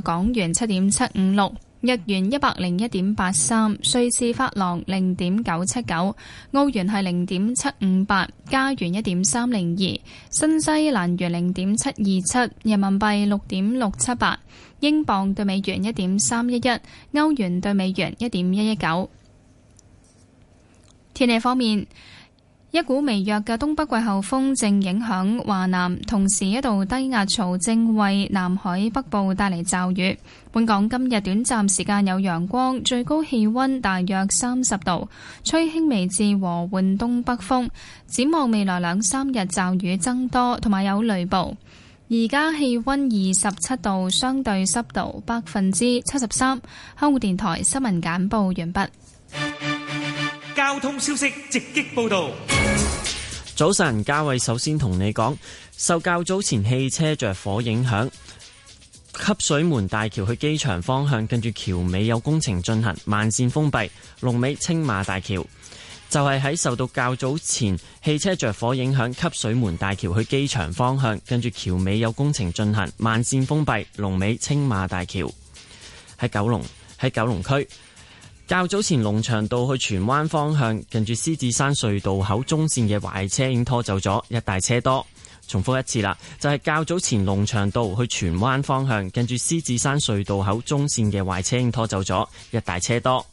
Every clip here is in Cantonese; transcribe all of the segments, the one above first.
港元七點七五六，日元一百零一點八三，瑞士法郎零點九七九，澳元係零點七五八，加元一點三零二，新西蘭元零點七二七，人民幣六點六七八，英鎊兌美元一點三一一，歐元兌美元一點一一九。天氣方面。一股微弱嘅東北季候風正影響華南，同時一道低壓槽正為南海北部帶嚟驟雨。本港今日短暫時間有陽光，最高氣溫大約三十度，吹輕微至和緩東北風。展望未來兩三日驟雨增多，同埋有雷暴。而家氣溫二十七度，相對濕度百分之七十三。香港電台新聞簡報完畢。交通消息直擊報道。早晨，嘉慧首先同你講，受較早前汽車着火影響，汲水門大橋去機場方向，跟住橋尾有工程進行，慢線封閉。龍尾青馬大橋就係、是、喺受到較早前汽車着火影響，汲水門大橋去機場方向，跟住橋尾有工程進行，慢線封閉。龍尾青馬大橋喺九龍，喺九龍區。較早前龍翔道去荃灣方向，近住獅子山隧道口中線嘅壞車已經拖走咗，一大車多。重複一次啦，就係、是、較早前龍翔道去荃灣方向，近住獅子山隧道口中線嘅壞車已經拖走咗，一大車多。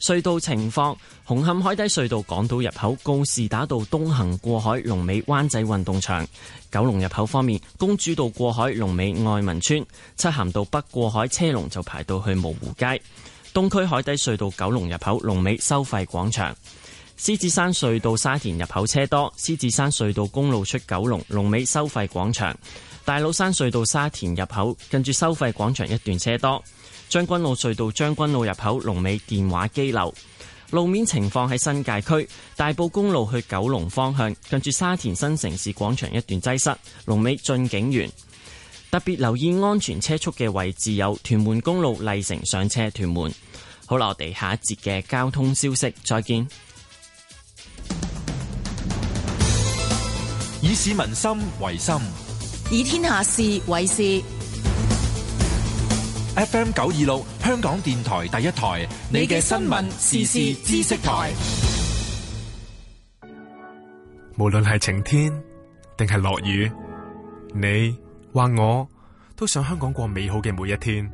隧道情況：紅磡海底隧道港島入口、告士打道東行過海、龍尾灣仔運動場；九龍入口方面，公主道過海、龍尾愛民村、漆咸道北過海車龍就排到去蕪湖街。東區海底隧道九龍入口龍尾收費廣場，獅子山隧道沙田入口車多，獅子山隧道公路出九龍龍尾收費廣場，大老山隧道沙田入口近住收費廣場一段車多，將軍澳隧道將軍澳入口龍尾電話機樓，路面情況喺新界區大埔公路去九龍方向近住沙田新城市廣場一段擠塞，龍尾駿景園，特別留意安全車速嘅位置有屯門公路麗城上車屯門。好啦，我哋下一節嘅交通消息再見。以市民心為心，以天下事為事。FM 九二六香港電台第一台，你嘅新聞時事知識台。無論係晴天定係落雨，你或我都想香港過美好嘅每一天。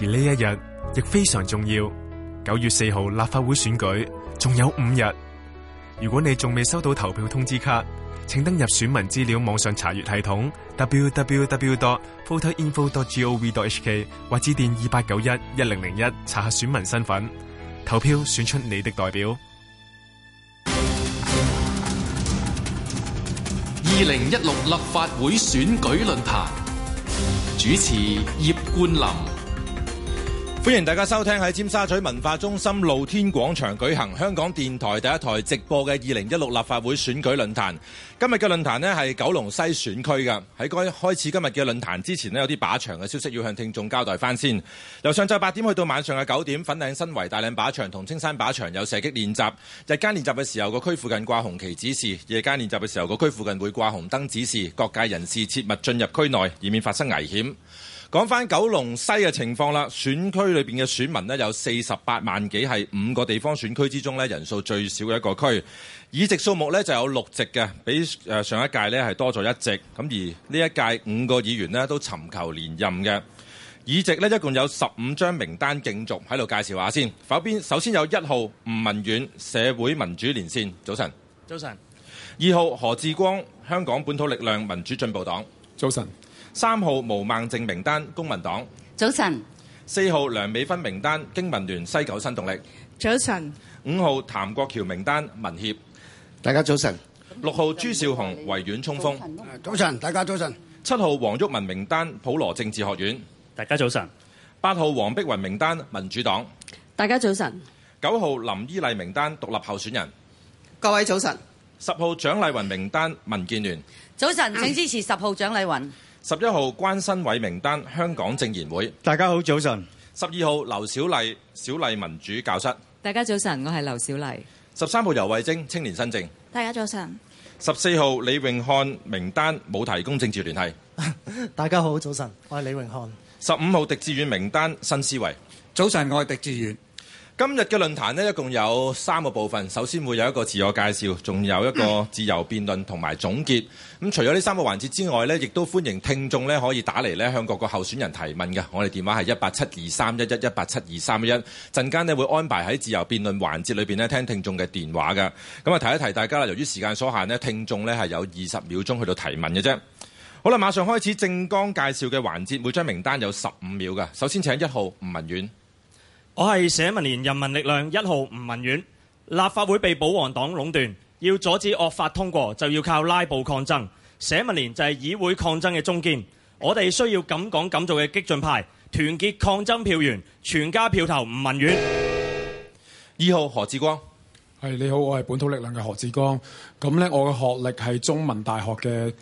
而呢一日。亦非常重要。九月四號立法會選舉仲有五日，如果你仲未收到投票通知卡，請登入選民資料網上查閱系統 w w w d o t p o s i n f o d o t g o v d o h k 或致電二八九一一零零一查下選民身份，投票選出你的代表。二零一六立法會選舉論壇主持葉冠林。歡迎大家收聽喺尖沙咀文化中心露天廣場舉行香港電台第一台直播嘅二零一六立法會選舉論壇。今日嘅論壇呢，係九龍西選區嘅。喺該開始今日嘅論壇之前呢，有啲靶場嘅消息要向聽眾交代翻先。由上晝八點去到晚上嘅九點，粉嶺新圍大嶺靶場同青山靶場有射擊練習。日間練習嘅時候，個區附近掛紅旗指示；夜間練習嘅時候，個區附近會掛紅燈指示。各界人士切勿進入區內，以免發生危險。講翻九龍西嘅情況啦，選區裏面嘅選民呢，有四十八萬幾，係五個地方選區之中呢，人數最少嘅一個區。議席數目呢，就有六席嘅，比上一屆呢，係多咗一席。咁而呢一屆五個議員呢，都尋求連任嘅。議席呢，一共有十五張名單競逐，喺度介紹下先。否邊首先有一號吳文遠，社會民主連線，早晨。早晨。二號何志光，香港本土力量民主進步黨，早晨。三號毛孟靜名單，公民黨。早晨。四號梁美芬名單，經民聯西九新動力。早晨。五號譚國橋名單，民協。大家早晨。六號朱少雄維園衝鋒。早晨，大家早晨。七號黃毓民名單，普羅政治學院。大家早晨。八號黃碧雲名單，民主黨。大家早晨。九號林依麗名單，獨立候選人。各位早晨。十號蔣麗雲名單，民建聯。早晨，請支持十號蔣麗雲。十一號關新偉名單，香港政研會。大家好，早晨。十二號劉小麗，小麗民主教室。大家早晨，我係劉小麗。十三號游蕙禎，青年新政。大家早晨。十四號李永漢名單冇提供政治聯繫。 大家好，早晨，我係李永漢。十五號狄志遠名單，新思維。早晨，我係狄志遠。今日嘅論壇呢，一共有三個部分。首先會有一個自我介紹，仲有一個自由辯論同埋總結。咁除咗呢三個環節之外呢，亦都歡迎聽眾呢可以打嚟呢向各個候選人提問嘅。我哋電話係一八七二三一一一八七二三一一。陣間呢，會安排喺自由辯論環節裏邊呢聽聽眾嘅電話㗎。咁啊提一提大家啦，由於時間所限呢聽眾呢係有二十秒鐘去到提問嘅啫。好啦，馬上開始政綱介紹嘅環節，每張名單有十五秒㗎。首先請一號吳文遠。我係社民連人民力量一號吳文遠，立法會被保皇黨壟斷，要阻止惡法通過就要靠拉布抗爭，社民連就係議會抗爭嘅中堅，我哋需要敢講敢做嘅激進派，團結抗爭票員，全家票投吳文遠。二號何志光。係，你好，我係本土力量嘅何志光。咁呢，我嘅學歷係中文大學嘅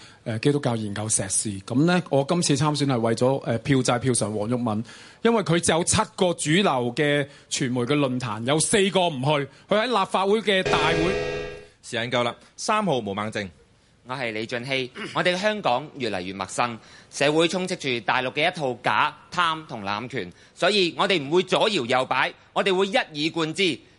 基督教研究碩士。咁呢，我今次參選係為咗票債票上黃毓民，因為佢只有七個主流嘅傳媒嘅論壇有四個唔去，佢喺立法會嘅大會時間夠啦。三號毛孟靜，猛正，我係李俊熙。 我哋嘅香港越嚟越陌生，社會充斥住大陸嘅一套假貪同濫權，所以我哋唔會左搖右擺，我哋會一以貫之。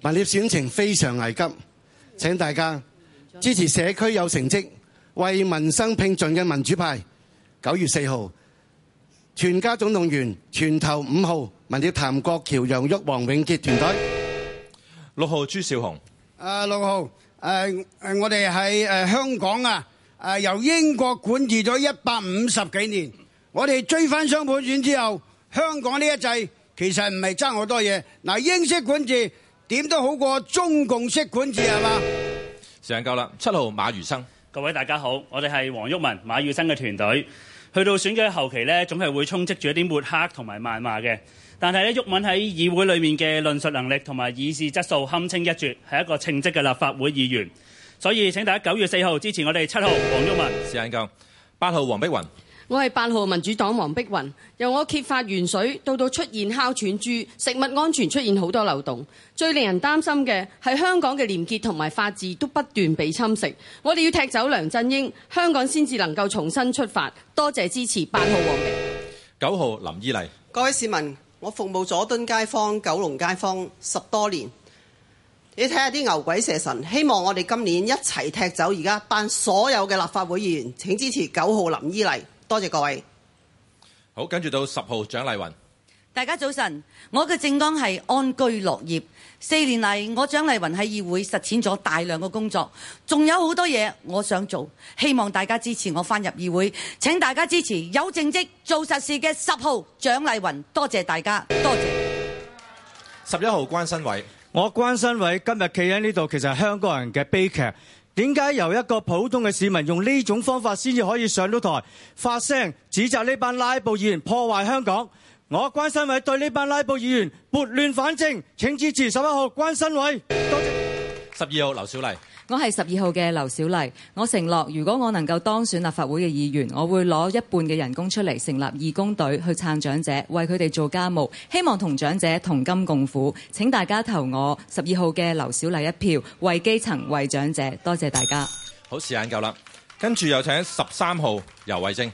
民協選情非常危急，請大家支持社區有成績、為民生拼盡嘅民主派。九月四號，全家總動員，全投五號民協，譚國僑、楊旭、黃永傑團隊。六號朱少雄。誒六號誒誒，我哋係誒香港啊誒，由英國管治咗一百五十幾年，我哋追翻雙普選之後，香港呢一制其實唔係差好多嘢嗱，英式管治。點都好過中共式管治係嘛、啊？時間夠啦，七號馬如生，各位大家好，我哋係黃毓民馬如生嘅團隊。去到選舉後期呢，總係會充斥住一啲抹黑同埋謾罵嘅。但係呢，毓民喺議會裏面嘅論述能力同埋議事質素堪稱一絕，係一個稱職嘅立法會議員。所以，請大家九月四號支持我哋七號黃毓民。時間夠，八號黃碧雲。我係八號民主黨黃碧雲，由我揭發鉛水到到出現哮喘豬，食物安全出現好多漏洞，最令人擔心嘅係香港嘅廉潔同埋法治都不斷被侵蝕。我哋要踢走梁振英，香港先至能夠重新出發。多謝支持八號黃碧。九號林依麗，各位市民，我服務佐敦街坊、九龍街坊十多年，你睇下啲牛鬼蛇神，希望我哋今年一齊踢走而家班所有嘅立法會議員，請支持九號林依麗。多謝各位，好，跟住到十號蔣麗雲。麗雲大家早晨，我嘅政綱係安居樂業。四年嚟，我蔣麗雲喺議會實踐咗大量嘅工作，仲有好多嘢，我想做，希望大家支持我翻入議會，請大家支持有政績做實事嘅十號蔣麗雲。多謝大家，多謝。十一號關新偉，我關新偉今日企喺呢度，其實係香港人嘅悲劇。點解由一個普通嘅市民用呢種方法先至可以上到台發聲，指責呢班拉布議員破壞香港？我關新偉對呢班拉布議員撥亂反正，請支持十一號關新偉。多謝。十二號劉小麗，我係十二號嘅劉小麗。我承諾，如果我能夠當選立法會嘅議員，我會攞一半嘅人工出嚟成立義工隊去撐長者，為佢哋做家務，希望同長者同甘共苦。請大家投我十二號嘅劉小麗一票，為基層，為長者。多謝大家。好，時間夠啦，跟住有請十三號游蕙禎。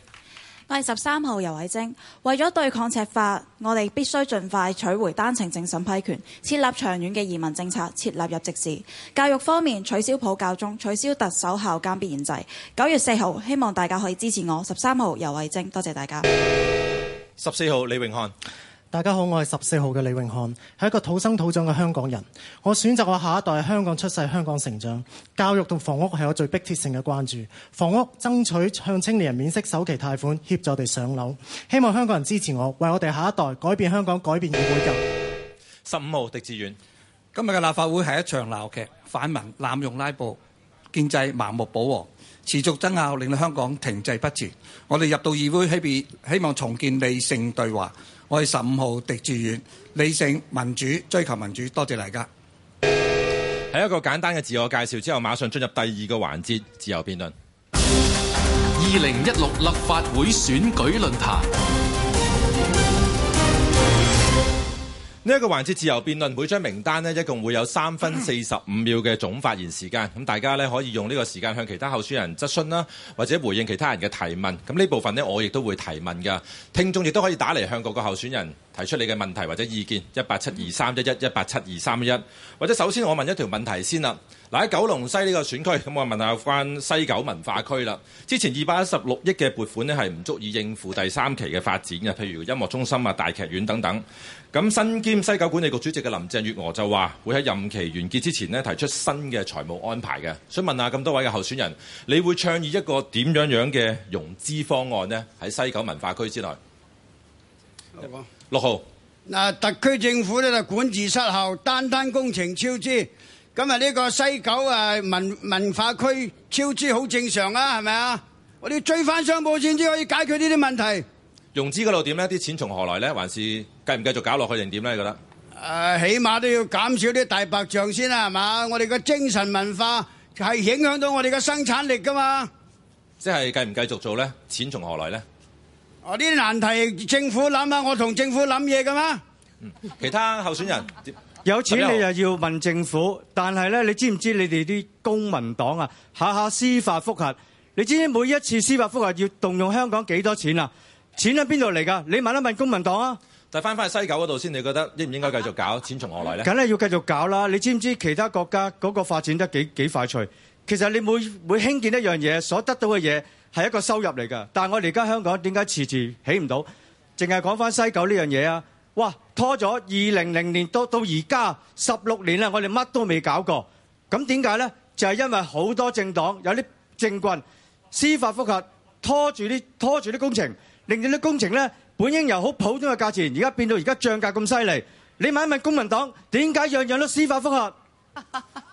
係十三號游蕙禎，為咗對抗赤化，我哋必須盡快取回單程證審批權，設立長遠嘅移民政策，設立入籍制。教育方面，取消普教中，取消特首校監必然制。九月四號，希望大家可以支持我。十三號游蕙禎，多謝大家。十四號李榮漢。大家好，我係十四號嘅李永漢，係一個土生土長嘅香港人。我選擇我下一代喺香港出世、香港成長，教育同房屋係我最迫切性嘅關注。房屋爭取向青年人免息首期貸款，協助我哋上樓。希望香港人支持我，為我哋下一代改變香港、改變議會。十五號狄志遠，今日嘅立法會係一場鬧劇，泛民濫用拉布、建制盲目保和，持續爭拗，令到香港停滯不前。我哋入到議會，希望重建理性對話。我係十五號狄志遠，理性民主，追求民主，多謝大家。喺一個簡單嘅自我介紹之後，馬上進入第二個環節：自由辯論。二零一六立法會選舉論壇。呢個環節自由辯論，每張名單呢一共會有三分四十五秒嘅總發言時間。大家可以用呢個時間向其他候選人質詢啦，或者回應其他人嘅提問。咁呢部分呢，我亦都會提問嘅。聽眾亦都可以打嚟向各個候選人提出你嘅問題或者意見，一八七二三一一一八七二三一。或者首先我問一條問題先啦，嗱喺九龍西呢個選區，咁我問下關西九文化區啦。之前二百一十六億嘅撥款呢係唔足以應付第三期嘅發展嘅，譬如音樂中心啊、大劇院等等。咁身兼西九管理局主席嘅林鄭月娥就話會喺任期完結之前呢提出新嘅財務安排嘅。想問下咁多位嘅候選人，你會倡議一個點樣樣嘅融資方案呢？喺西九文化區之內，六號嗱，特區政府咧就管治失效，單單工程超支。今日呢個西九啊文文化區超支好正常啊，係咪啊？我哋追翻商保先至可以解決呢啲問題。融資嗰度點咧？啲錢從何來咧？還是繼唔繼續搞落去定點咧？你覺得？誒，起碼都要減少啲大白象先啦，係嘛？我哋嘅精神文化係影響到我哋嘅生產力噶嘛？即係繼唔繼續做咧？錢從何來咧？呢啲難題，政府諗下，我同政府諗嘢噶嘛？其他候選人有錢你就要問政府，但係咧，你知唔知你哋啲公民黨啊，下下司法復核，你知唔知每一次司法復核要動用香港幾多錢啊？錢喺邊度嚟㗎？你問一問公民黨啊！但係翻翻去西九嗰度先，你覺得應唔應該繼續搞？錢從何來咧？梗係要繼續搞啦！你知唔知其他國家嗰個發展得幾幾快脆？其實你每每興建一樣嘢，所得到嘅嘢。係一個收入嚟嘅，但我哋而家香港點解遲遲起唔到？淨係講返西九呢樣嘢啊！哇，拖咗二零零年到，到而家十六年啦，我哋乜都未搞過。咁點解呢？就係因為好多政黨有啲政棍司法覆核拖住啲拖住啲工程，令到啲工程呢，本應由好普通嘅價錢，而家變到而家漲價咁犀利。你問一問公民黨點解樣樣都司法覆核？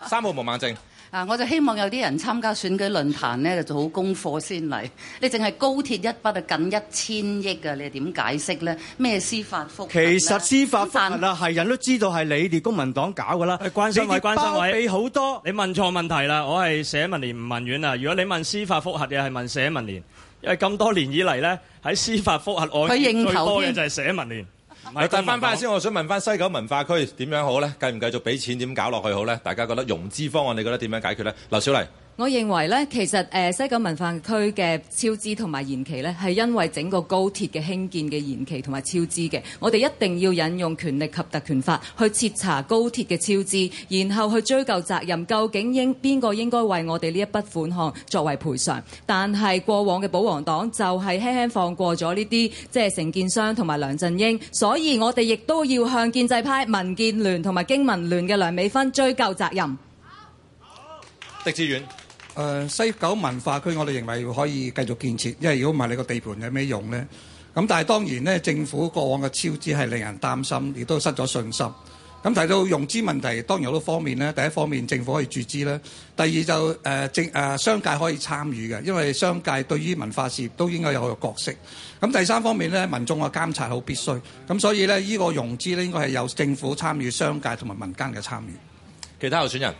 三號毛孟靜。嗱、啊，我就希望有啲人參加選舉論壇咧，就做好功課先嚟。你淨係高鐵一筆啊，近一千億啊，你係點解釋咧？咩司法覆核？其實司法覆核啦，係但人都知道係你哋公民黨搞噶啦。關生委，關生委，你好多。你問錯問題啦，我係社民連唔問遠啊。如果你問司法覆核嘅係問社民連，因為咁多年以嚟咧，喺司法覆核我最多嘅就係社民連。你帶返翻先，我想問返西九文化區點樣好呢？繼唔繼續俾錢點搞落去好呢？大家覺得融資方案，你覺得點樣解決呢？劉小麗。我認為呢，其實誒西九文化區嘅超支同埋延期呢係因為整個高鐵嘅興建嘅延期同埋超支嘅。我哋一定要引用權力及特權法去徹查高鐵嘅超支，然後去追究責任。究竟應邊個應該為我哋呢一筆款項作為賠償？但係過往嘅保皇黨就係輕輕放過咗呢啲，即係承建商同埋梁振英。所以我哋亦都要向建制派、民建聯同埋經民聯嘅梁美芬追究責任好。好，狄志遠。誒、uh, 西九文化區，我哋認為可以繼續建設，因為如果唔係，你個地盤有咩用呢？咁但係當然呢，政府過往嘅超支係令人擔心，亦都失咗信心。咁提到融資問題，當然好多方面呢。第一方面，政府可以注資啦；第二就誒政誒商界可以參與嘅，因為商界對於文化事業都應該有個角色。咁第三方面呢，民眾嘅監察好必須。咁所以呢，呢、呢個融資咧，應該係由政府參與、商界同埋民間嘅參與。其他候選人。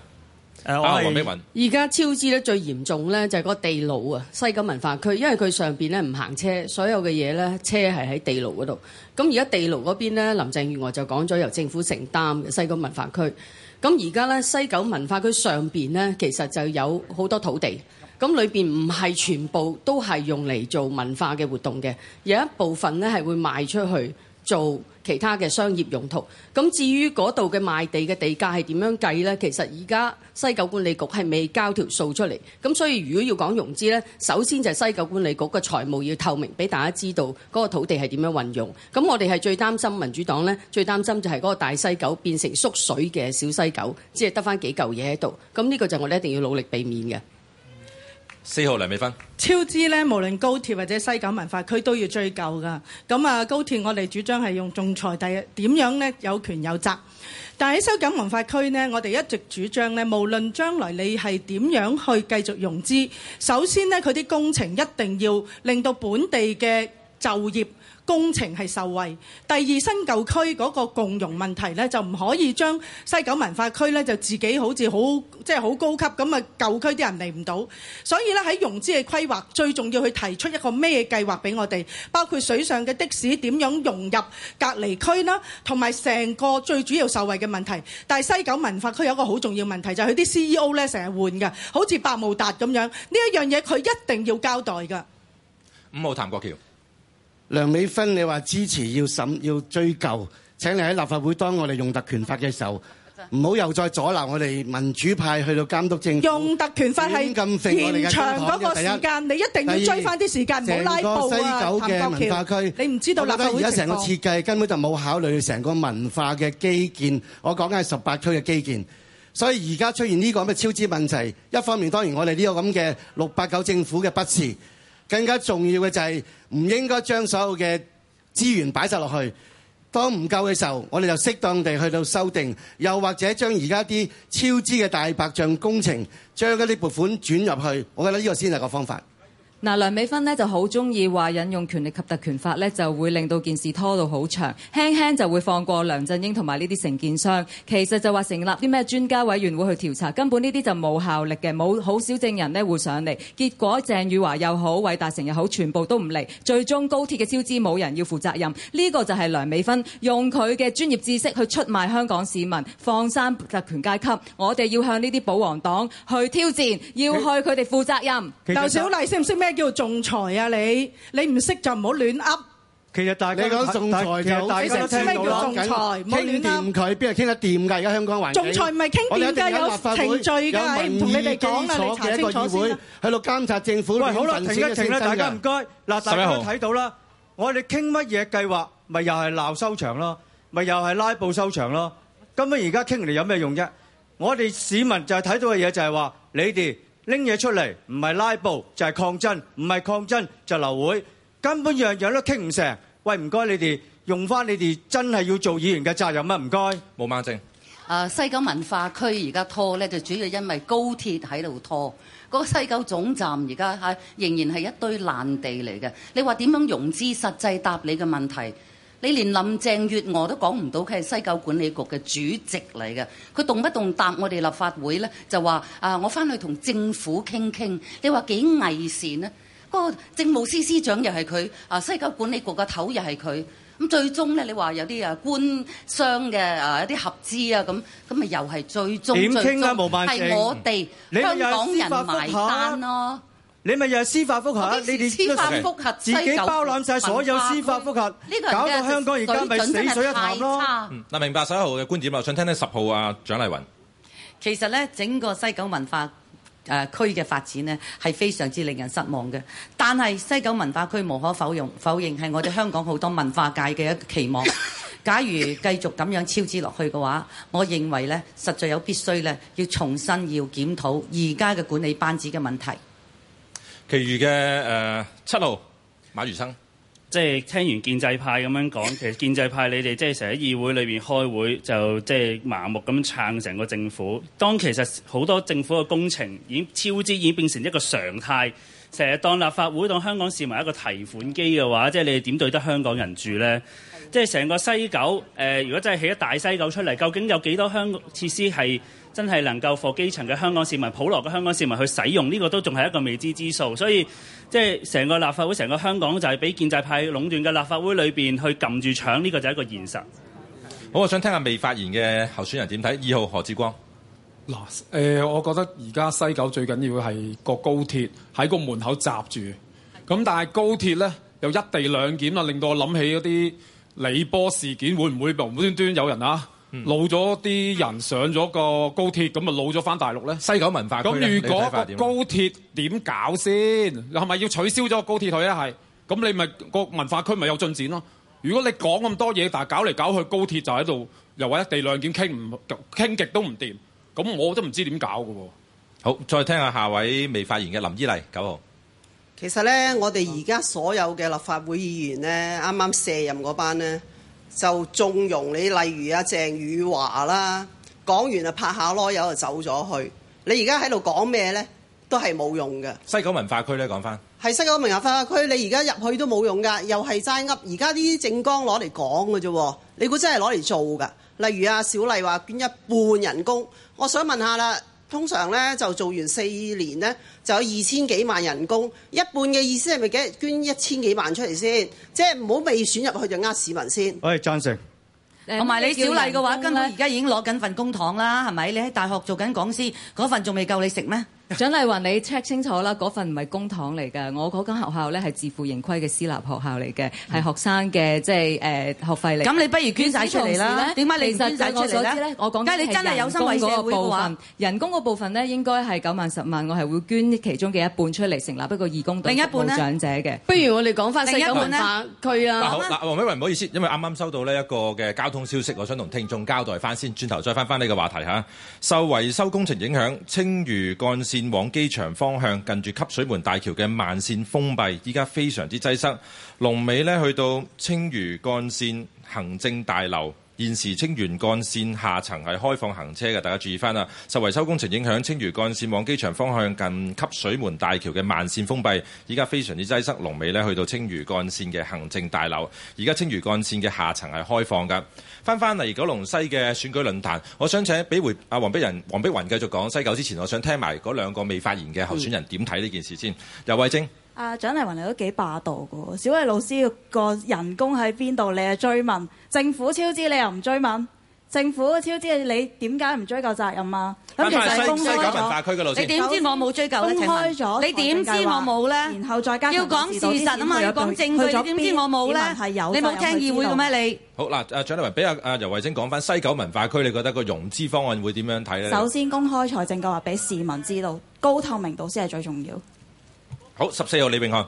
而家、啊、超支咧最嚴重呢，就係嗰地牢啊，西九文化區，因為佢上邊咧唔行車，所有嘅嘢呢，車係喺地牢嗰度。咁而家地牢嗰邊咧，林鄭月娥就講咗由政府承擔西九文化區。咁而家呢，西九文化區上邊呢，其實就有好多土地，咁裏邊唔係全部都係用嚟做文化嘅活動嘅，有一部分呢係會賣出去。做其他嘅商業用途，咁至於嗰度嘅賣地嘅地價係點樣計呢？其實而家西九管理局係未交條數出嚟，咁所以如果要講融資呢，首先就係西九管理局嘅財務要透明，俾大家知道嗰個土地係點樣運用。咁我哋係最擔心民主黨呢，最擔心就係嗰個大西九變成縮水嘅小西九，只係得翻幾嚿嘢喺度。咁呢個就是我哋一定要努力避免嘅。四號梁美芬，超支呢，無論高鐵或者西九文化區都要追究㗎。咁啊，高鐵我哋主張係用仲裁，但係點樣呢？有權有責。但喺西九文化區呢，我哋一直主張呢，無論將來你係點樣去繼續融資，首先呢，佢啲工程一定要令到本地嘅就業。工程係受惠，第二新舊區嗰個共融問題咧就唔可以將西九文化區咧就自己好似好即係好高級咁啊，舊區啲人嚟唔到，所以咧喺融資嘅規劃最重要去提出一個咩計劃俾我哋，包括水上嘅的，的士點樣融入隔離區啦，同埋成個最主要受惠嘅問題。但係西九文化區有一個好重要問題就係佢啲 CEO 咧成日換㗎，好似百慕達咁樣，呢一樣嘢佢一定要交代噶。五號譚國橋。梁美芬，你話支持要審要追究？請你喺立法會當我哋用特權法嘅時候，唔好又再阻攔我哋民主派去到監督政府。用特權法係延長嗰個時間，你一定要追返啲時間，唔好拉布啊！成個西九嘅文化區，你唔知道立法會而家成個設計根本就冇考慮到成個文化嘅基建。我講緊係十八區嘅基建，所以而家出現呢個咁嘅超支問題，一方面當然我哋呢個咁嘅六八九政府嘅不智。更加重要嘅就係唔應該將所有嘅資源擺曬落去，當唔夠嘅時候，我哋就適當地去到修訂，又或者將而家啲超支嘅大白象工程，將這啲撥款轉入去，我覺得呢個先係個方法。嗱，梁美芬呢就好中意話引用權力及特權法咧，就會令到件事拖到好長，輕輕就會放過梁振英同埋呢啲承建商。其實就話成立啲咩專家委員會去調查，根本呢啲就冇效力嘅，冇好少證人咧會上嚟。結果鄭汝樺又好，韋達誠又好，全部都唔嚟。最終高鐵嘅超支冇人要負責任，呢、呢個就係梁美芬用佢嘅專業知識去出賣香港市民，放生特權階級。我哋要向呢啲保皇黨去挑戰，要去佢哋負責任。劉其小麗識唔識咩？是叫仲裁啊！你你唔識就唔好亂噏。其實大家，你講仲裁，其實大家聽到諗，咩叫仲裁？唔好亂噏。邊度傾得掂噶？而家香港環境，仲裁唔係傾掂噶有程序噶喺。唔好同你哋講啊！查證會喺度監察政府亂民情嘅。喂，好啦，停一停啦，大家唔該。嗱，大家睇到啦，我哋傾乜嘢計劃，咪又係鬧收場咯，咪又係拉布收場咯。咁樣而家傾嚟有咩用啫？我哋市民就係睇到嘅嘢就係話你哋。拎嘢出嚟，唔係拉布就係、是、抗爭，唔係抗爭，抗爭就是、流會，根本樣樣都傾唔成。喂，唔該你哋用翻你哋真係要做議員嘅責任乜？唔該，毛孟靜。啊，西九文化區而家拖咧，就主要因為高鐵喺度拖，嗰、那個西九總站而家嚇仍然係一堆爛地嚟嘅。你話點樣融資？實際答你嘅問題。你連林鄭月娥都講唔到，佢係西九管理局嘅主席嚟嘅，佢動不動答我哋立法會咧就話啊，我翻去同政府傾傾，你話幾偽善啊？嗰、那個政務司司長又係佢啊，西九管理局嘅頭又係佢，咁最終咧你話有啲啊官商嘅啊一啲合資啊咁，咁咪又係最終、啊、最終係、啊、我哋香港人埋單咯、啊。你咪又係司法複核，你哋司法複核自己包攬晒所有司法複核，搞到香港而家咪死水一潭咯。嗱、嗯，明白十一號嘅觀點，我想聽聽十號啊，蔣麗雲其實咧，整個西九文化誒區嘅發展呢係非常之令人失望嘅。但係西九文化區無可否容否認係我哋香港好多文化界嘅一個期望。 假如繼續咁樣超支落去嘅話，我認為咧，實在有必須咧要重新要檢討而家嘅管理班子嘅問題。其餘嘅呃七號馬如生，即係聽完建制派咁樣講，其實建制派你哋即係成日議會裏面開會，就即係盲目咁撐成個政府。當其實好多政府嘅工程已經超支，已經變成一個常態，成日當立法會當香港市民一個提款機嘅話，即係你哋點對得香港人住呢？即係成個西九，呃，如果真係起咗大西九出嚟，究竟有幾多香港設施係真係能夠放基層嘅香港市民、普羅嘅香港市民去使用，呢個都仲係一個未知之數。所以即係成個立法會、成個香港就係俾建制派壟斷嘅立法會裏面去撳住搶，呢個就係一個現實。好，我想聽下未發言嘅候選人點睇。二號何志光，嗱、呃，我覺得而家西九最緊要係個高鐵喺個門口閘住。咁但係高鐵呢，又一地兩檢啦，令到我諗起嗰啲李波事件，會唔會無端端有人啊？老咗啲人上咗個高鐵，咁咪老咗翻大陸咧？西九文化區咁如果個高鐵點搞先？係咪要取消咗個高鐵台咧？係，咁你咪個文化區咪有進展咯？如果你講咁多嘢，但係搞嚟搞去高鐵就喺度，又話一地兩檢傾唔傾極都唔掂，咁我都唔知點搞嘅喎。好，再聽聽下下位未發言嘅林依麗，九號。其實咧，我哋而家所有嘅立法會議員咧，啱啱卸任嗰班咧。就縱容你，例如阿、啊、鄭雨華啦，講完啊拍下攞油就走咗去。你而家喺度講咩呢？都係冇用嘅。西九文化區呢，講翻係西九文化區，你而家入去都冇用噶，又係齋噏。而家啲政綱攞嚟講咋啫，你估真係攞嚟做㗎？例如阿、啊、小麗話捐一半人工，我想問下啦。通常咧就做完四年咧，就有二千幾萬人工，一半嘅意思係咪幾日捐一千幾萬出嚟先？即係唔好未選入去就呃市民先。喂，贊成。同埋你小麗嘅話，根本而家已經攞緊份公帑啦，係咪？你喺大學做緊講師，嗰份仲未夠你食咩？蔣麗芸你 check 清楚啦，嗰份唔係公帑嚟嘅，我嗰間學校咧係自負盈虧嘅私立學校嚟嘅，係學生嘅即係誒學費嚟。咁、嗯、你不如捐晒出嚟啦，點解你捐曬出嚟？我所知咧，我講緊其實人工嗰個部分，人工嗰部分呢應該係九萬十萬，我係會捐其中嘅一半出嚟成立一個義工隊，另一半長者嘅。嗯、不如我哋講翻西九馬區啊！好，嗱、啊，黃碧雲唔好意思，因為啱啱收到呢一個嘅交通消息，我想同聽眾交代翻先，轉頭再翻翻呢個話題嚇、啊。受維修工程影響，青嶼幹線。往機場方向近住汲水門大橋嘅慢線封閉，依家非常之擠塞。龍尾咧去到青嶼幹線行政大樓。現時青嶼幹線下層係開放行車嘅，大家注意翻啦。受維修工程影響，青嶼幹線往機場方向近汲水門大橋嘅慢線封閉，依家非常之擠塞。龍尾呢去到青嶼幹線嘅行政大樓，而家青嶼幹線嘅下層係開放噶。翻翻嚟九龍西嘅選舉論壇，我想請俾回阿黃碧雲、黃碧雲繼續講西九之前，我想聽埋嗰兩個未發言嘅候選人點睇呢件事先。游、嗯、蕙禎。啊，蔣麗芸，你都幾霸道㗎喎！小慧老師嘅個人工喺邊度？你又追問政府超支，你又唔追問政府超支，你點解唔追究責任啊？咁其實公開咗，你點知我冇追究呢？公開咗，你點知我冇咧？然後再加要講事實啊嘛，去咗要講證據，點知我冇有，你冇聽議會嘅咩？你好嗱，阿蔣麗芸，俾阿阿游蕙禎講翻西九文化區，你覺得個融資方案會點樣睇咧？首先公開財政計劃，俾市民知道，高透明度先係最重要。好，十四號李永漢，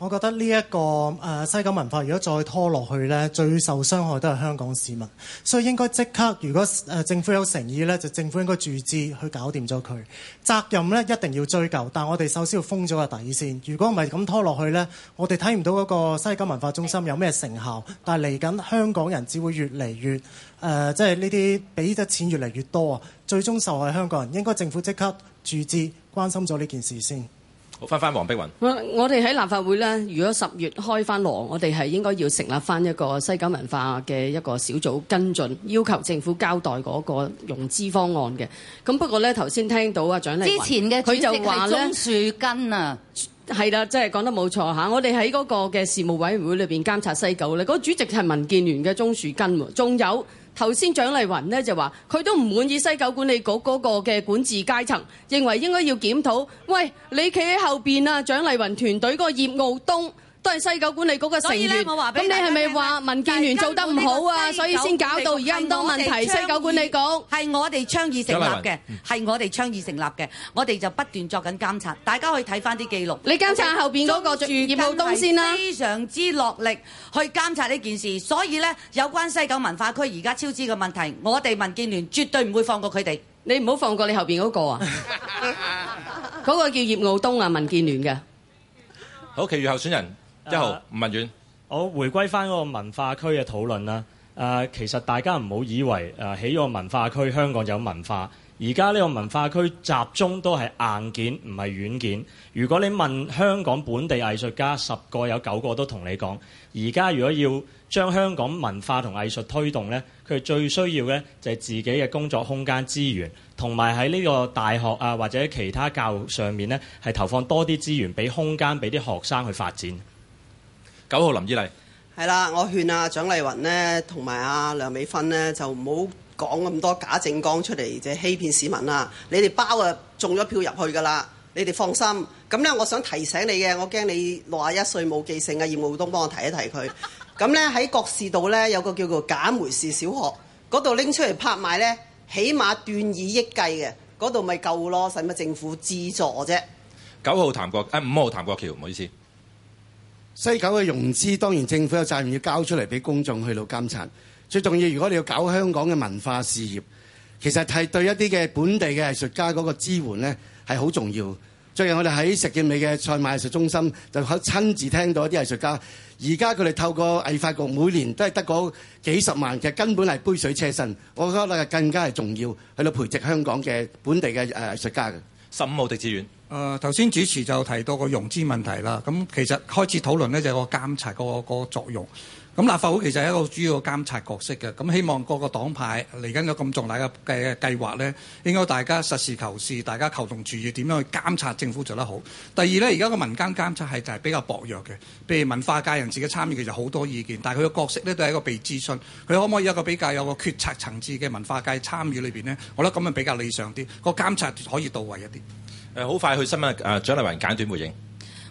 我覺得呢、這、一個、呃、西九文化，如果再拖落去呢，最受傷害都係香港市民，所以應該即刻。如果、呃、政府有誠意呢，就政府應該注資去搞掂咗佢，責任呢一定要追究。但我哋首先要封咗個底先。如果唔係咁拖落去呢，我哋睇唔到嗰個西九文化中心有咩成效。但係嚟緊香港人只會越嚟越誒，即係呢啲俾得錢越嚟越多啊！最終受害香港人應該政府即刻注資，關心咗呢件事先。翻翻黃碧雲，我哋喺立法會呢，如果十月開翻囉，我哋係應該要成立翻一個西九文化嘅一個小組跟進，要求政府交代嗰個融資方案嘅。咁不過呢，頭先聽到啊，蔣麗芸，之前嘅佢就話咧，鍾樹根啊，係啦，即係講得冇錯嚇。我哋喺嗰個嘅事務委員會裏面監察西九呢嗰、嗰個主席係民建聯嘅鍾樹根喎，仲有。頭先蔣麗雲呢就話，佢都唔滿意西九管理局嗰個嘅管治階層，認為應該要檢討。喂，你企喺後面啊，蔣麗雲團隊個葉傲東。都係西九管理局嘅成員，咁你係咪話民建聯做得唔好啊？所以先搞到而家咁多問題。西九管理局係我哋倡議成立嘅，係我哋倡議成立嘅，我哋就不斷作緊監察，大家可以睇返啲記錄。你監察後邊嗰個葉傲東先啦，非常之落力去監察呢件事，所以咧有關西九文化區而家超支嘅問題，我哋民建聯絕對唔會放過佢哋。你唔好放過你後邊嗰個啊，嗰個叫葉傲東啊，民建聯嘅。好，其餘候選人。一號吳文遠，我回歸翻嗰個文化區嘅討論啦。誒，其實大家唔好以為誒起個文化區，香港有文化。而家呢個文化區集中都係硬件，唔係軟件。如果你問香港本地藝術家，十個有九個都同你講，而家如果要將香港文化同藝術推動呢，佢最需要嘅就係自己嘅工作空間資源，同埋喺呢個大學啊或者其他教育上面呢，係投放多啲資源，俾空間俾啲學生去發展。九號林依麗，係啦，我勸啊蔣麗芸呢，同埋啊梁美芬呢，就唔好講咁多假政綱出嚟，即係欺騙市民啦。你哋包啊中咗票入去噶啦，你哋放心。咁呢，我想提醒你嘅，我驚你六啊一歲冇記性啊，葉務東幫我提一提佢。咁 呢，喺國事道呢，有個叫做賈梅士小學，嗰度拎出嚟拍賣呢，起碼斷以億計嘅，嗰度咪夠咯，使乜政府資助啫？九號譚國誒五、哎、號譚國僑，唔好意思。西九嘅融資當然政府有責任要交出嚟俾公眾去到監察。最重要，如果你要搞香港嘅文化事業，其實係對一啲嘅本地嘅藝術家嗰個支援咧係好重要。最近我哋喺石硤尾嘅賽馬藝術中心就可親自聽到一啲藝術家，而家佢哋透過藝發局每年都係得嗰幾十萬嘅，根本係杯水車薪。我覺得係更加係重要，去到培植香港嘅本地嘅藝術家嘅。十五號狄志遠。誒頭先主持就提到個融資問題啦，咁其實開始討論呢，就係、個監察嗰、嗰個作用。咁立法會其實係一個主要嘅監察角色嘅，咁希望各個黨派嚟緊有咁重大嘅計劃呢，應該大家實事求是，大家求同注意點樣去監察政府做得好。第二呢，而家個民間監察係就係比較薄弱嘅，譬如文化界人士嘅參與其實好多意見，但佢嘅角色呢都係一個被諮詢，佢可唔可以一個比較有個決策層次嘅文化界參與裏面呢？我覺得咁樣比較理想啲，個監察可以到位一啲。好快去新聞誒、呃，蔣麗芸簡短回應。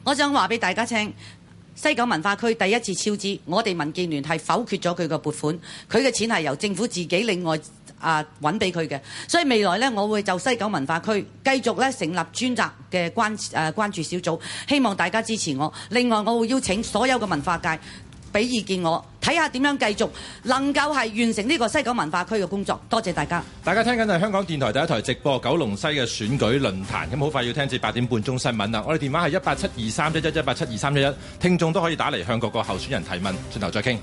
我想話俾大家聽，西九文化區第一次超支，我哋民建聯係否決咗佢個撥款，佢嘅錢係由政府自己另外啊揾俾佢嘅，所以未來呢，我會就西九文化區繼續咧成立專責嘅關誒、啊、關注小組，希望大家支持我。另外，我會邀請所有嘅文化界。俾意見我，睇下點樣繼續能夠係完成呢個西九文化區嘅工作。多謝大家。大家聽緊係香港電台第一台直播九龍西嘅選舉論壇，咁好快要聽至八點半鐘新聞啦。我哋電話係一八七二三一一一八七二三一一，聽眾都可以打嚟向各個候選人提問，轉頭再傾。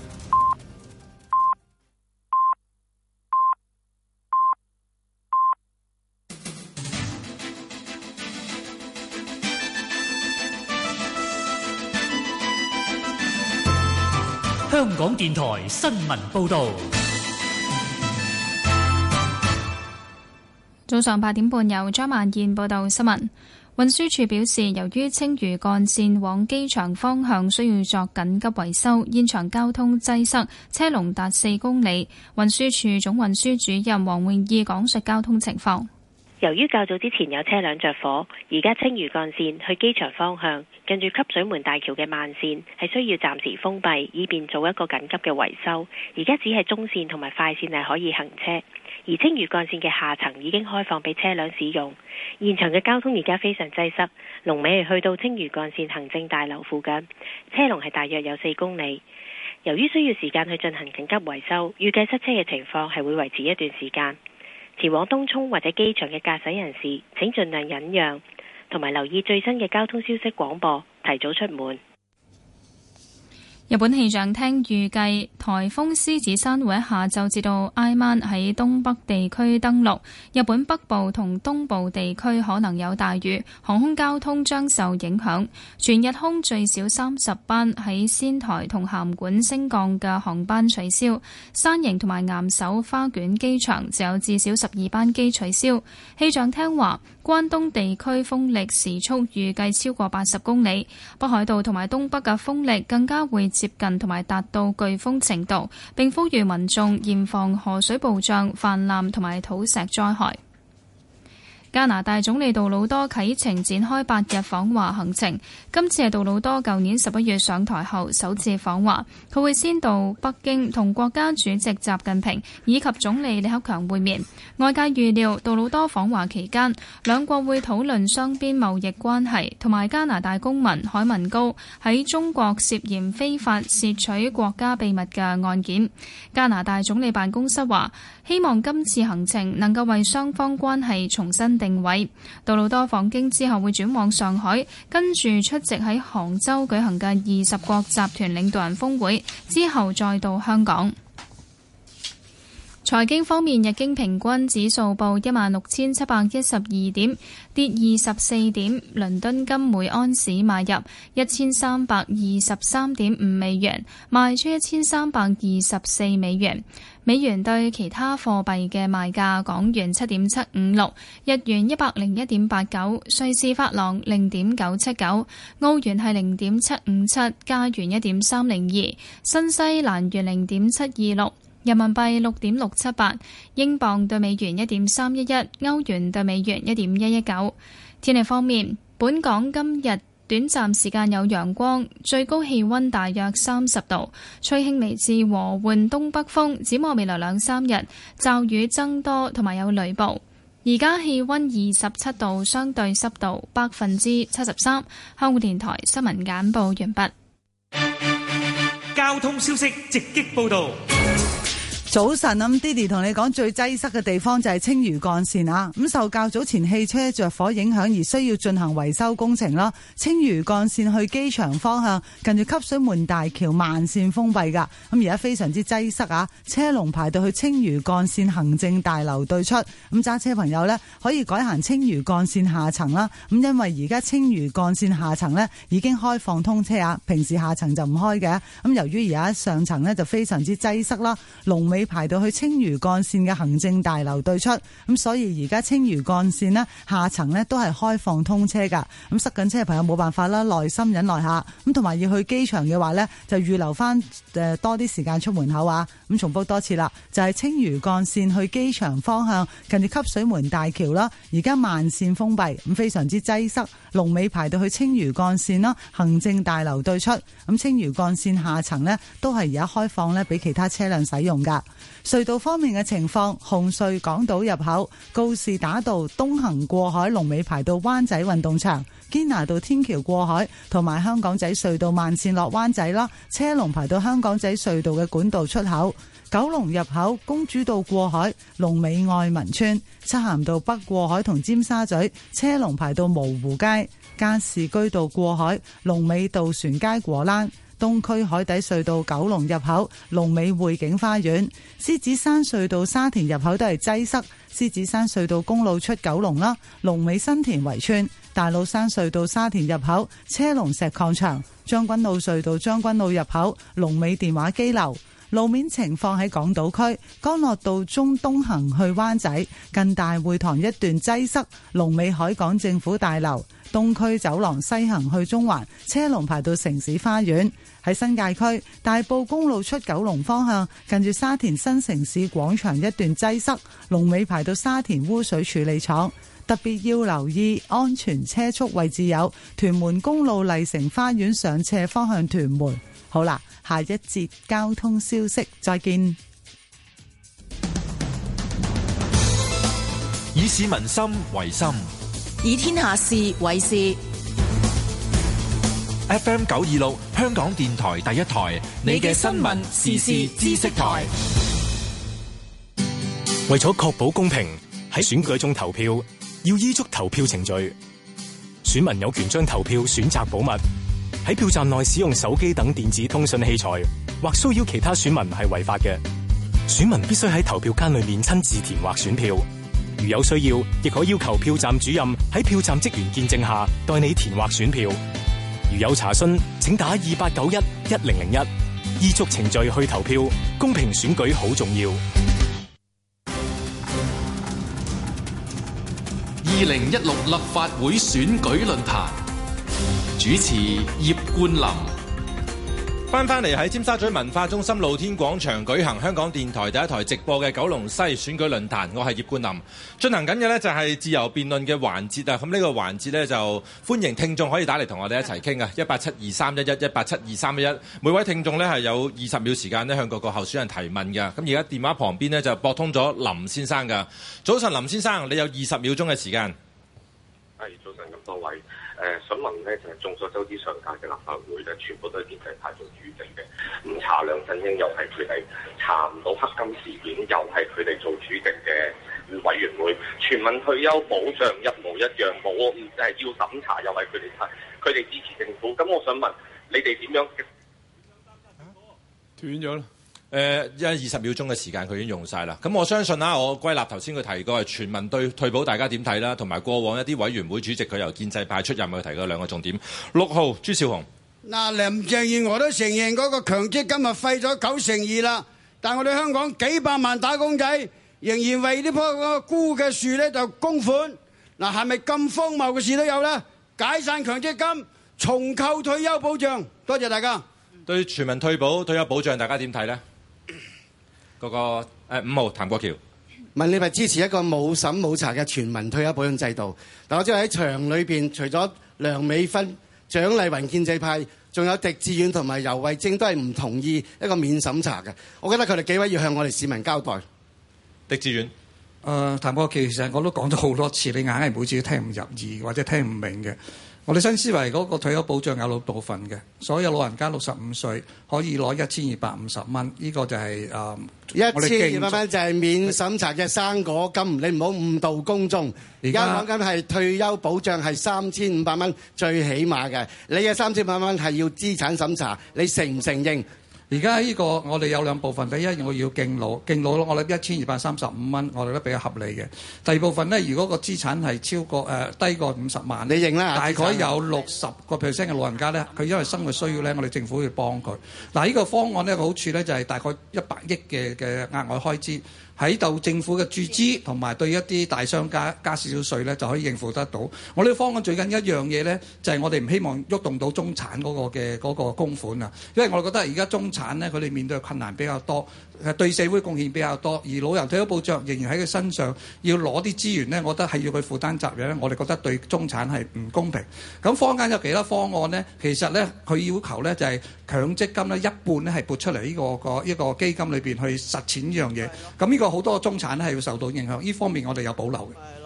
香港電台新聞報道。早上八點半，由張萬燕報道新聞。運輸處表示，由於青嶼幹線往機場方向需要作緊急維修，現場交通擠塞，車龍達四公里。運輸處總運輸主任黃永義講述交通情況。由於較早之前有車輛著火，而家青嶼幹線去機場方向近住汲水門大橋嘅慢線係需要暫時封閉，以便做一個緊急嘅維修。而家只係中線同埋快線係可以行車，而青嶼幹線嘅下層已經開放俾車輛使用。現場嘅交通而家非常擠塞，龍尾係去到青嶼幹線行政大樓附近，車龍係大約有四公里。由於需要時間去進行緊急維修，預計塞車嘅情況係會維持一段時間。前往東涌或者機場嘅駕駛人士，請盡量忍讓，同埋留意最新嘅交通消息廣播，提早出門。日本氣象廳預計颱風獅子山會喺下晝至到挨晚喺東北地區登陸，日本北部同東部地區可能有大雨，航空交通將受影響。全日空最少三十班喺仙台同函館升降嘅航班取消，山形同埋岩手花卷機場就有至少十二班機取消。氣象廳話關東地區風力時速預計超過八十公里，北海道同埋東北嘅風力更加會，接近同埋達到颶風程度，並呼籲民眾嚴防河水暴漲、泛濫同埋土石災害。加拿大總理杜魯多啟程展開八日訪華行程，今次係杜魯多舊年十一月上台後首次訪華。佢會先到北京同國家主席習近平以及總理李克強會面。外界預料杜魯多訪華期間，兩國會討論雙邊貿易關係同埋加拿大公民海文高喺中國涉嫌非法竊取國家秘密嘅案件。加拿大總理辦公室話：希望今次行程能夠為雙方關係重新定位，杜魯多訪京之後會轉往上海，跟住出席喺杭州舉行嘅二十國集團領導人峰會，之後再到香港。財經方面，日經平均指數報一萬六千七百一十二點，跌二十四點。倫敦金每安士買入一千三百二十三點五美元，賣出一千三百二十四美元。美元對其他貨幣嘅賣價：港元七點七五六，日元一百零一點八九，瑞士法郎零點九七九，澳元係零點七五七，加元一點三零二，新西蘭元零點七二六，人民幣六點六七八，英鎊對美元一點三一一，歐元對美元一點一一九。天氣方面，本港今日短暫時間有陽光，最高氣温大約三十度，吹輕微至和緩東北風。展望未來兩三日，驟雨增多同埋有雷暴。而家氣温二十七度，相對濕度百分之七十三。香港電台新聞簡報完畢。交通消息直擊報道。早晨，咁 Didi 同你講最擠塞嘅地方就係青嶼幹線啊！咁受較早前汽車着火影響而需要進行維修工程啦。青嶼幹線去機場方向近住汲水門大橋慢線封閉噶，咁而家非常之擠塞啊！車龍排到去青嶼幹線行政大樓對出，咁揸車朋友咧可以改行青嶼幹線下層啦。咁因為而家青嶼幹線下層咧已經開放通車啊，平時下層就唔開嘅。咁由於而家上層咧就非常之擠塞啦，龍尾。排到去青嶼幹線嘅行政大樓對出，咁所以而家青嶼幹線呢，下層呢都係開放通車噶，咁塞緊車嘅朋友冇辦法啦，耐心忍耐下，咁同埋要去機場嘅話呢，就預留翻誒多啲時間出門口啊。咁重複多次啦，就係青嶼幹線去機場方向近住汲水門大橋啦，而家慢線封閉，咁非常之擠塞，龍尾排到去青嶼幹線啦，行政大樓對出，咁青嶼幹線下層呢，都係而家開放呢，俾其他車輛使用噶。隧道方面嘅情況，紅隧港島入口，告士打道東行過海龍尾排到灣仔運動場，堅拿道天橋過海，同埋香港仔隧道慢線落灣仔啦，車龍排到香港仔隧道嘅管道出口；九龍入口，公主道過海龍尾愛民村漆咸道北過海，同尖沙咀車龍排到蕪湖街，加士居道過海龍尾渡船街果欄。東區海底隧道九龍入口、龍尾匯景花園、獅子山隧道沙田入口都係擠塞；獅子山隧道公路出九龍啦，龍尾新田圍村、大老山隧道沙田入口、車龍石礦場、將軍澳隧道將軍澳入口、龍尾電話機樓路面情況，喺港島區，干諾道中東行去灣仔近大會堂一段擠塞；龍尾海港政府大樓、東區走廊西行去中環車龍排到城市花園。喺新界區大埔公路出九龍方向，近住沙田新城市廣場一段擠塞，龍尾排到沙田污水處理廠。特別要留意安全車速位置有屯門公路麗城花園上斜方向屯門。好啦，下一節交通消息，再見。以市民心為心，以天下事為事。F M 九二六香港電台第一台，你嘅新聞時事知識台。為咗確保公平喺選舉中投票，要依足投票程序。選民有權將投票選擇保密。喺票站內使用手機等電子通訊器材或騷擾其他選民係違法嘅。選民必須喺投票間裏面親自填劃選票。如有需要，亦可要求票站主任喺票站職員見證下代你填劃選票。如有查詢，請打二八九一一零零一，依足程序去投票，公平選舉好重要。二零一六立法會選舉論壇主持葉冠林。翻翻嚟喺尖沙咀文化中心露天廣場舉行香港電台第一台直播嘅九龍西選舉論壇，我係葉冠霖。進行緊嘅呢，就係自由辯論嘅環節啊！咁、這、呢個環節呢，就歡迎聽眾可以打嚟同我哋一齊傾啊！一八七二三一一一八七二三一一，每位聽眾呢，係有二十秒時間呢向各個候選人提問㗎。咁而家電話旁邊呢，就撥通咗林先生噶。早晨，林先生，你有二十秒鐘嘅時間。係早晨，咁多位。誒想問咧，就係、是、眾所周知，上屆嘅立法會咧，就是、全部都係建制派做主席嘅。咁查梁振英又係佢哋查唔到黑金事件，又係佢哋做主席嘅委員會，全民退休保障一模一樣冇，即係要審查又係佢哋，佢哋支持政府。咁我想問，你哋點樣、啊、斷咗啦？誒一二十秒鐘嘅時間，佢已經用晒啦，咁我相信啦。我歸納頭先佢提過係全民對退保大家點睇啦，同埋過往一啲委員會主席佢由建制派出任，佢提過兩個重點。六號朱少雄，嗱，林鄭月娥都承認嗰個強積金咪廢咗九成二啦，但我哋香港幾百萬打工仔仍然為棵呢棵孤嘅樹咧就供款，嗱，係咪咁荒謬嘅事都有咧？解散強積金，重構退休保障。多謝大家。對全民退保、退休保障，大家點睇咧？嗰個五號譚國僑，問你咪支持一個冇審冇查嘅全民退休保障制度？但我知喺場裏邊，除咗梁美芬、蔣麗芸建制派，仲有狄志遠同埋游蕙禎，都係唔同意一個免審查嘅。我覺得佢哋幾位要向我哋市民交代。狄志遠，誒、呃、譚國僑，其實我都講咗好多次，你硬係每次都聽唔入耳或者聽唔明嘅。我哋新思維嗰個退休保障有六部分嘅，所有老人家六十五歲可以攞一千二百五十蚊，呢、呢個就係誒，一千二百蚊就係免審查嘅生果金，你唔好誤導公眾。而家講緊係退休保障係三千五百蚊最起碼嘅，你嘅三千五百蚊係要資產審查，你承唔承認？而家呢個我哋有兩部分，第一我要敬老，敬老我諗一千二百三十五蚊，我哋都比較合理嘅。第二部分呢，如果個資產係超過誒、呃、低過五十萬，你認啦，大概有六十個 percent 嘅老人家呢，佢因為生活需要呢，我哋政府去幫佢。嗱，呢個方案咧，好處呢，就係、是、大概一百億嘅嘅額外開支。喺度政府嘅注資同埋對一啲大商家加、加少少稅咧，就可以應付得到。我呢個方案最緊一樣嘢咧，就係、是、我哋唔希望喐動、動到中產嗰個嘅、嗰、那個供款啊，因為我覺得而家中產咧佢哋面對嘅困難比較多。係對社會貢獻比較多，而老人退休保障仍然喺佢身上要攞啲資源呢，我覺得係要佢負擔責任，我哋覺得對中產係唔公平。咁坊間有幾多方案呢？其實呢，佢要求呢就係強積金咧一半咧係撥出嚟呢個個一個基金裏邊去實踐呢樣嘢，咁呢個好多中產咧係要受到影響，呢方面我哋有保留嘅。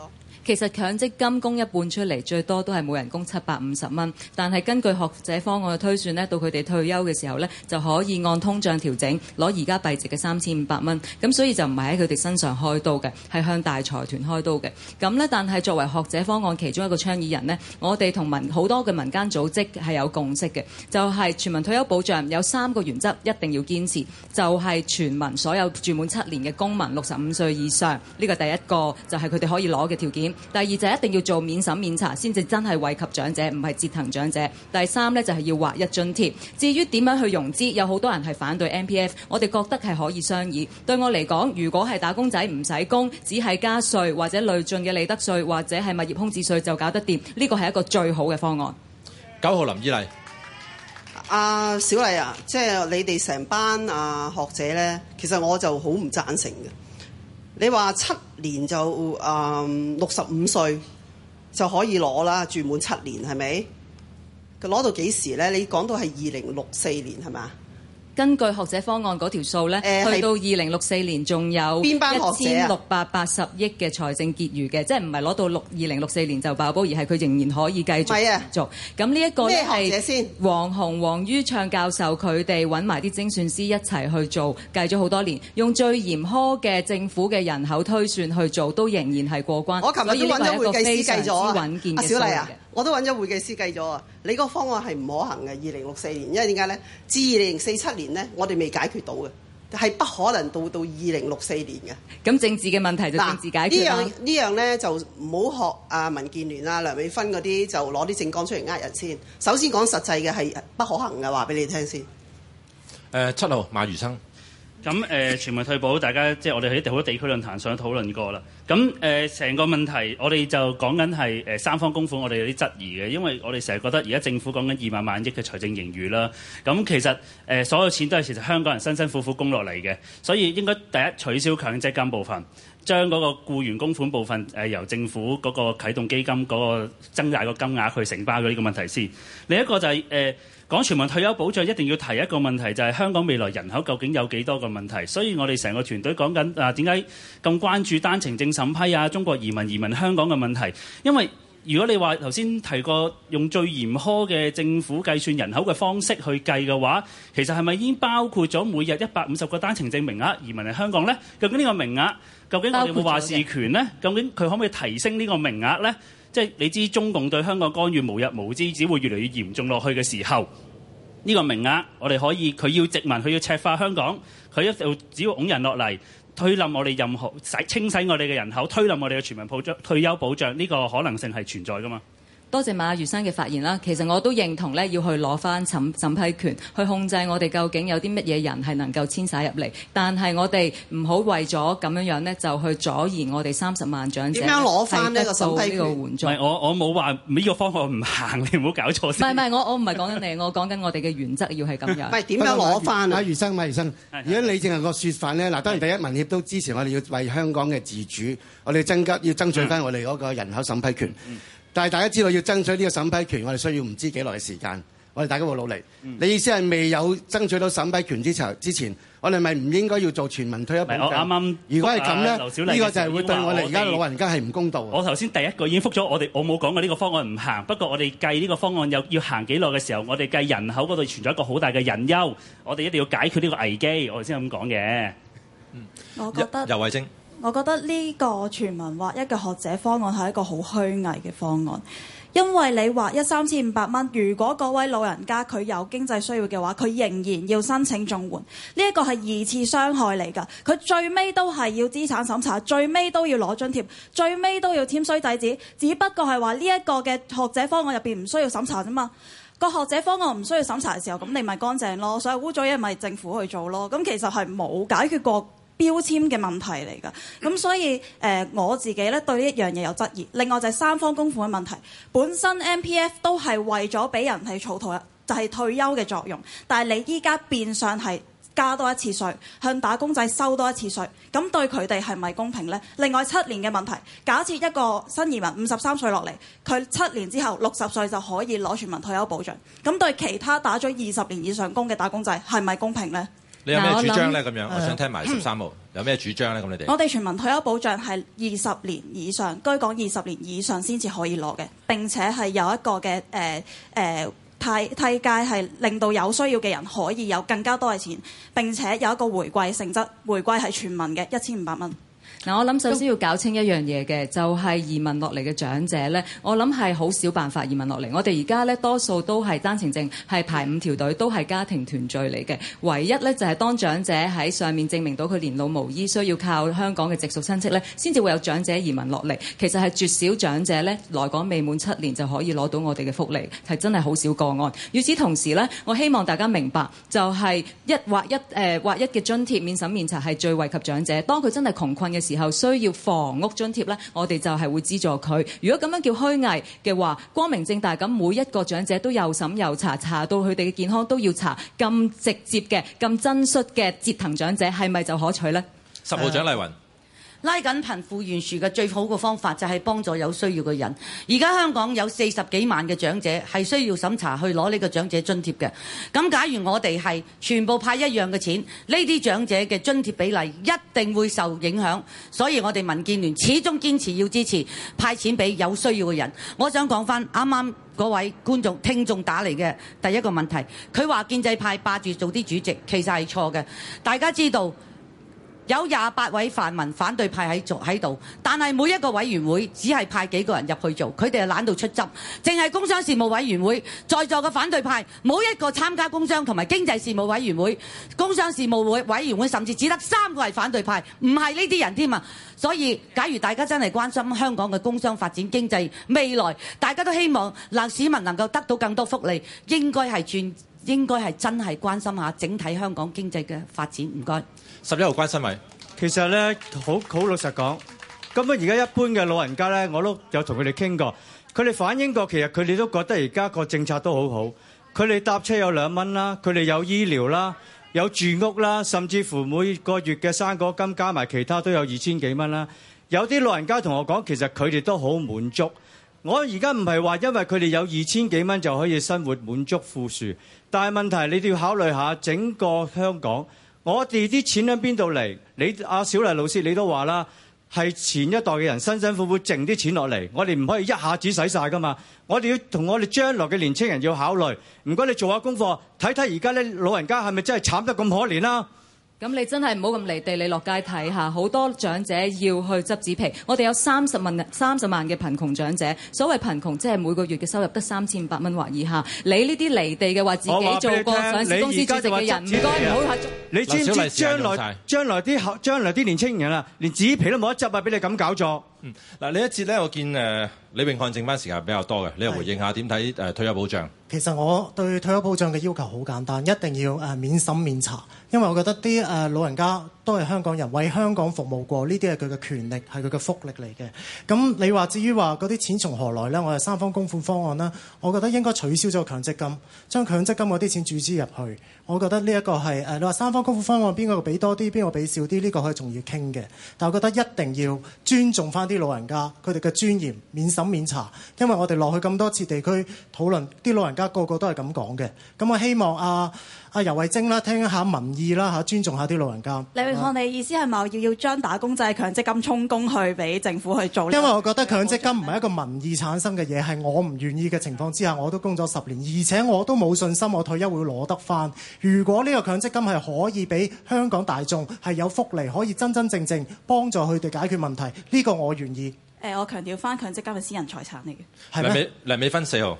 其實強積金供一半出嚟，最多都係每人供七百五十蚊。但係根據學者方案嘅推算，呢到佢哋退休嘅時候呢，就可以按通脹調整，攞而家幣值嘅三千五百蚊。咁所以就唔係喺佢哋身上開刀嘅，係向大財團開刀嘅。咁呢，但係作為學者方案其中一個倡議人呢，我哋同民好多嘅民間組織係有共識嘅，就係全民退休保障有三個原則一定要堅持，就係全民，所有住滿七年嘅公民，六十五歲以上，呢個第一個就係佢哋可以攞嘅條件。第二就是、一定要做免審免查，先至真係惠及長者，唔係折騰長者。第三呢，就係、是、要劃一津貼。至於點樣去融資，有好多人係反對 M P F，我哋覺得係可以商議。對我嚟講，如果係打工仔唔使供，只係加稅或者累進嘅利得稅或者係物業空置稅就搞得掂，呢個係一個最好嘅方案。九號林依麗，阿、uh, 小麗啊，即係你哋成班啊、uh, 學者呢，其實我就好唔贊成嘅。你話七年就六十五歲就可以攞啦，住滿七年係咪？佢攞到幾時呢？你講到係二零六四年係嘛？是吧？根據學者方案嗰條數呢、呃、去到二零六四年仲有一千六百八十億嘅財政結餘嘅，即係唔係攞到六二零六四年就爆煲，而係佢仍然可以繼續。做。啊，咁呢一個咧係黃洪黃於唱教授佢哋揾埋啲精算師一齊去做，計咗好多年，用最嚴苛嘅政府嘅人口推算去做，都仍然係過關。我琴日都揾咗會計師計咗啊。小麗啊。我都揾咗會計師計咗啊！你個方案係唔可行嘅，二零六四年，因為點解呢？至二零四七年呢，我哋未解決到嘅，係不可能到到二零六四年嘅。咁政治嘅問題就政治解決。呢樣呢樣呢就唔好學啊民建聯啊、梁美芬嗰啲，就攞啲政綱出嚟呃人先。首先講實際嘅係不可行嘅，話俾你聽先。誒七、呃、號馬如生，咁誒全民退保，大家即係我哋喺好多地區論壇上討論過啦。咁誒，成、呃、個問題，我哋就講緊係三方供款，我哋有啲質疑嘅，因為我哋成日覺得而家政府講緊二萬萬億嘅財政盈餘啦。咁其實誒、呃，所有錢都係其實香港人辛辛苦苦供落嚟嘅，所以應該第一取消強積金部分，將嗰個僱員供款部分、呃、由政府嗰個啟動基金嗰個增大個金額去承包咗呢個問題先。另一個就係、是、誒。呃講全民退休保障一定要提一個問題，就係香港未來人口究竟有幾多個問題。所以我哋成個團隊講緊啊，點解咁關注單程證審批啊、中國移民移民香港嘅問題？因為如果你話頭先提過用最嚴苛嘅政府計算人口嘅方式去計嘅話，其實係咪已經包括咗每日一百五十個單程證名額移民嚟香港呢？究竟呢個名額究竟我哋有冇話事權呢？究竟佢可唔可以提升呢個名額呢？即係你知中共對香港干預無日無之，只會越嚟越嚴重落去嘅時候，呢個名額我哋可以，佢要殖民，佢要赤化香港，佢一只要拱人落嚟推冧我哋，任何清洗我哋嘅人口，推冧我哋嘅全民保障退休保障，呢個可能性係存在㗎嘛？多謝馬如生嘅發言啦，其實我都認同咧，要去攞翻審審批權去控制我哋究竟有啲乜嘢人係能夠遷徙入嚟，但係我哋唔好為咗咁樣樣咧，就去阻延我哋三十萬長者。點樣攞翻呢個審批權？個援助，唔係我我冇話呢個方案唔行，你唔好搞錯。唔係，唔係，我我唔係講緊你，我講緊我哋嘅原則要係咁樣。唔係點樣攞翻？馬如生，馬如生，如果你淨係個説法咧，嗱，當然第一，民協都支持我哋要為香港嘅自主，我哋增加要爭取翻我哋嗰個人口審批權。嗯但大家知道要爭取呢個審批權，我哋需要唔知幾耐嘅時間。我哋大家會努力。嗯、你意思係未有爭取到審批權之之前，我哋咪唔應該要做全民退休保障？啱啱是如果係咁咧，呢、啊、個就係會對我哋而家老人家係唔公道我。我頭先第一句已經覆咗，我哋我冇講過呢個方案唔行。不過我哋計呢個方案又要行幾耐嘅時候，我哋計人口嗰度存在一個好大嘅隱憂。我哋一定要解決呢個危機，我哋先咁講嘅。嗯，我覺得。游蕙禎。我覺得呢個全民劃一嘅學者方案係一個好虛偽嘅方案，因為你劃一三千五百蚊，如果嗰位老人家佢有經濟需要嘅話，佢仍然要申請綜援，呢一個係二次傷害嚟㗎。佢最尾都係要資產審查，最尾都要攞津貼，最尾都要簽衰仔紙，只不過係話呢一個嘅學者方案入邊唔需要審查啫嘛。個學者方案唔需要審查嘅時候，咁你咪乾淨咯，所以污糟嘢咪政府去做咯。咁其實係冇解決過。標籤嘅問題嚟㗎，咁所以誒、呃、我自己咧對呢一樣嘢有質疑。另外就係三方供款嘅問題，本身 MPF 都係為咗俾人係草途就係、是、退休嘅作用，但係你依家變相係加多一次稅，向打工仔收多一次稅，咁對佢哋係咪公平呢？另外七年嘅問題，假設一個新移民五十三歲落嚟，佢七年之後六十歲就可以攞全民退休保障，咁對其他打咗二十年以上工嘅打工仔係咪公平呢？你有咩主張呢？咁想樣，我想聽埋十三號、嗯、有咩主張呢？咁你哋，我哋全民退休保障係二十年以上，居港二十年以上先至可以攞嘅，並且係有一個嘅呃呃替替介，係令到有需要嘅人可以有更加多嘅錢，並且有一個回饋性質，回饋係全民嘅一千五百蚊。1, 嗱，我諗首先要搞清一樣嘢嘅，就係、是、移民落嚟嘅長者咧。我諗係好少辦法，移民落嚟。我哋而家咧多數都係單程證，係排五條隊，都係家庭團聚嚟嘅。唯一咧就係當長者喺上面證明到佢年老無依，需要靠香港嘅直屬親戚咧，先至會有長者移民落嚟。其實係絕少長者咧來港未滿七年就可以攞到我哋嘅福利，係真係好少個案。與此同時咧，我希望大家明白，就係、是、一劃一誒、呃、劃一嘅津貼免審免查係最惠及長者。當佢真係窮困嘅時。然後需要房屋津貼咧，我哋就係會資助佢。如果咁樣叫虛偽嘅話，光明正大咁，每一個長者都又審又查，查到佢哋嘅健康都要查，咁直接嘅，咁真率嘅折騰長者，係咪就可取呢？十號蔣麗芸。的拉近貧富懸殊嘅最好嘅方法就係幫助有需要嘅人。而家香港有四十幾萬嘅長者係需要審查去攞呢個長者津貼嘅。咁假如我哋係全部派一樣嘅錢，呢啲長者嘅津貼比例一定會受影響。所以我哋民建聯始終堅持要支持派錢俾有需要嘅人。我想講翻啱啱嗰位觀眾聽眾打嚟嘅第一個問題，佢話建制派霸住做啲主席，其實係錯嘅。大家知道。有廿八位泛民反對派喺做喺度，但係每一個委員會只係派幾個人入去做，佢哋係懶到出汁。淨係工商事務委員會在座嘅反對派冇一個參加工商同埋經濟事務委員會，工商事務委員會甚至只得三個係反對派，唔係呢啲人添啊！所以，假如大家真係關心香港嘅工商發展經濟未來，大家都希望嗱市民能夠得到更多福利，應該係轉，應該係真係關心下整體香港經濟嘅發展。唔該。十一號關新聞？其實咧，好好老實講，咁樣而家一般嘅老人家咧，我都有同佢哋傾過，佢哋反映過，其實佢哋都覺得而家個政策都好好。佢哋搭車有兩蚊啦，佢哋有醫療啦，有住屋啦，甚至乎每個月嘅生果金加埋其他都有二千幾蚊啦。有啲老人家同我講，其實佢哋都好滿足。我而家唔係話因為佢哋有二千幾蚊就可以生活滿足富庶，但係問題你都要考慮下整個香港。我哋啲錢喺邊度嚟？你阿小麗老師你都話啦，係前一代嘅人辛辛苦苦剩啲錢落嚟，我哋唔可以一下子使晒㗎嘛。我哋要同我哋將來嘅年青人要考慮。唔該，你做下功課，睇睇而家啲老人家係咪真係慘得咁可憐啦、啊？咁你真係唔好咁離地，你落街睇下，好多長者要去執紙皮。我哋有三十萬三十萬嘅貧窮長者。所謂貧窮，即係每個月嘅收入得三千五百蚊或以下。你呢啲離地嘅話，自己做過上，上市公司主席嘅人，唔、啊、該唔好你知唔知將來將來啲啲年青人啦，連紙皮都冇得執啊！俾你咁搞咗。嗯，嗱呢一節咧，我見誒。李永漢剩翻時間比較多嘅，你又回應下點睇退休保障？其實我對退休保障嘅要求好簡單，一定要免審免查，因為我覺得啲老人家都係香港人，為香港服務過，呢啲係佢嘅權力，係佢嘅福利嚟嘅。咁你話至於話嗰啲錢從何來呢？我係三方供款方案啦，我覺得應該取消咗強積金，將強積金嗰啲錢注資入去。我覺得呢一個係你話三方供款方案邊個俾多啲，邊個俾少啲？呢個係仲要傾嘅。但我覺得一定要尊重翻啲老人家，佢哋嘅尊嚴，免審免查，因為我哋落去咁多次地區討論，啲老人家個個都係咁講嘅。咁我希望阿阿、啊啊、尤慧晶啦，聽一下民意啦、吓、尊重下啲老人家。李永漢，你意思係咪要要將打工仔強積金充公去俾政府去做？因為我覺得強積金唔係一個民意產生嘅嘢，係我唔願意嘅情況之下，我都工作十年，而且我都冇信心我退休會攞得翻。如果呢個強積金係可以俾香港大眾係有福利，可以真真正正幫助佢哋解決問題，呢個我願意。我強調翻強積金嘅私人財產嚟嘅。係咪？梁美芬四號，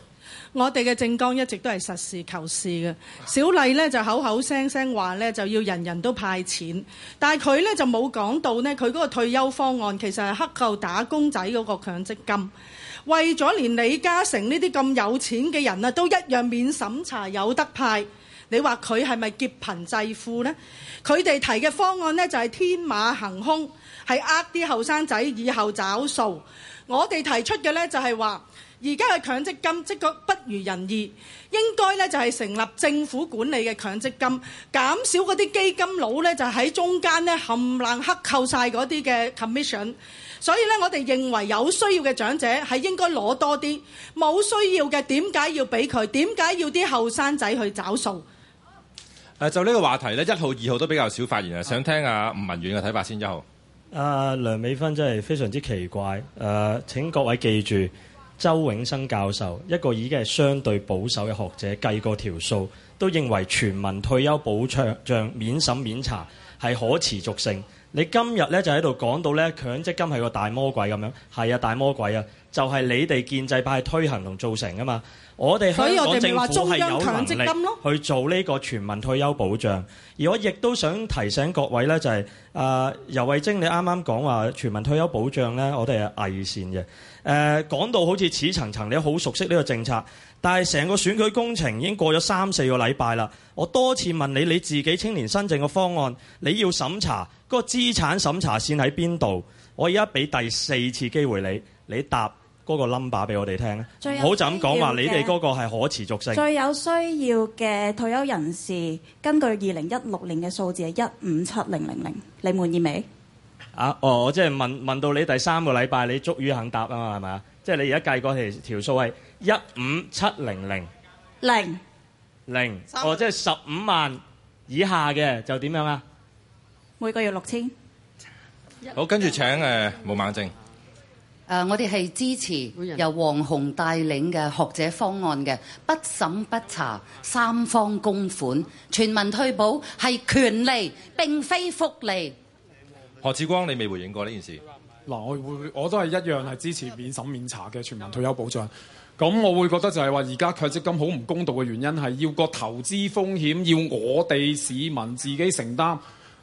我哋嘅政綱一直都係實事求是嘅。小麗呢就口口聲聲話呢就要人人都派錢，但佢呢就冇講到呢。佢嗰個退休方案其實係克扣打工仔嗰個強積金，為咗連李嘉誠呢啲咁有錢嘅人啊都一樣免審查有得派，你話佢係咪劫貧濟富呢？佢哋提嘅方案呢，就係天馬行空。係呃啲後生仔以後找數，我哋提出嘅呢就係話，而家嘅強積金即個不如人意，應該呢就係成立政府管理嘅強積金，減少嗰啲基金佬呢就喺中間呢冚冷克扣晒嗰啲嘅 commission。所以呢，我哋認為有需要嘅長者係應該攞多啲，冇需要嘅點解要俾佢？點解要啲後生仔去找數？就呢個話題呢，一號、二號都比較少發言啊，想聽下吳文遠嘅睇法先。一號。啊、呃，梁美芬真係非常之奇怪。誒、呃，請各位記住，周永生教授一個已經係相對保守嘅學者，計過條數，都認為全民退休保障免審免查係可持續性。你今日咧就喺度講到咧，強積金係個大魔鬼咁樣，係啊，大魔鬼啊，就係、是、你哋建制派推行同造成噶嘛。我哋香我哋府中央強積金咯，去做呢個全民退休保障。而我亦都想提醒各位咧、就是，就係誒游蕙禎，你啱啱講話全民退休保障咧，我哋係偽善嘅。誒、呃、講到好似似層層，你好熟悉呢個政策，但係成個選舉工程已經過咗三四個禮拜啦。我多次問你，你自己青年新政嘅方案你要審查。個資產審查線喺邊度？我而家俾第四次機會你，你答嗰個 number 俾我哋聽咧。好，就咁講話，你哋嗰個係可持續性。最有需要嘅退休人士，根據二零一六年嘅數字係一五七零零零，你滿意未？啊，哦，即係問問到你第三個禮拜，你終於肯答啊嘛？係咪啊？即係你而家計過嚟條數係一五七零零零零，哦，即係十五萬以下嘅就點樣啊？每個月六千，好跟住請冇、呃、毛孟靜、呃、我哋係支持由黃洪帶領嘅學者方案嘅不審不查三方供款全民退保係權利並非福利。何志光，你未回應過呢件事嗱、呃？我會我都係一樣係支持免審免查嘅全民退休保障。咁我會覺得就係話而家強積金好唔公道嘅原因係要個投資風險要我哋市民自己承擔。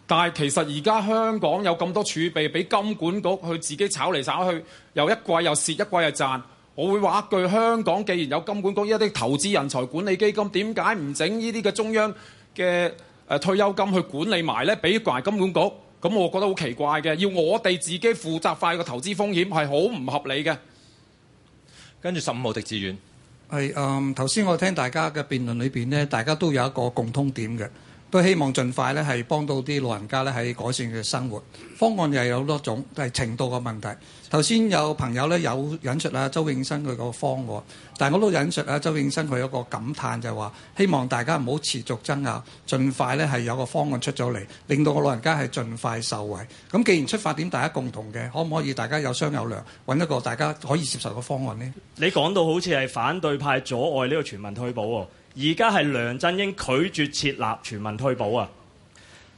但係其實而家香港有咁多儲備，俾金管局去自己炒嚟炒去，又一季又蝕，一季又賺。我會話一句，香港既然有金管局一啲投資人才管理基金，點解唔整呢啲嘅中央嘅誒退休金去管理埋呢？俾埋金管局，咁我覺得好奇怪嘅。要我哋自己負責快個投資風險係好唔合理嘅。跟住十五號狄志遠，係啊，頭、嗯、先我聽大家嘅辯論裏面呢，大家都有一個共通點嘅。都希望盡快咧，係幫到啲老人家咧，喺改善佢嘅生活方案，又有多種，係程度嘅問題。頭先有朋友咧有引述啦，周永新佢個方案，但係我都引述啦，周永新佢有一個感嘆就係話，希望大家唔好持續爭拗，盡快咧係有個方案出咗嚟，令到個老人家係盡快受惠。咁既然出發點大家共同嘅，可唔可以大家有商有量，搵一個大家可以接受嘅方案呢？你講到好似係反對派阻礙呢個全民退保喎。而家係梁振英拒絕設立全民退保啊！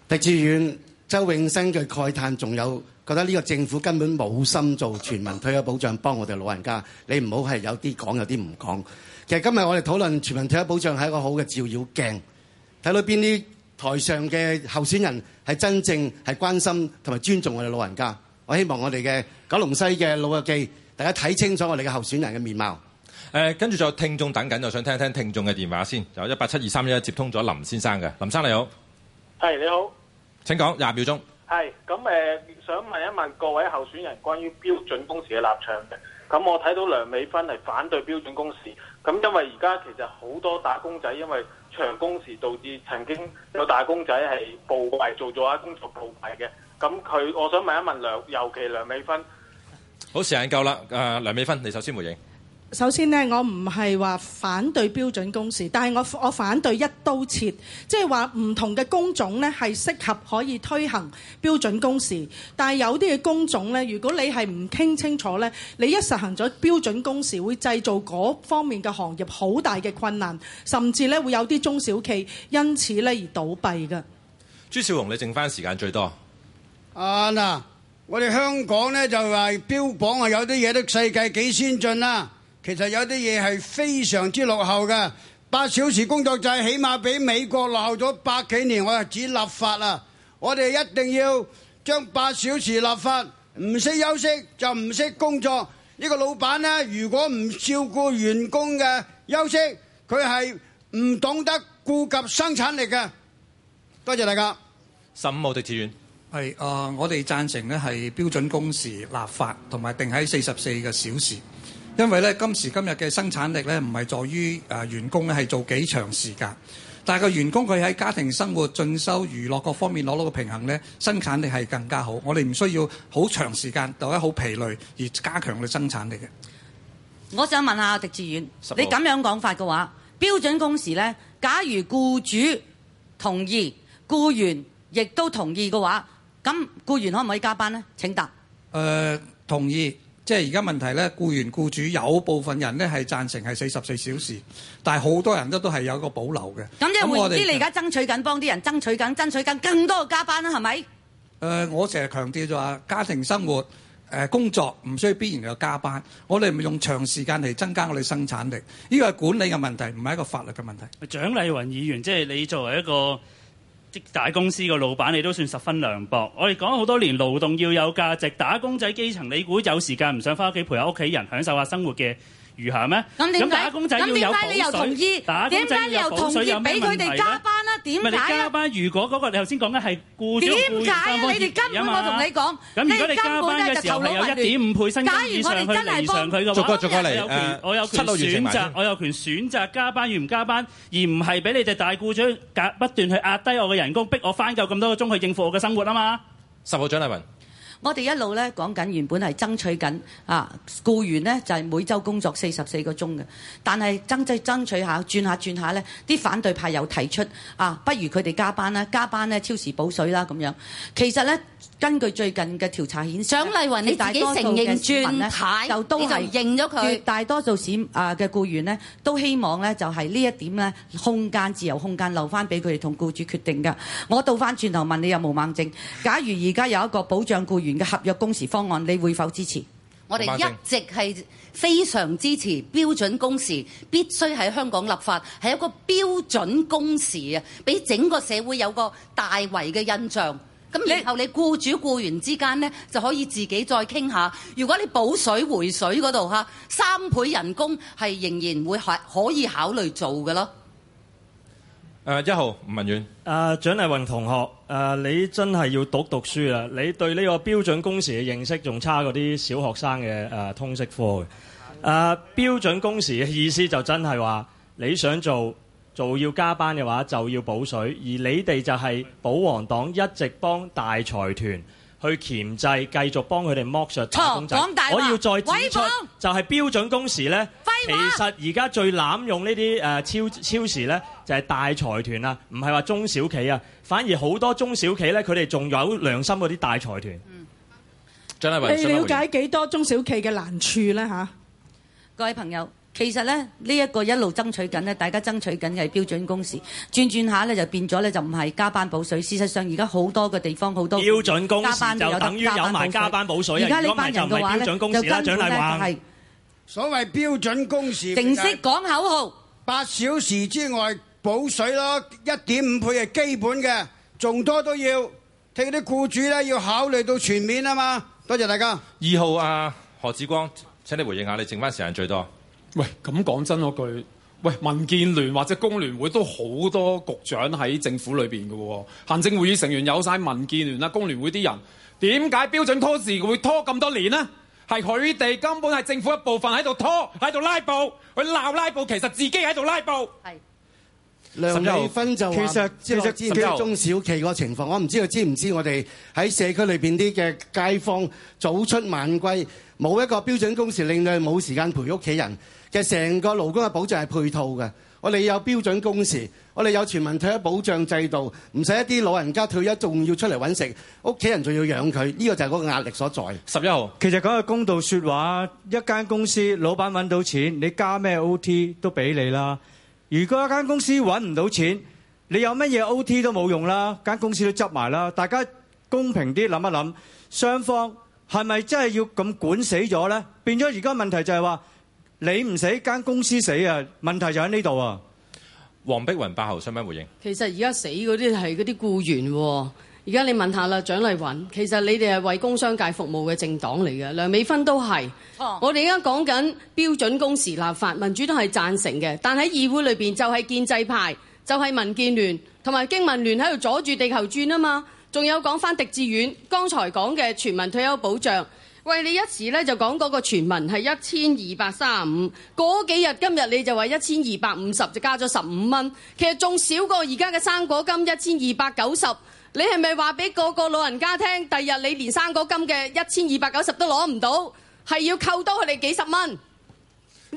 狄志遠、周永生嘅慨嘆，仲有覺得呢個政府根本冇心做全民退休保障，幫我哋老人家。你唔好係有啲講，有啲唔講。其實今日我哋討論全民退休保障係一個好嘅照妖鏡，睇到邊啲台上嘅候選人係真正係關心同埋尊重我哋老人家。我希望我哋嘅九龍西嘅老友記，大家睇清楚我哋嘅候選人嘅面貌。誒，跟住仲有聽眾等緊，我想聽聽聽眾嘅電話先。有一八七二三一接通咗林先生嘅，林生你好。係、hey, 你好，請講廿秒鐘。係、hey,，咁、呃、誒，想問一問各位候選人關於標準工時嘅立場嘅。咁我睇到梁美芬係反對標準工時，咁因為而家其實好多打工仔因為長工時導致曾經有打工仔係暴斃，做咗一工作暴斃嘅。咁佢，我想問一問梁，尤其梁美芬。好，時間夠啦。誒、呃，梁美芬，你首先回應。首先呢，我唔係話反對標準工時，但係我我反對一刀切，即係話唔同嘅工種呢係適合可以推行標準工時，但係有啲嘅工種呢，如果你係唔傾清楚呢，你一實行咗標準工時，會製造嗰方面嘅行業好大嘅困難，甚至呢會有啲中小企因此呢而倒閉嘅。朱少榮，你剩翻時間最多。啊嗱，我哋香港呢就係標榜些東西啊，有啲嘢都世界幾先進啦。其實有啲嘢係非常之落後嘅，八小時工作制起碼比美國落後咗百幾年。我就指立法啊，我哋一定要將八小時立法，唔識休息就唔識工作。呢、這個老闆咧，如果唔照顧員工嘅休息，佢係唔懂得顧及生產力嘅。多謝大家。十五號狄志遠係，誒、呃，我哋讚成咧係標準工時立法，同埋定喺四十四個小時。因為咧，今時今日嘅生產力咧，唔係在於誒員工咧係做幾長時間，但係個員工佢喺家庭生活、進修、娛樂各方面攞到個平衡咧，生產力係更加好。我哋唔需要好長時間，或者好疲累而加強嘅生產力嘅。我想問，問一下狄志遠，16. 你咁樣講法嘅話，標準工時咧，假如僱主同意，僱員亦都同意嘅話，咁僱員可唔可以加班呢？請答。誒、呃，同意。即係而家問題咧，僱員僱主有部分人咧係贊成係四十四小時，但係好多人都都係有一個保留嘅。咁即係會唔知你而家爭取緊，幫啲人爭取緊，爭取緊更多嘅加班啦，係咪？誒、呃，我成日強調就話家庭生活、呃、工作唔需要必然有加班，我哋唔用長時間嚟增加我哋生產力，呢個係管理嘅問題，唔係一個法律嘅問題。蔣麗芸議員，即係你作為一個大公司嘅老闆，你都算十分涼薄。我哋講咗好多年勞動要有價值，打工仔基層，你估有時間唔想翻屋企陪下屋企人，享受下生活嘅？餘下咩？咁點解？咁點解你又同意？打工仔要有補水有咩問題咧？唔係你加班，如果嗰個你頭先講嘅係僱主，僱主加班，有冇啦？咁如果你加班嘅時候有一點五倍薪金以上，佢嚟上佢個，我有權，我有權選擇，我有權選擇加班與唔加班，而唔係俾你哋大僱主揀不斷去壓低我嘅人工，逼我返夠咁多個鐘去應付我嘅生活啊嘛！十號張麗雲。我哋一路咧講緊，原本係爭取緊啊，僱員咧就係每週工作四十四個鐘嘅，但係爭取爭取下轉下轉下咧，啲反對派又提出啊，不如佢哋加班啦，加班咧超時補水啦咁樣，其實咧。根據最近嘅調查顯示，蔣麗雲，大多你自己承認轉態就都係認咗佢。絕大多數市啊嘅僱員咧，都希望呢就係、是、呢一點呢空間自由空間留翻俾佢哋同僱主決定嘅。我倒翻轉頭問你，有冇孟正？假如而家有一個保障僱員嘅合約工時方案，你會否支持？我哋一直係非常支持標準工時，必須喺香港立法，係一個標準工時啊，俾整個社會有個大圍嘅印象。咁然後你僱主僱員之間呢，就可以自己再傾下，如果你補水回水嗰度三倍人工係仍然會可以考慮做嘅咯。uh, 一號吳文遠，誒，uh, 蔣麗雲同學，uh, 你真係要讀讀書啦！你對呢個標準工時嘅認識仲差過啲小學生嘅、uh, 通識科嘅。誒，標準工時嘅意思就真係話你想做。做要加班嘅話，就要補水；而你哋就係保皇黨，一直幫大財團去鉗制，繼續幫佢哋剝削打工仔。我要再指出，就係標準工時咧，話其實而家最濫用呢啲誒超超時咧，就係、是、大財團啦、啊，唔係話中小企啊，反而好多中小企咧，佢哋仲有良心過啲大財團。嗯、張立文，你瞭解幾多中小企嘅難處咧？嚇，各位朋友。其實咧，呢一個一路爭取緊咧，大家爭取緊嘅標準工時轉轉下咧，就變咗咧，就唔係加班補水。事實上，而家好多個地方好多標準工加班就等於有埋加班補水。而家呢班人嘅話咧，就根本就係所謂標準工時。淨識講口號八小時之外補水咯，一點五倍係基本嘅，仲多都要聽啲僱主咧，要考慮到全面啊嘛。多謝大家。二號啊，何志光，請你回應下，你剩翻時間最多。喂，咁講真嗰句，喂，民建聯或者工聯會都好多局長喺政府裏邊嘅喎，行政會議成員有晒民建聯啦、工聯會啲人，點解標準拖時會拖咁多年呢？係佢哋根本係政府一部分喺度拖，喺度拉布，佢鬧拉布，其實自己喺度拉布。係是。梁美芬就話其實其實中小企個情況，我唔知佢知唔知我哋喺社區裏邊啲嘅街坊早出晚歸，冇一個標準工時令佢冇時間陪屋企人。嘅成個勞工嘅保障係配套嘅，我哋有標準工時，我哋有全民退休保障制度，唔使一啲老人家退休仲要出嚟揾食，屋企人仲要養佢，呢個就係嗰個壓力所在。十一號，其實講個公道說話，一間公司老闆揾到錢，你加咩 OT 都俾你啦；如果一間公司揾唔到錢，你有乜嘢 OT 都冇用啦，間公司都執埋啦。大家公平啲諗一諗，雙方係咪真係要咁管死咗咧？變咗而家問題就係話。你唔死間公司死啊？問題就喺呢度啊！黃碧雲、八號，想唔想回應？其實而家死嗰啲係嗰啲僱員。而家你問下啦，蔣麗芸，其實你哋係為工商界服務嘅政黨嚟嘅，梁美芬都係。哦，我哋而家講緊標準工時立法，民主都係贊成嘅，但喺議會裏邊就係建制派，就係民建聯同埋經民聯喺度阻住地球轉啊嘛。仲有講翻狄志遠剛才講嘅全民退休保障。喂你一時咧就講嗰個傳聞係一千二百三十五，嗰幾日今日你就話一千二百五十就加咗十五蚊，其實仲少過而家嘅生果金一千二百九十。你係咪話俾嗰個老人家聽？第日你連生果金嘅一千二百九十都攞唔到，係要扣多佢哋幾十蚊？呢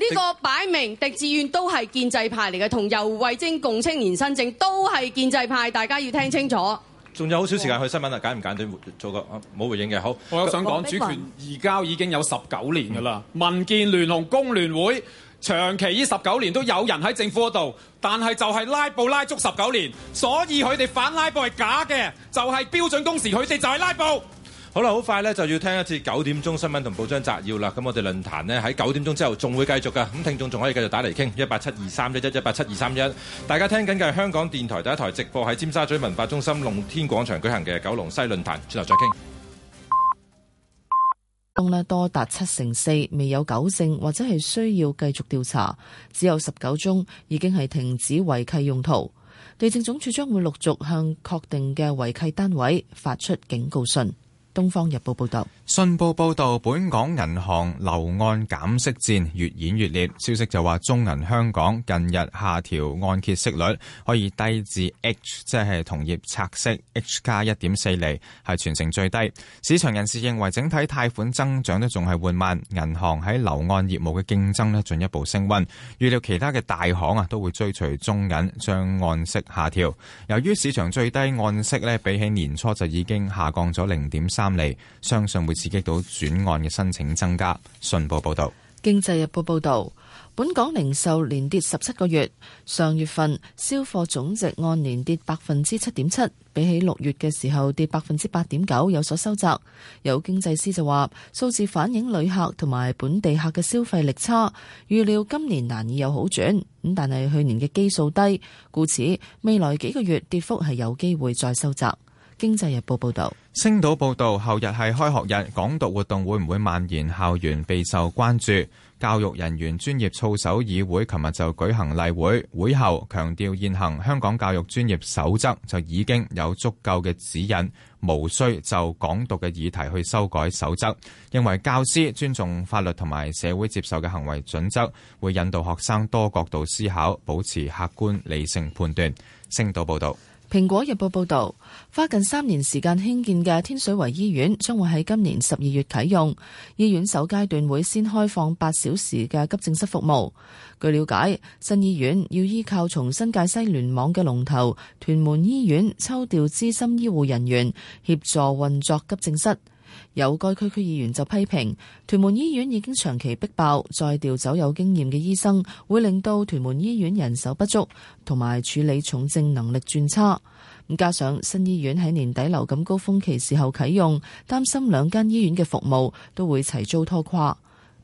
迪 個擺明狄志遠都係建制派嚟嘅，同游蕙禎共青年新政都係建制派，大家要聽清楚。仲有好少時間去新聞啊？簡唔簡短？做個冇、啊、回應嘅好。我又想講，主權移交已經有十九年㗎啦。嗯、民建聯同工聯會長期呢十九年都有人喺政府嗰度，但係就係拉布拉足十九年，所以佢哋反拉布係假嘅，就係、係、標準工時，佢哋就係拉布。好啦，好快呢，就要聽一次九點鐘新聞同報章摘要啦。咁我哋論壇呢，喺九點鐘之後仲會繼續噶，咁聽眾仲可以繼續打嚟傾一八七二三一一一八七二三一。1, 1, 大家聽緊嘅係香港電台第一台直播喺尖沙咀文化中心龍天廣場舉行嘅九龍西論壇，轉頭再傾。東呢多達七成四未有糾正，或者係需要繼續調查，只有十九宗已經係停止違契用途。地政總署將會陸續向確定嘅違契單位發出警告信。《東方日報》報道，信報報道，本港銀行樓按減息戰越演越烈。消息就話，中銀香港近日下調按揭息率，可以低至 H，即係同業拆息 H 加一點四厘，係全城最低。市場人士認為，整體貸款增長都仲係緩慢，銀行喺樓按業務嘅競爭咧進一步升温。預料其他嘅大行啊都會追隨中銀將按息下調。由於市場最低按息咧比起年初就已經下降咗零點三。嚟，相信會刺激到轉案嘅申請增加。信報報道，《經濟日報》報道，本港零售連跌十七個月，上月份銷貨總值按年跌百分之七點七，比起六月嘅時候跌百分之八點九有所收窄。有經濟師就話，數字反映旅客同埋本地客嘅消費力差，預料今年難以有好轉。咁但係去年嘅基數低，故此未來幾個月跌幅係有機會再收窄。經濟日報報道，星島報道，後日係開學日，港獨活動會唔會蔓延校園備受關注。教育人員專業操守議會琴日就舉行例會，會後強調現行香港教育專業守則就已經有足夠嘅指引，無需就港獨嘅議題去修改守則。認為教師尊重法律同埋社會接受嘅行為準則，會引導學生多角度思考，保持客觀理性判斷。星島報道。蘋果日報報道，花近三年時間興建嘅天水圍醫院將會喺今年十二月啟用。醫院首階段會先開放八小時嘅急症室服務。據了解，新醫院要依靠從新界西聯網嘅龍頭屯門醫院抽調資深醫護人員協助運作急症室。有該區區議員就批評屯門醫院已經長期逼爆，再調走有經驗嘅醫生，會令到屯門醫院人手不足，同埋處理重症能力轉差。加上新醫院喺年底流感高峰期時候啟用，擔心兩間醫院嘅服務都會齊遭拖垮。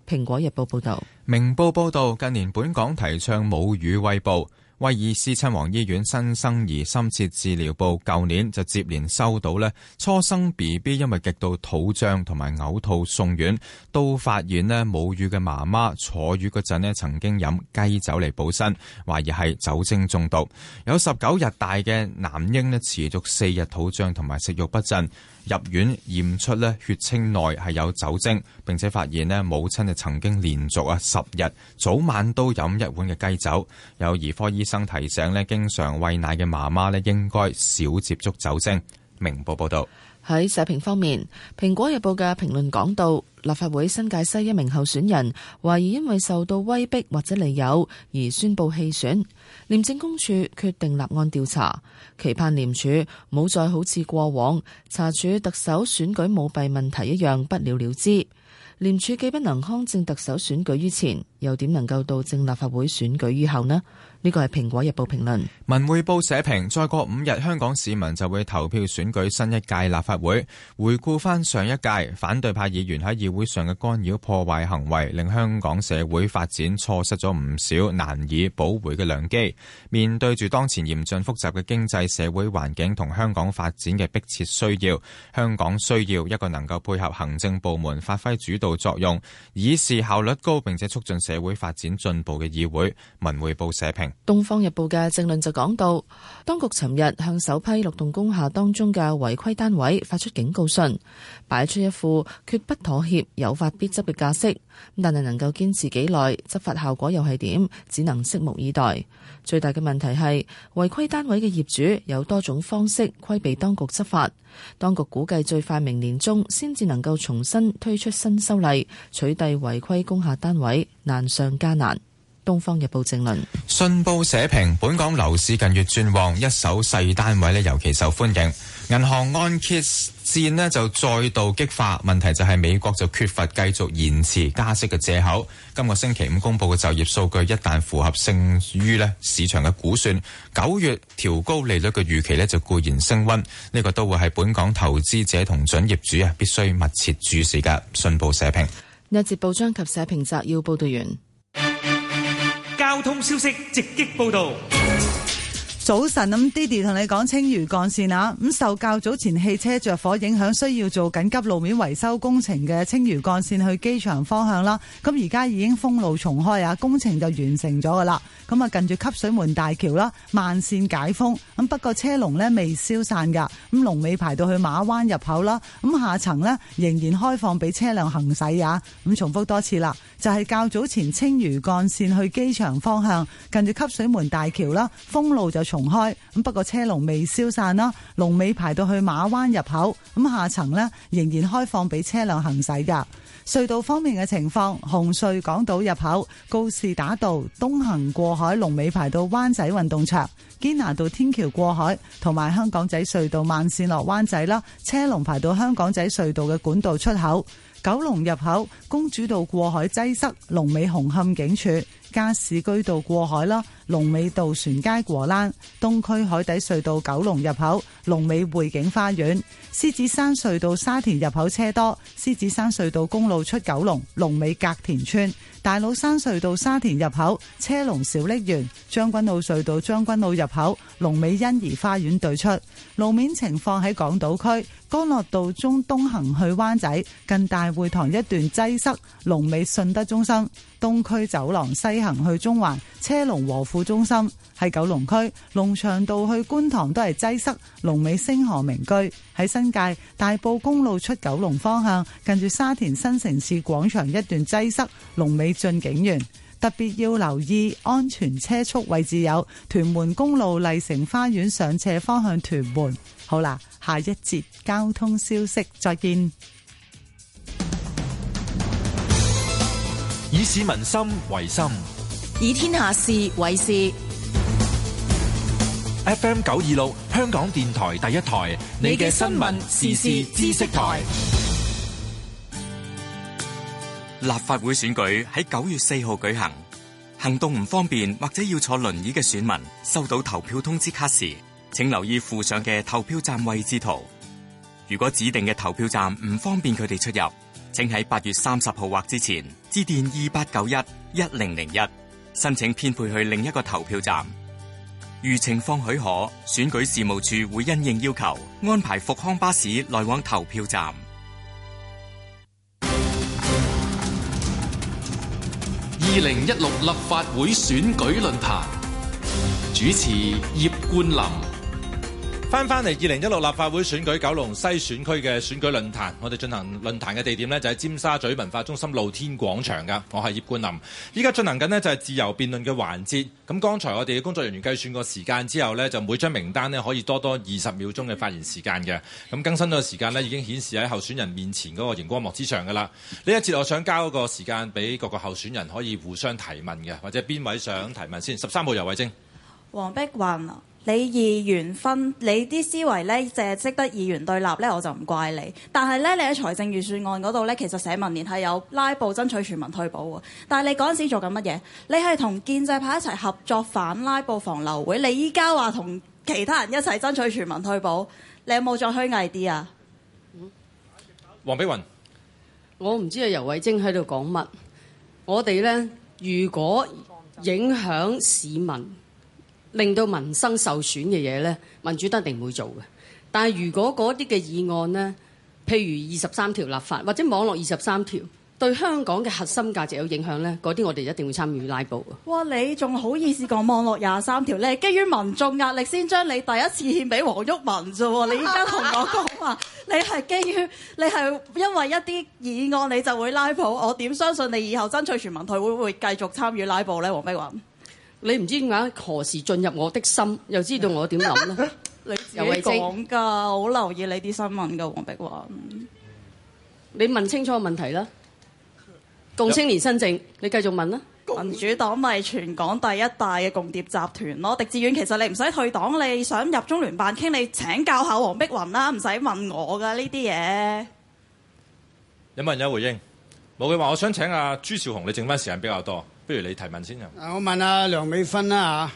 《蘋果日報》報道。《明報》報道近年本港提倡母乳餵哺。威爾斯親王醫院新生兒深切治療部，舊年就接連收到呢初生 B B 因為極度肚脹同埋嘔吐送院，都發現呢母乳嘅媽媽坐月嗰陣呢曾經飲雞酒嚟補身，懷疑係酒精中毒。有十九日大嘅男嬰呢持續四日肚脹同埋食欲不振。入院驗出呢血清內係有酒精，並且發現呢母親就曾經連續啊十日早晚都飲一碗嘅雞酒。有兒科醫生提醒呢，經常餵奶嘅媽媽呢應該少接觸酒精。明報報道。喺社評方面，《蘋果日報》嘅評論講到，立法會新界西一名候選人懷疑因為受到威逼或者利誘而宣佈棄選，廉政公署決定立案調查，期盼廉署冇再好似過往查處特首選舉舞弊問題一樣不了了之。廉署既不能匡正特首選舉於前，又點能夠杜正立法會選舉於後呢？呢個係《蘋果日報》評論，《文匯報》社評：再過五日，香港市民就會投票選舉新一屆立法會。回顧翻上一屆，反對派議員喺議會上嘅干擾破壞行為，令香港社會發展錯失咗唔少難以補回嘅良機。面對住當前嚴峻複雜嘅經濟社會環境同香港發展嘅迫切需要，香港需要一個能夠配合行政部門發揮主導作用，以示效率高並且促進社會發展進步嘅議會。《文匯報》社評。《東方日報》嘅政論就講到，當局尋日向首批六棟工廈當中嘅違規單位發出警告信，擺出一副決不妥協、有法必執嘅架式。但係能夠堅持幾耐，執法效果又係點，只能拭目以待。最大嘅問題係違規單位嘅業主有多種方式規避當局執法，當局估計最快明年中先至能夠重新推出新修例取締違規工廈單位，難上加難。東方日報政論，信報社評，本港樓市近月轉旺，一手細單位尤其受歡迎。銀行按揭戰就再度激化，問題就係美國就缺乏繼續延遲加息嘅借口。今個星期五公布嘅就業數據一旦符合勝於市場嘅估算，九月調高利率嘅預期就固然升温。呢個都會係本港投資者同準業主啊，必須密切注視嘅。信報社評，一節報章及社評摘要報道完。交通消息直擊報道。。早晨咁，Didi 同你講青嶼幹線啊，咁受較早前汽車着火影響，需要做緊急路面維修工程嘅青嶼幹線去機場方向啦、啊。咁而家已經封路重開啊，工程就完成咗噶啦。咁啊，近住汲水門大橋啦、啊，慢綫解封，咁不過車龍咧未消散噶。咁龍尾排到去馬灣入口啦、啊。咁下層咧仍然開放俾車輛行駛啊。咁重複多次啦，就係、是、較早前青嶼幹線去機場方向近住汲水門大橋啦、啊，封路就重開咁，不過車龍未消散啦，龍尾排到去馬灣入口，咁下層呢仍然開放俾車輛行駛噶。隧道方面嘅情況，紅隧港島入口、告士打道東行過海龍尾排到灣仔運動場、堅拿道天橋過海同埋香港仔隧道慢線落灣仔啦，車龍排到香港仔隧道嘅管道出口。九龍入口、公主道過海擠塞、龍尾紅磡警署、加士居道過海啦、龍尾渡船街過欄、東區海底隧道九龍入口、龍尾匯景花園、獅子山隧道沙田入口車多、獅子山隧道公路出九龍、龍尾隔田村。大老山隧道沙田入口車龍小瀝源，將軍澳隧道將軍澳入口龍尾欣怡花園對出，路面情況喺港島區，干諾道中東行去灣仔近大會堂一段擠塞，龍尾順德中心；東區走廊西行去中環車龍和富中心。喺九龍區龍翔道去觀塘都係擠塞，龍尾星河名居。喺新界大埔公路出九龍方向，近住沙田新城市廣場一段擠塞，龍尾駿景園。特別要留意安全車速位置，有屯門公路麗城花園上斜方向屯門。好啦，下一節交通消息，再見。以市民心為心，以天下事為事。FM 九二六香港電台第一台，你嘅新聞時事知識台。立法會選舉喺九月四號舉行，行動唔方便或者要坐輪椅嘅選民收到投票通知卡時，請留意附上嘅投票站位置圖。如果指定嘅投票站唔方便佢哋出入，請喺八月三十號或之前致電二八九一一零零一，申請編配去另一個投票站。如情況許可，選舉事務處會因應要求安排復康巴士來往投票站。二零一六立法會選舉論壇主持葉冠霖。翻翻嚟二零一六立法會選舉九龍西選區嘅選舉論壇，我哋進行論壇嘅地點呢，就喺尖沙咀文化中心露天廣場噶。我係葉冠林，依家進行緊呢，就係自由辯論嘅環節。咁剛才我哋嘅工作人員計算過時間之後呢，就每張名單呢，可以多多二十秒鐘嘅發言時間嘅。咁更新咗個時間呢，已經顯示喺候選人面前嗰個熒光幕之上噶啦。呢一節我想交一個時間俾各個候選人可以互相提問嘅，或者邊位想提問先？十三號游蕙禎、黃碧雲。你議員分你啲思維呢，就係識得議員對立呢，我就唔怪你。但係呢，你喺財政預算案嗰度呢，其實社民連係有拉布爭取全民退保喎。但係你嗰陣時做緊乜嘢？你係同建制派一齊合作反拉布防流會。你依家話同其他人一齊爭取全民退保，你有冇再虛偽啲啊？黃碧雲。我，我唔知阿游偉晶喺度講乜。我哋呢，如果影響市民，令到民生受損嘅嘢呢，民主一定唔會做嘅。但係如果嗰啲嘅議案呢，譬如二十三條立法或者網絡二十三條對香港嘅核心價值有影響呢，嗰啲我哋一定會參與拉布。哇！你仲好意思講網絡廿三條呢？你係基於民眾壓力先將你第一次獻俾黃毓民啫喎！你依家同我講話， 你係基於你係因為一啲議案你就會拉布，我點相信你以後爭取全民退會唔會繼續參與拉布呢？黃碧雲。你唔知點解，何時進入我的心，又知道我點諗咧？ 你自己講噶，好留意你啲新聞噶，黃碧雲。你問清楚問題啦。共青年新政，你繼續問啦。共民主黨咪全港第一大嘅共諜集團咯。狄志遠其實你唔使退黨，你想入中聯辦傾，你請教下黃碧雲啦，唔使問我噶呢啲嘢。有問有回應。冇嘅話，我想請阿、啊、朱兆雄，你剩翻時間比較多。不如你提問先啊！我問阿梁美芬啦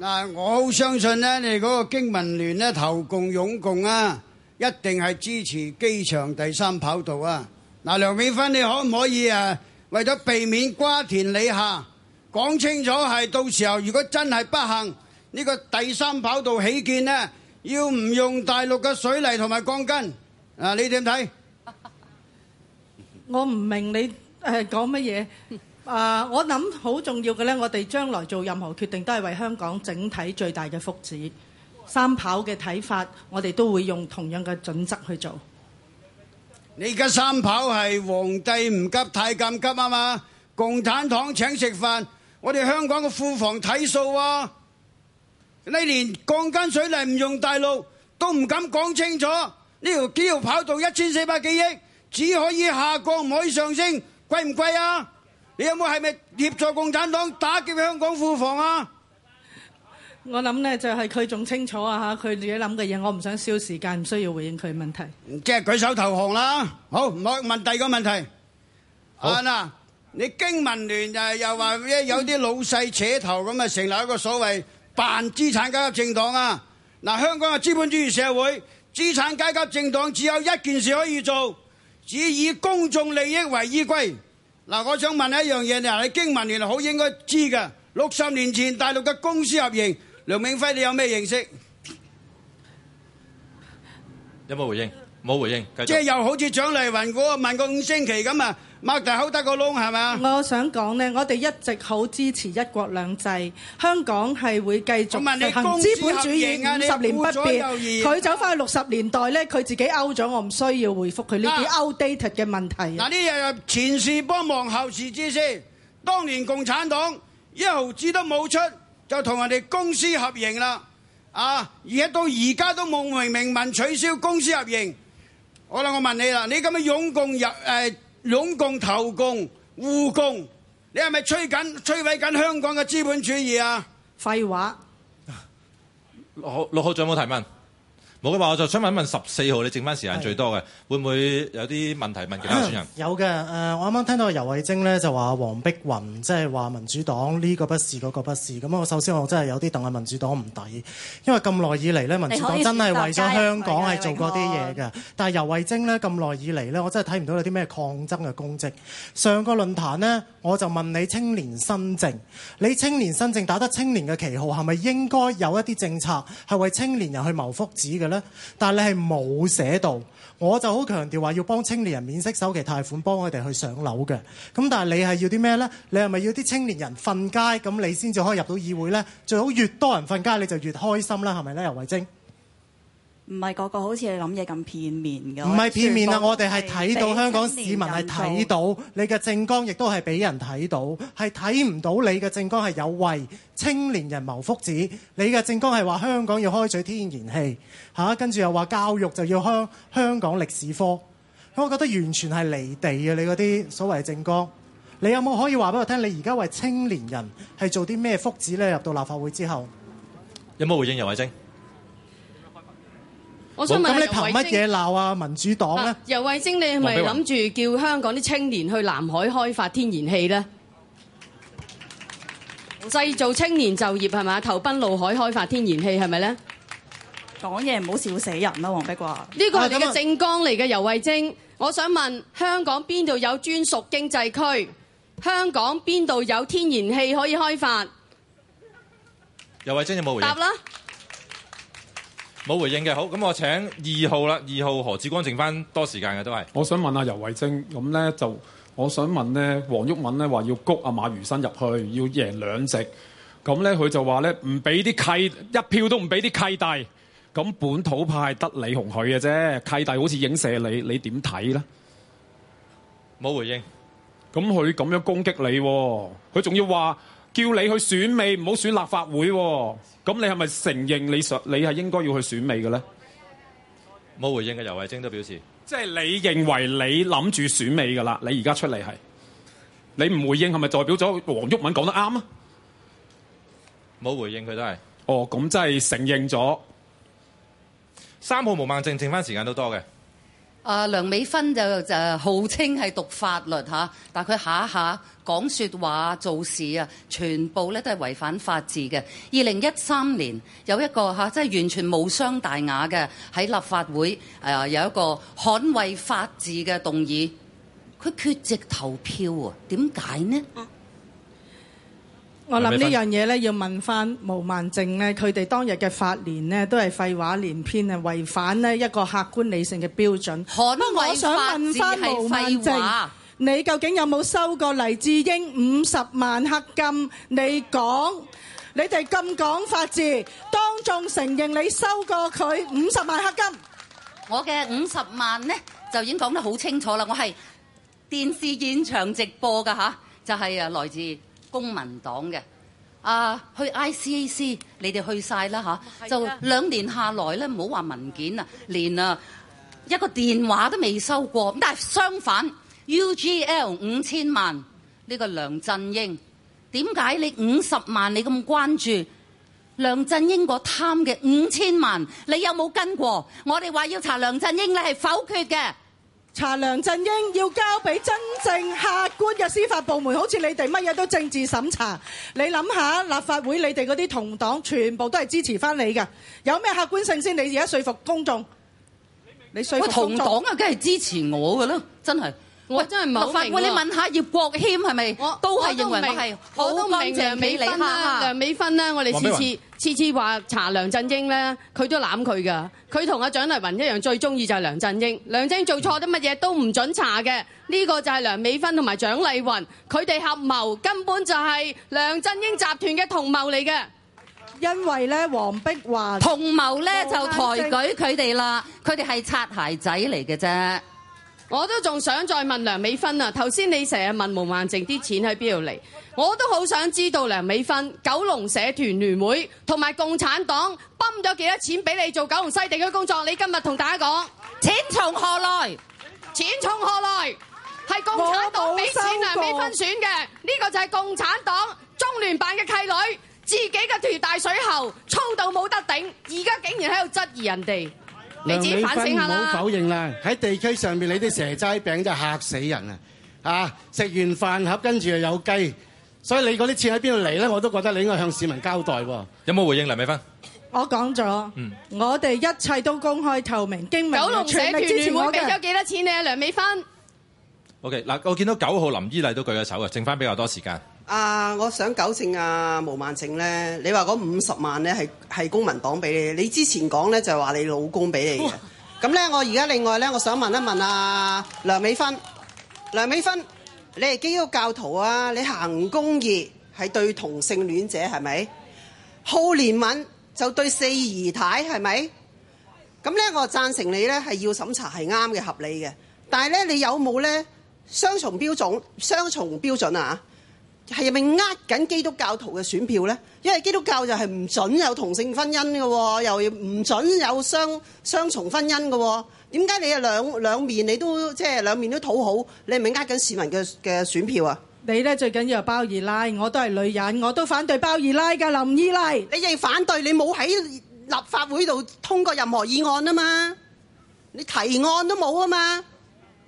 吓，嗱，我好相信咧，你嗰個經民聯咧，投共擁共啊，一定係支持機場第三跑道啊！嗱，梁美芬，你可唔可以啊？為咗避免瓜田李下，講清楚係到時候，如果真係不幸呢個第三跑道起建咧，要唔用大陸嘅水泥同埋鋼筋啊？你點睇？我唔明你誒講乜嘢？Uh, 我諗好重要嘅呢，我哋將來做任何決定都係為香港整體最大嘅福祉。三跑嘅睇法，我哋都會用同樣嘅準則去做。你而家三跑係皇帝唔急太監急啊嘛！共產黨請食飯，我哋香港嘅庫房睇數啊！你連鋼筋水泥唔用大陸都唔敢講清楚。呢條幾條跑道一千四百幾億，只可以下降唔可以上升，貴唔貴啊？你有冇係咪協助共產黨打劫香港庫房啊？我諗咧就係佢仲清楚啊，吓，佢自己諗嘅嘢，我唔想嘥時間，唔需要回應佢問題。即係舉手投降啦！好，唔好問第二個問題。好，嗱，你經民聯誒又話咧有啲老細扯頭咁啊，成立一個所謂辦資產階級政黨啊？嗱，香港係資本主義社會，資產階級政黨只有一件事可以做，只以公眾利益為依歸。嗱，我想問你一樣嘢，嗱，你經文原來好應該知嘅，六十年前大陸嘅公司合營，梁永輝你有咩認識？有冇回應？冇回應，繼續。即係又好似蔣麗芸嗰個，問個五星旗咁啊！擘大口得個窿，係咪？我想講咧，我哋一直好支持一國兩制，香港係會繼續實行資本主義五十年不變。佢走翻去六十年代咧，佢自己 out 咗，我唔需要回覆佢呢啲 outdated 嘅問題。嗱，呢又前事不忘，後事之師。當年共產黨一毫子都冇出，就同人哋公私合營啦。啊，而家到而家都冇明明文取消公私合營。好啦，我問你啦，你咁樣擁共入誒？擁共投共互共，你係咪摧緊摧毀緊香港嘅資本主義啊？廢話。六號六號仲有冇提問？冇嘅話，我就想問一問十四號，你剩返時間最多嘅，是會唔會有啲問題問其他選人？有嘅，我啱啱聽到游蕙禎呢就話黃碧雲即係話民主黨呢個不是嗰個不是，咁、那、我、個、首先我真係有啲戥啊民主黨唔抵，因為咁耐以嚟呢，民主黨真係為咗香港係做過啲嘢嘅。但係游蕙禎咧咁耐以嚟呢，我真係睇唔到有啲咩抗爭嘅功績。上個論壇呢，我就問你青年新政，你青年新政打得青年嘅旗號，係咪應該有一啲政策係為青年人去謀福祉嘅？但你係冇寫到，我就好強調話要幫青年人免息首期貸款，幫佢哋去上樓嘅。咁但係你係要啲咩咧？你係咪要啲青年人瞓街咁，你先至可以入到議會咧？最好越多人瞓街，你就越開心啦，係咪咧？由慧晶。唔係個個好似你諗嘢咁片面嘅，唔係片面啊！我哋係睇到香港市民係睇到，到，到你嘅政綱亦都係俾人睇到，係睇唔到你嘅政綱係有為青年人謀福祉。你嘅政綱係話香港要開採天然氣吓、啊、跟住又話教育就要香香港歷史科。我覺得完全係離地啊，你嗰啲所謂政綱，你有冇可以話俾我聽，你而家為青年人係做啲咩福祉咧？入到立法會之後，有冇回應游蕙禎。我想問，咁你憑乜嘢鬧啊？民主黨咧？游慧晶，你係咪諗住叫香港啲青年去南海開發天然氣咧？製造青年就業係咪？投奔怒海開發天然氣係咪咧？講嘢唔好笑死人啊！黃碧華，呢個係你嘅政綱嚟嘅，游慧晶。我想問香港邊度有專屬經濟區？香港邊度有天然氣可以開發？游慧晶有冇回應？答啦。冇回應嘅，好，咁我請二號啦，二號何志光，剩翻多時間嘅都係、啊。我想問下游蕙禎，咁咧就我想問咧，黃毓民咧話要谷阿馬如新入去，要贏兩席，咁咧佢就話咧唔俾啲契，一票都唔俾啲契弟，咁本土派得你同佢嘅啫，契弟好似影射你，你點睇咧？冇回應。咁佢咁樣攻擊你，佢仲要話。叫你去選美，唔好選立法會，哦。咁你係咪承認你想你係應該要去選美嘅咧？冇回應嘅，游蕙禎都表示。即係你認為你諗住選美㗎啦，你而家出嚟係你唔回，回應，係咪代表咗黃毓民講得啱啊？冇回應，佢都係。哦，咁即係承認咗。三號毛孟靜，剩剩翻時間都多嘅。啊，梁美芬就就號稱係讀法律嚇、啊，但佢下下講説話、做事啊，全部咧都係違反法治嘅。二零一三年有一個嚇，即、啊、係完全無傷大雅嘅喺立法會誒、啊、有一個捍衛法治嘅動議，佢缺席投票喎，點解呢？啊我諗呢樣嘢咧，要問翻毛孟靜咧，佢哋當日嘅發言呢，都係廢話連篇啊，違反呢一個客觀理性嘅標準。不過可惟 我想問翻毛孟靜，你究竟有冇收過黎智英五十萬黑金？你講，你哋咁講法治，當眾承認你收過佢五十萬黑金。我嘅五十萬呢，就已經講得好清楚啦。我係電視現場直播噶嚇，就係、是、啊來自。公民黨嘅啊，去 I C A C，你哋去晒啦嚇，啊、的就兩年下來咧，唔好話文件啊，連啊，一個電話都未收過。但係相反，U G L 五千萬呢個梁振英，點解你五十萬你咁關注梁振英個貪嘅五千萬？你有冇跟過？我哋話要查梁振英，你係否決嘅。查梁振英要交俾真正客觀嘅司法部門，好似你哋乜嘢都政治審查。你諗下，立法會你哋嗰啲同黨全部都係支持返你㗎。有咩客觀性先？你而家說服公眾，你說服同黨啊，梗係支持我㗎啦，真係。我真係唔好明白，你問下葉國謙係咪都係因為我都唔幫梁美芬啦、啊，梁美芬啦、啊，我哋次次次次話查梁振英咧、啊，佢都攬佢噶，佢同阿蔣麗雲一樣，最中意就係梁振英。梁振英做錯啲乜嘢都唔准查嘅，呢、這個就係梁美芬同埋蔣麗雲佢哋合謀，根本就係梁振英集團嘅同謀嚟嘅。因為咧，黃碧雲同謀咧就抬舉佢哋啦，佢哋係擦鞋仔嚟嘅啫。我都仲想再問梁美芬啊！頭先你成日問毛孟靜啲錢喺邊度嚟，我都好想知道梁美芬，九龍社團聯會同埋共產黨泵咗幾多錢俾你做九龍西地區工作？你今日同大家講錢從何來？錢從何來？係共產黨俾錢梁美芬選嘅，呢個就係共產黨中聯辦嘅契女，自己嘅條大水喉粗到冇得頂，而家竟然喺度質疑人哋。你自己反省下，梁美芬唔好否認啦，喺地區上面，你啲蛇齋餅真係嚇死人啊！嚇，食完飯盒跟住又有雞，所以你嗰啲錢喺邊度嚟咧？我都覺得你應該向市民交代喎、啊。有冇回應梁美芬？我講咗，嗯、我哋一切都公開透明。明九龍社團全部俾咗幾多錢你啊？梁美芬。OK，嗱，我見到九號林依麗都舉咗手啊，剩翻比較多時間。啊！我想糾正啊，毛孟靜咧，你話嗰五十萬咧，係係公民黨俾你，你之前講咧就係、是、話你老公俾你嘅。咁咧，我而家另外咧，我想問一問啊，梁美芬，梁美芬，你係基督教徒啊。你行公義係對同性戀者係咪好憐憫，年就對四姨太係咪咁咧？我贊成你咧係要審查係啱嘅合理嘅，但係咧你有冇咧雙重標準？雙重標準啊！係咪呃緊基督教徒嘅選票呢？因為基督教就係唔準有同性婚姻嘅，又唔準有雙雙重婚姻嘅。點解你兩兩面你都即係兩面都討好？你係咪呃緊市民嘅嘅選票啊？你咧最緊要係包二奶，我都係女人，我都反對包二奶㗎。林依麗，你亦反對，你冇喺立法會度通過任何議案啊嘛？你提案都冇啊嘛？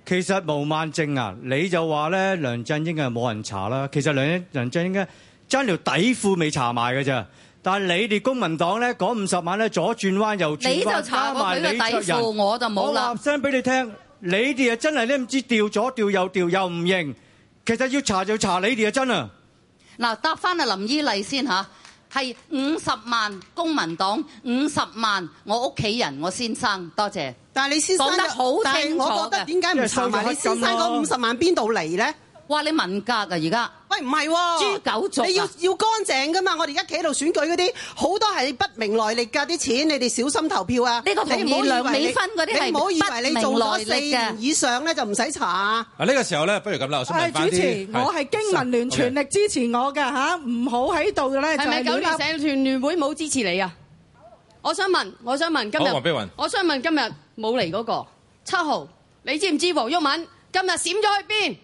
其實毛孟靜啊，你就話咧梁振英啊冇人查啦。其實梁振梁振英咧爭條底褲未查埋㗎啫。但你哋公民黨咧講五十萬咧左轉彎右轉彎你就查埋底褲，我就冇啦。我話聲俾你聽，你哋啊真係你唔知掉左掉右掉又唔認。其實要查就要查你哋啊真啊。嗱，答翻阿林依麗先吓。係五十萬公民黨，五十萬我屋企人，我先生多謝。但係你先生講得好清楚嘅，我覺得點解唔同？你先生嗰五十萬邊度嚟呢？哇！你文革啊，而家喂唔係誅九族，你要要乾淨噶嘛？我哋而家企喺度選舉嗰啲好多係不明來歷噶啲錢，你哋小心投票啊！呢個你唔好兩美分嗰啲係不明來歷嘅，你唔好以為你做咗四年以上咧就唔使查啊！啊，呢個時候咧，不如咁啦，我想問翻，我係經民聯全力支持我嘅嚇，唔好喺度咧就係九龍社團聯會冇支持你啊！我想問，我想問今日，我想問今日冇嚟嗰個七號，你知唔知黃毓民今日閃咗去邊？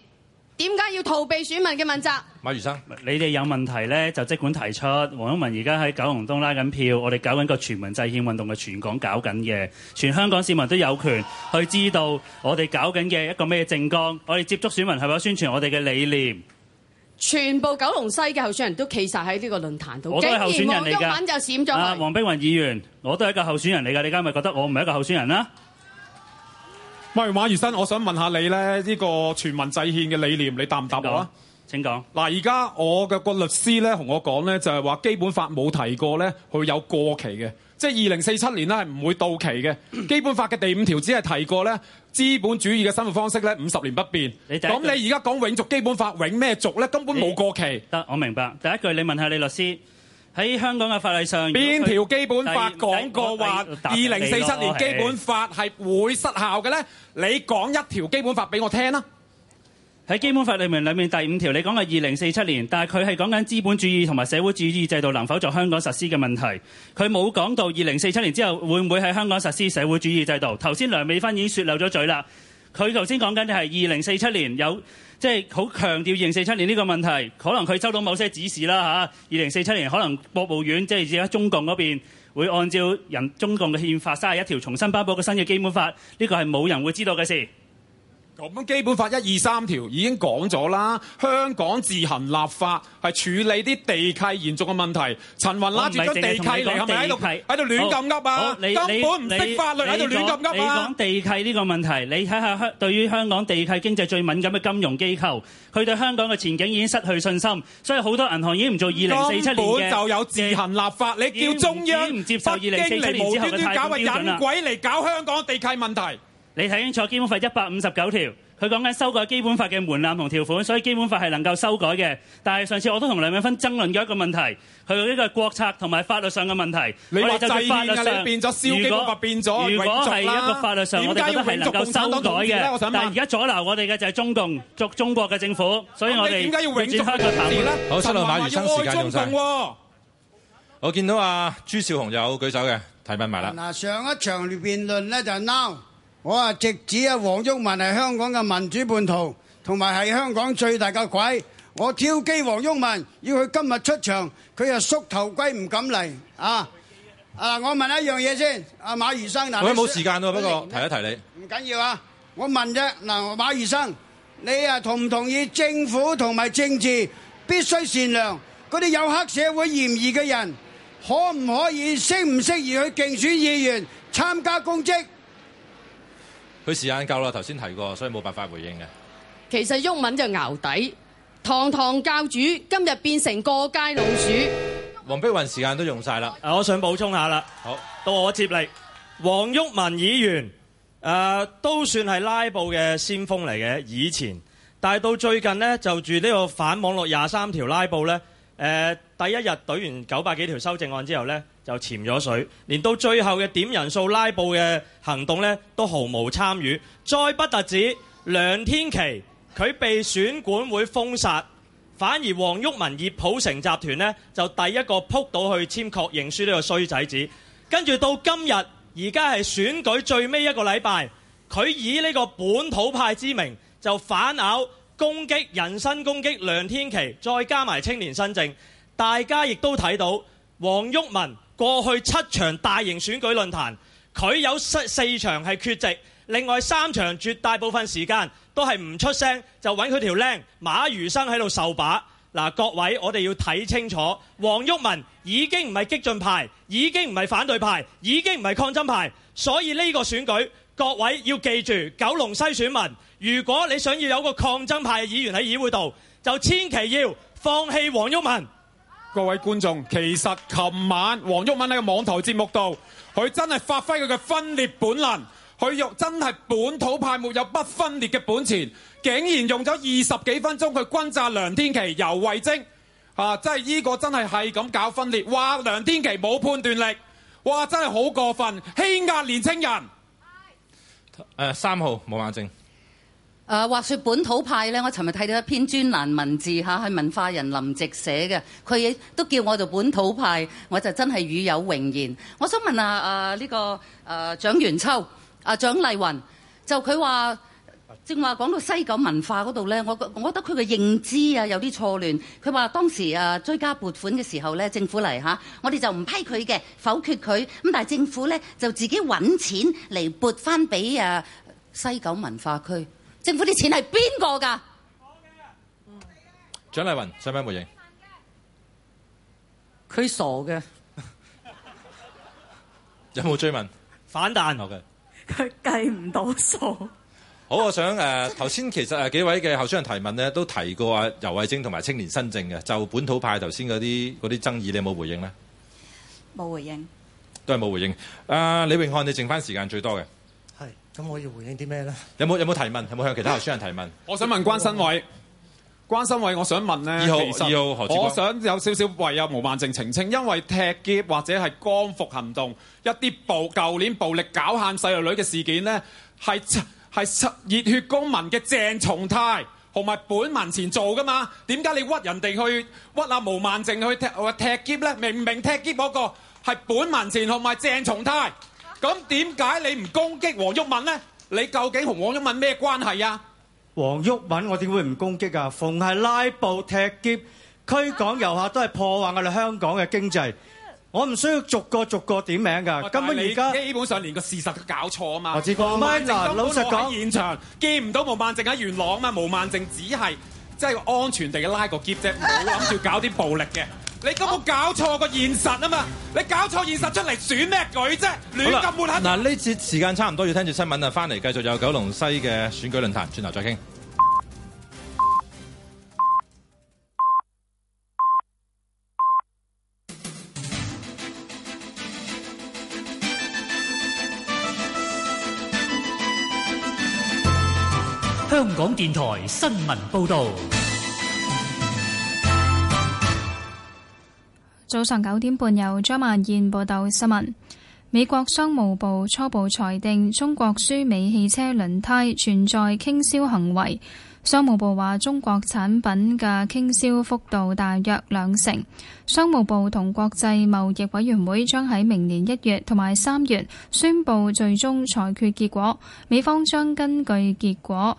點解要逃避選民嘅問責？馬如生，你哋有問題咧，就即管提出。黃毓民而家喺九龍東拉緊票，我哋搞緊個全民制憲運動嘅全港搞緊嘅，全香港市民都有權去知道我哋搞緊嘅一個咩政綱。我哋接觸選民係咪宣傳我哋嘅理念。全部九龍西嘅候選人都企晒喺呢個論壇度，竟然黃毓民就閃咗。啊，黃碧雲議員，我都係一個候選人嚟㗎，你而家係咪覺得我唔係一個候選人啦？喂，馬如新，我想問下你呢個全民制憲嘅理念，你答唔答我啊？請講。嗱，而家我嘅個律師呢，同我講呢，就係話基本法冇提過呢，佢有過期嘅，即係二零四七年呢，係唔會到期嘅。嗯、基本法嘅第五條只係提過呢，資本主義嘅生活方式呢，五十年不變。咁你而家講永續基本法永咩續呢？根本冇過期。得、欸，我明白。第一句你問下你律師。喺香港嘅法例上，邊條基本法講過話二零四七年基本法係會失效嘅呢？你講一條基本法俾我聽啦。喺基本法裏面裏面第五條，你講嘅二零四七年，但係佢係講緊資本主義同埋社會主義制度能否在香港實施嘅問題。佢冇講到二零四七年之後會唔會喺香港實施社會主義制度。頭先梁美芬已經説漏咗嘴啦。佢頭先講緊就係二零四七年有。即係好強調2047年呢個問題，可能佢收到某些指示啦，二、啊、2047年可能國務院即係而家中共嗰邊會按照人中共嘅憲法三十一條重新頒布個新嘅基本法，呢個係冇人會知道嘅事。基本法一二三條已經講咗啦，香港自行立法係處理啲地契嚴重嘅問題。陳雲拉住張地契嚟，係咪喺度喺度亂咁噏啊？哦哦、根本唔識法律，喺度亂咁噏啊！你講地契呢個問題，你睇下香對於香港地契經濟最敏感嘅金融機構，佢對香港嘅前景已經失去信心，所以好多銀行已經唔做二零四七年嘅。根本就有自行立法，你叫中央唔接受二零四七年之後嘅貸款標準啦！引鬼嚟搞香港地契問題。你睇清楚基本法一百五十九條，佢講緊修改基本法嘅門檻同條款，所以基本法係能夠修改嘅。但係上次我都同梁永芬爭論咗一個問題，佢呢個國策同埋法律上嘅問題，你哋就係法律上變咗，消基本法變咗，如果啦。我哋覺得係能夠修改嘅？但係而家阻撓我哋嘅就係中共，逐中國嘅政府，所以我哋點解要永續個頭。好，請埋馬雲生時間用曬。我見到啊朱兆雄有舉手嘅，睇埋啦。嗱，上一場辯論咧就係 no。我啊，直指啊，黃毓民係香港嘅民主叛徒，同埋係香港最大嘅鬼。我挑機黃毓民，要佢今日出場，佢又縮頭龜唔敢嚟啊！啊，我問一樣嘢先，阿馬如生嗱。佢冇時間喎，不過提一提你。唔緊要啊，我問啫。嗱，馬如生，你啊同唔同意政府同埋政治必須善良？嗰啲有黑社會嫌疑嘅人，可唔可以適唔適宜去競選議員、參加公職？佢時間夠啦，頭先提過，所以冇辦法回應嘅。其實毓民就淆底，堂堂教主今日變成過街老鼠。黃碧雲時間都用晒啦，啊，我想補充下啦。好，到我接力。黃毓民議員誒、呃、都算係拉布嘅先鋒嚟嘅，以前，但係到最近呢，就住呢個反網絡廿三條拉布咧。誒、呃、第一日隊完九百幾條修正案之後呢，就潛咗水，連到最後嘅點人數拉布嘅行動呢都毫無參與。再不特止梁天琦，佢被選管會封殺，反而黃毓民葉普成集團呢就第一個撲到去簽確認書呢個衰仔子。跟住到今日，而家係選舉最尾一個禮拜，佢以呢個本土派之名就反咬。攻擊人身攻擊梁天琦，再加埋青年新政，大家亦都睇到黃毓民過去七場大型選舉論壇，佢有四場係缺席，另外三場絕大部分時間都係唔出聲，就揾佢條靚馬如生喺度受把。嗱，各位我哋要睇清楚，黃毓民已經唔係激進派，已經唔係反對派，已經唔係抗爭派，所以呢個選舉，各位要記住，九龍西選民。如果你想要有個抗爭派嘅議員喺議會度，就千祈要放棄黃毓民。各位觀眾，其實琴晚黃毓民喺個網台節目度，佢真係發揮佢嘅分裂本能，佢用真係本土派沒有不分裂嘅本錢，竟然用咗二十幾分鐘，去轟炸梁天琦、游蕙禎，真係呢個真係係咁搞分裂，話梁天琦冇判斷力，哇，真係好過分，欺壓年青人。誒、呃，三號冇眼鏡。誒、啊、話說本土派咧，我尋日睇到一篇專欄文字嚇，啊、係文化人林夕寫嘅。佢都叫我做本土派，我就真係與有榮焉。我想問下啊、這個、啊呢個誒蔣元秋、啊蔣麗芸，就佢話正話講到西九文化嗰度咧，我我覺得佢嘅認知啊有啲錯亂。佢話當時啊追加撥款嘅時候咧，政府嚟嚇、啊，我哋就唔批佢嘅否決佢咁，但係政府咧就自己揾錢嚟撥翻俾啊西九文化區政府啲錢係邊個㗎？蔣、嗯、麗芸使唔使回應？佢傻嘅。 有冇追問？反彈，我嘅。佢計唔到數。好，我想誒頭先其實誒幾位嘅候選人提問咧，都提過啊，游蕙禎同埋青年新政嘅，就本土派頭先嗰啲啲爭議，你有冇回應呢？冇回應。都係冇回應。誒、呃，李永漢，你剩翻時間最多嘅。咁我要回應啲咩咧？有冇有冇提問？有冇向其他候選人提問？我想問關新偉，關新偉，我想問咧。二號，二號何志光其實 我想有少少為啊毛孟靜澄清，因為踢劫或者係光復行動一啲暴，舊年暴力搞喊細路女嘅事件咧，係係熱血公民嘅鄭松泰同埋本文前做噶嘛？點解你屈人哋去屈啊毛孟靜去踢、啊、踢劫咧？明明踢劫嗰個係本文前同埋鄭松泰。咁點解你唔攻擊黃毓民咧？你究竟同黃毓民咩關係啊？黃毓民，我點會唔攻擊啊？逢係拉布踢喼驅港遊客，都係破壞我哋香港嘅經濟。我唔需要逐個逐個點名噶，但 根本而家基本上連個事實都搞錯啊嘛！胡志光，毛孟靜都坐喺現場，見唔到毛孟靜喺元朗嘛？毛孟靜只係即係安全地拉個喼啫，冇諗住搞啲暴力嘅。你都冇搞錯個現實啊嘛！你搞錯現實出嚟選咩舉啫？亂咁沒黑。嗱，呢次時間差唔多要聽住新聞啦，翻嚟繼續有九龍西嘅選舉論壇，轉頭再傾。香港電台新聞報導。早上九點半有張曼燕報道新聞。美國商務部初步裁定中國輸美汽車輪胎存在傾銷行為。商務部話中國產品嘅傾銷幅度大約兩成。商務部同國際貿易委員會將喺明年一月同埋三月宣布最終裁決結果。美方將根據結果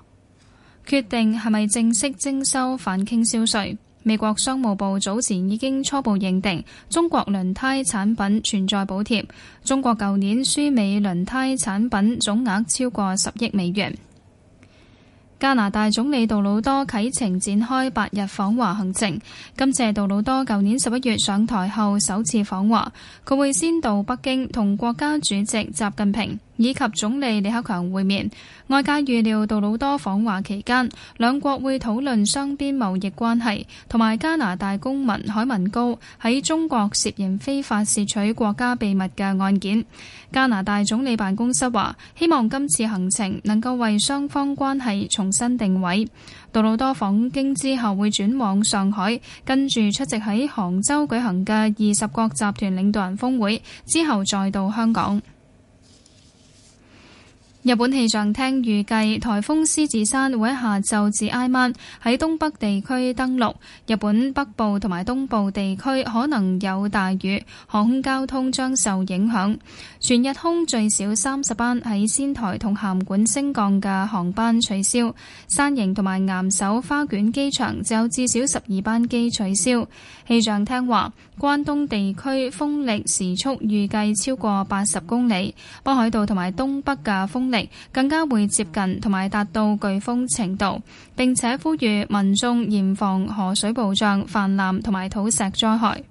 決定係咪正式徵收反傾銷稅。美國商務部早前已經初步認定中國輪胎產品存在補貼。中國舊年輸美輪胎產品總額超過十億美元。加拿大總理杜魯多啟程展開八日訪華行程，今次係杜魯多舊年十一月上台後首次訪華，佢會先到北京同國家主席習近平以及總理李克強會面，外界預料杜魯多訪華期間，兩國會討論雙邊貿易關係，同埋加拿大公民凱文高喺中國涉嫌非法竊取國家秘密嘅案件。加拿大總理辦公室話：希望今次行程能夠為雙方關係重新定位。杜魯多訪京之後，會轉往上海，跟住出席喺杭州舉行嘅二十國集團領導人峰會，之後再到香港。日本氣象廳預計台風獅子山會喺下晝至挨晚喺東北地區登陸，日本北部同埋東部地區可能有大雨，航空交通將受影響。全日空最少三十班喺仙台同函館升降嘅航班取消，山形同埋岩手花卷機場就有至少十二班機取消。氣象廳話關東地區風力時速預計超過八十公里，北海道同埋東北嘅風。更加會接近同埋達到颶風程度，並且呼籲民眾嚴防河水暴漲泛濫同埋土石災害。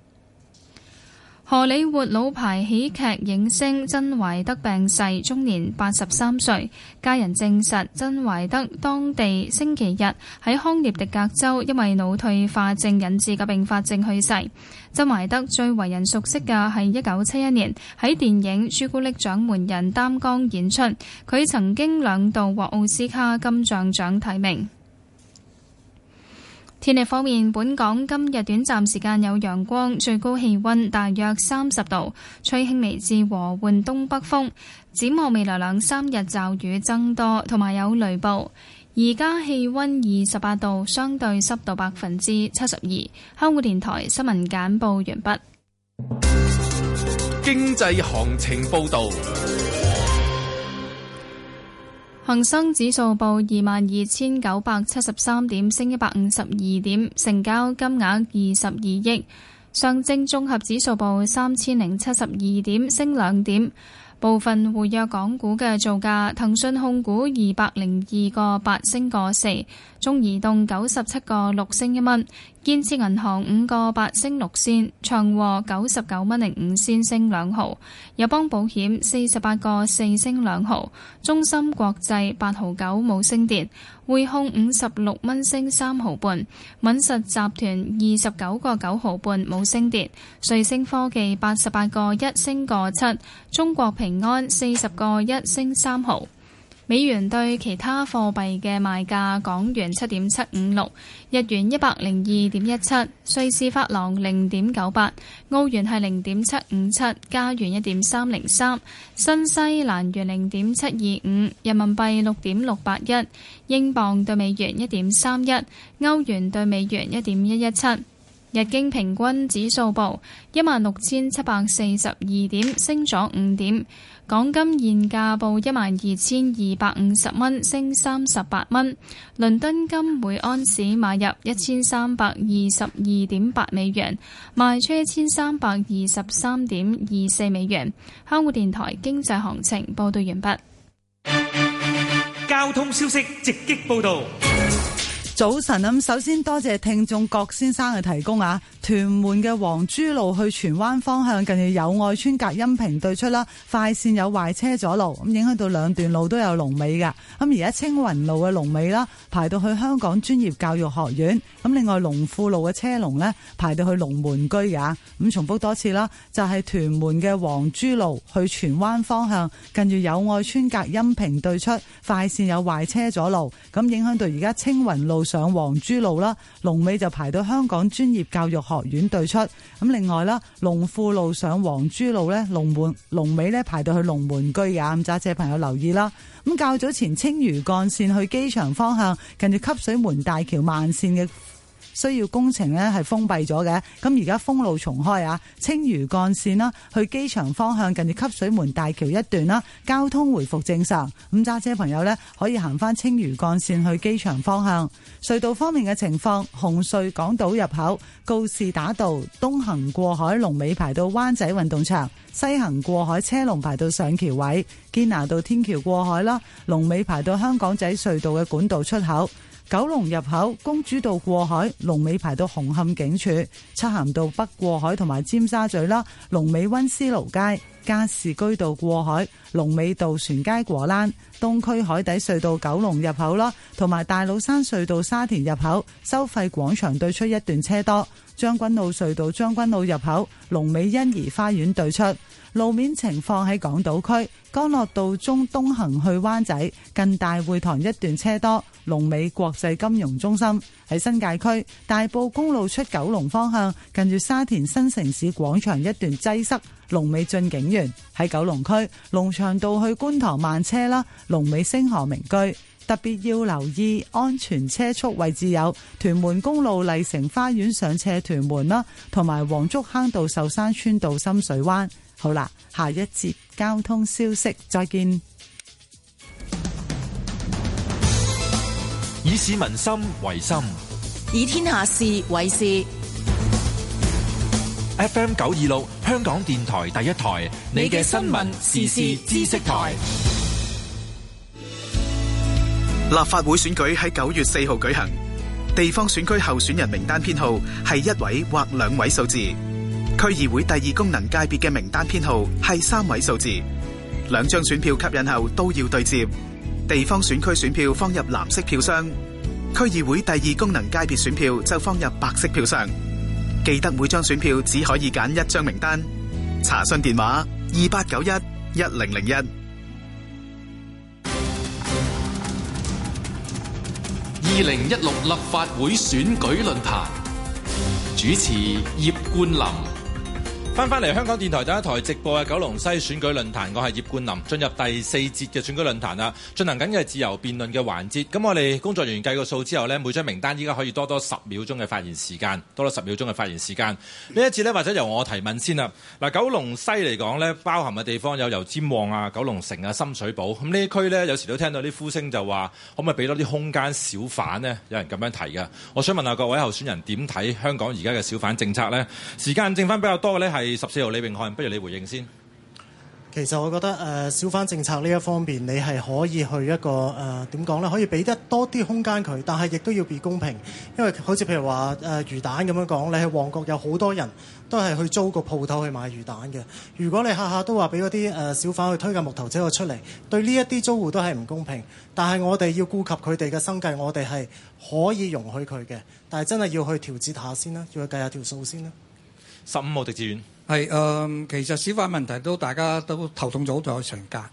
荷里活老牌喜劇影星珍懷德病逝，終年八十三歲。家人證實，珍懷德當地星期日喺康涅狄格州，因為腦退化症引致嘅併發症去世。珍懷德最為人熟悉嘅係一九七一年喺電影《朱古力獎門人》擔綱演出，佢曾經兩度獲奧斯卡金像獎提名。天氣方面，本港今日短暫時間有陽光，最高氣溫大約三十度，吹輕微至和緩東北風。展望未來兩三日驟雨增多，同埋有雷暴。而家氣溫二十八度，相對濕度百分之七十二。香港電台新聞簡報完畢。經濟行情報道。恒生指數報二萬二千九百七十三點，升一百五十二點，成交金額二十二億。上證綜合指數報三千零七十二點，升兩點。部分活躍港股嘅造價，騰訊控股二百零二個八升個四。中移動九十七個六升一蚊，建設銀行五個八升六線，長和九十九蚊零五線升兩毫，友邦保險四十八個四升兩毫，中芯國際八毫九冇升跌，匯控五十六蚊升三毫半，敏實集團二十九個九毫半冇升跌，瑞聲科技八十八個一升個七，中國平安四十個一升三毫。美元對其他貨幣嘅賣價：港元七點七五六，日元一百零二點一七，瑞士法郎零點九八，澳元係零點七五七，加元一點三零三，新西蘭元零點七二五，人民幣六點六八一，英鎊對美元一點三一，歐元對美元一點一一七。日經平均指數報一萬六千七百四十二點，升咗五點。港金現價報一萬二千二百五十蚊，升三十八蚊。倫敦金每安士買入一千三百二十二點八美元，賣出一千三百二十三點二四美元。香港電台經濟行情報道完畢。交通消息直擊報道。早晨咁，首先多謝聽眾郭先生嘅提供啊！屯門嘅黃珠路去荃灣方向近住友愛邨隔音屏對出啦，快線有壞車阻路，咁影響到兩段路都有龍尾嘅。咁而家青雲路嘅龍尾啦，排到去香港專業教育學院。咁另外龍富路嘅車龍咧，排到去龍門居噶。咁重複多次啦，就係屯門嘅黃珠路去荃灣方向近住友愛邨隔音屏對出，快線有壞車阻路，咁影響到而家青雲路。上黃珠路啦，龍尾就排到香港專業教育學院對出。咁另外啦，龍富路上黃珠路咧，龍門龍尾咧排到去龍門居啊。咁揸車朋友留意啦。咁較早前清嶼幹線去機場方向，近住汲水門大橋慢線嘅。需要工程呢，係封閉咗嘅，咁而家封路重開啊！青嶼幹線啦，去機場方向近住汲水門大橋一段啦，交通回復正常。咁揸車朋友呢，可以行翻青嶼幹線去機場方向。隧道方面嘅情況，紅隧港島入口告士打道東行過海龍尾排到灣仔運動場，西行過海車龍排到上橋位，堅拿道天橋過海啦，龍尾排到香港仔隧道嘅管道出口。九龍入口、公主道過海、龍尾排到紅磡警署；漆咸道北過海同埋尖沙咀啦，龍尾溫思勞街、加士居道過海、龍尾渡船街果欄、東區海底隧道九龍入口啦，同埋大老山隧道沙田入口收費廣場對出一段車多；將軍澳隧道將軍澳入口、龍尾欣怡花園對出。路面情況喺港島區，干諾道中東行去灣仔近大會堂一段車多；龍尾國際金融中心。喺新界區，大埔公路出九龍方向近住沙田新城市廣場一段擠塞；龍尾駿景園。喺九龍區，龍翔道去觀塘慢車啦；龍尾星河名居。特別要留意安全車速位置有屯門公路麗城花園上斜屯門啦，同埋黃竹坑道壽山村道深水灣。好啦，下一節交通消息，再見。以市民心為心，以天下事為事。FM 九二六，香港電台第一台，你嘅新聞時事知識台。立法會選舉喺九月四號舉行，地方選區候選人名單編號係一位或兩位數字。區議會第二功能界別嘅名單編號係三位數字，兩張選票吸引後都要對接。地方選區選票放入藍色票箱，區議會第二功能界別選票就放入白色票箱。記得每張選票只可以揀一張名單。查詢電話：二八九一一零零一。二零一六立法會選舉論壇主持：葉冠林。翻翻嚟香港電台第一台直播嘅九龍西選舉論壇，我係葉冠霖，進入第四節嘅選舉論壇啦，進行緊嘅自由辯論嘅環節。咁我哋工作人員計個數之後咧，每張名單依家可以多多十秒鐘嘅發言時間，多多十秒鐘嘅發言時間。呢一次咧，或者由我提問先啦。嗱，九龍西嚟講咧，包含嘅地方有油尖旺啊、九龍城啊、深水埗咁呢區咧，有時都聽到啲呼聲就話，可唔可以俾多啲空間小販咧？有人咁樣提噶。我想問下各位候選人點睇香港而家嘅小販政策咧？時間剩翻比較多嘅咧係。十四號李榮漢，不如你回應先。其實我覺得誒、呃、小販政策呢一方面，你係可以去一個誒點講呢？可以俾得多啲空間佢，但係亦都要被公平。因為好似譬如話誒、呃、魚蛋咁樣講，你喺旺角有好多人都係去租個鋪頭去賣魚蛋嘅。如果你下下都話俾嗰啲誒小販去推架木頭車去出嚟，對呢一啲租戶都係唔公平。但係我哋要顧及佢哋嘅生計，我哋係可以容許佢嘅，但係真係要去調節下先啦，要去計下條數先啦。十五號狄志遠。係誒、嗯，其實市況問題都大家都頭痛咗好長假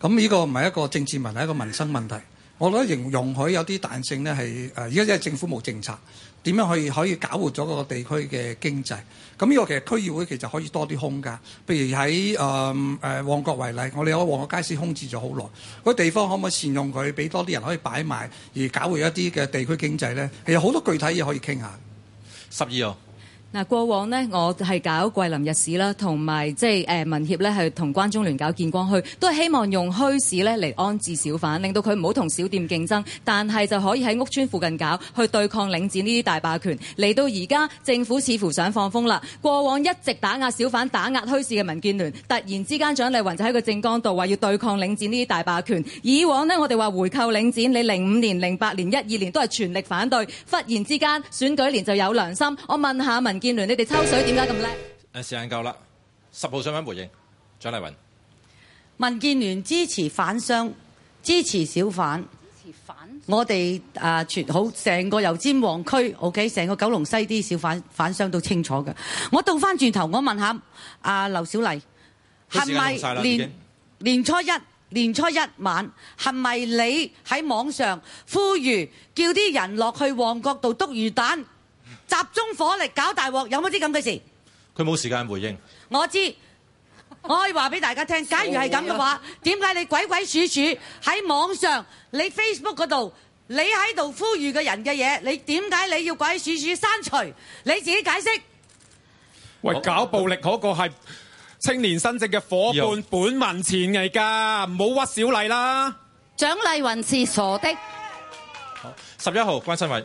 咁，呢個唔係一個政治問題，係一個民生問題。我覺得容容許有啲彈性呢係誒，而家因為政府冇政策，點樣可以可以搞活咗個地區嘅經濟？咁呢個其實區議會其實可以多啲空間。譬如喺誒誒旺角為例，我哋有個旺角街市空置咗好耐，嗰、那個、地方可唔可以善用佢，俾多啲人可以擺賣，而搞活一啲嘅地區經濟呢？其實好多具體嘢可以傾下。十二號。嗱，過往呢我係搞桂林日市啦，同埋即係誒民協咧，係同關中聯搞見光墟，都係希望用墟市咧嚟安置小販，令到佢唔好同小店競爭，但係就可以喺屋村附近搞，去對抗領展呢啲大霸權。嚟到而家，政府似乎想放風啦。過往一直打壓小販、打壓墟市嘅民建聯，突然之間蔣麗雲就喺個政綱度話要對抗領展呢啲大霸權。以往呢我哋話回購領展，你零五年、零八年、一二年都係全力反對，忽然之間選舉年就有良心。我問下民建建聯，你哋抽水點解咁叻？誒，時間夠啦，十號上返回應蔣麗芸。民建聯支持反商，支持小販。支持反？我哋誒全好，成、呃、個油尖旺區，OK，成個九龍西啲小販反商都清楚嘅。我倒返轉頭，我問下阿劉、呃、小麗，係咪年經年初一年初一晚，係咪你喺網上呼籲叫啲人落去旺角度篤魚蛋？集中火力搞大鑊，有冇啲咁嘅事？佢冇時間回應我。我知，我可以話俾大家聽。假如係咁嘅話，點解你鬼鬼鼠鼠喺網上、你 Facebook 嗰度，你喺度呼籲嘅人嘅嘢，你點解你要鬼鼠鼠刪除？你自己解釋。喂，搞暴力嗰個係青年新政嘅伙伴，本民前嚟噶，唔好號屈小麗啦。蔣麗芸是傻的。好，十一號關新偉。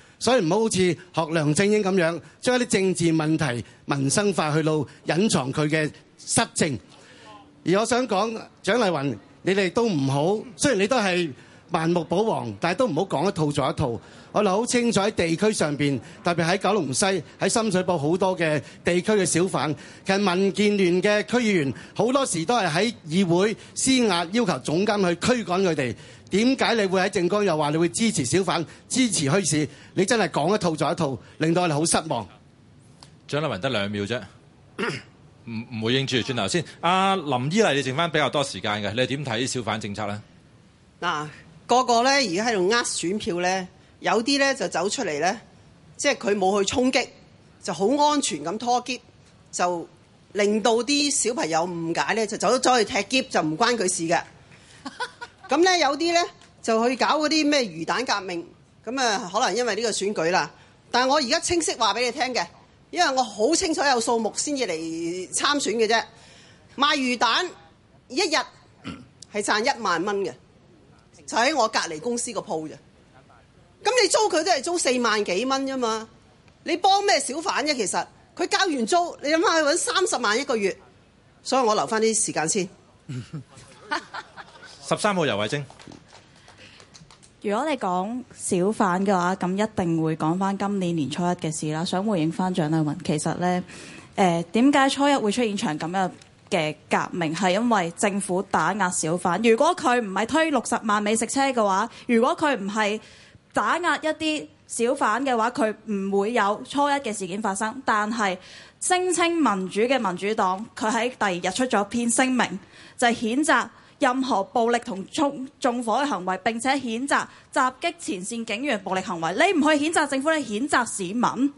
所以唔好好似學梁振英咁樣，將一啲政治問題民生化，去到隱藏佢嘅失政。而我想講，蔣麗芸，你哋都唔好，雖然你都係盲目保皇，但係都唔好講一套做一套。我哋好清楚喺地區上面，特別喺九龍西、喺深水埗好多嘅地區嘅小販，其實民建聯嘅區議員好多時都係喺議會施壓，要求總監去驅趕佢哋。點解你會喺政綱又話你會支持小販、支持墟市？你真係講一套做一套，令到我哋好失望。蔣麗芸得兩秒啫，唔唔 回應住，轉頭 先。阿、啊、林依麗，你剩翻比較多時間嘅，你點睇小販政策咧？嗱、啊，個個咧而家喺度呃選票咧，有啲咧就走出嚟咧，即係佢冇去衝擊，就好安全咁拖劫，就令到啲小朋友誤解咧，就走咗走去踢劫，就唔關佢事嘅。 咁咧有啲咧就去搞嗰啲咩魚蛋革命，咁啊可能因為呢個選舉啦。但係我而家清晰話俾你聽嘅，因為我好清楚有數目先至嚟參選嘅啫。賣魚蛋一日係賺一萬蚊嘅，就喺我隔離公司個鋪嘅。咁你租佢都係租四萬幾蚊啫嘛？你幫咩小販啫？其實佢交完租，你諗下佢搵三十萬一個月，所以我留翻啲時間先。 十三號，游蕙禎。如果你講小販嘅話，咁一定會講翻今年年初一嘅事啦。想回應翻蔣麗芸，其實呢，誒點解初一會出現場咁嘅嘅革命？係因為政府打壓小販。如果佢唔係推六十萬美食車嘅話，如果佢唔係打壓一啲小販嘅話，佢唔會有初一嘅事件發生。但係聲稱民主嘅民主黨，佢喺第二日出咗篇聲明，就係、是、譴責。任何暴力同縱縱火嘅行為，並且譴責襲擊前線警員暴力行為，你唔去譴責政府，你譴責市民。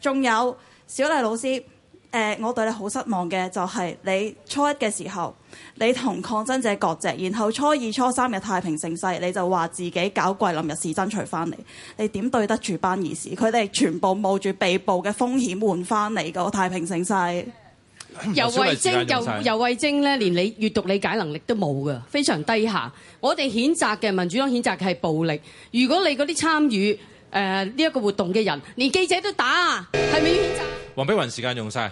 仲有小麗老師，誒、呃，我對你好失望嘅就係你初一嘅時候，你同抗爭者割蓆，然後初二初三嘅太平盛世，你就話自己搞桂林日市爭取翻嚟，你點對得住班義士？佢哋全部冒住被捕嘅風險換翻嚟個太平盛世。游 蕙禎、游游蕙禎咧，連你閱讀理解能力都冇㗎，非常低下。我哋譴責嘅民主黨譴責嘅係暴力。如果你嗰啲參與誒呢一個活動嘅人，連記者都打，係咪要譴責？黃碧雲時間用晒。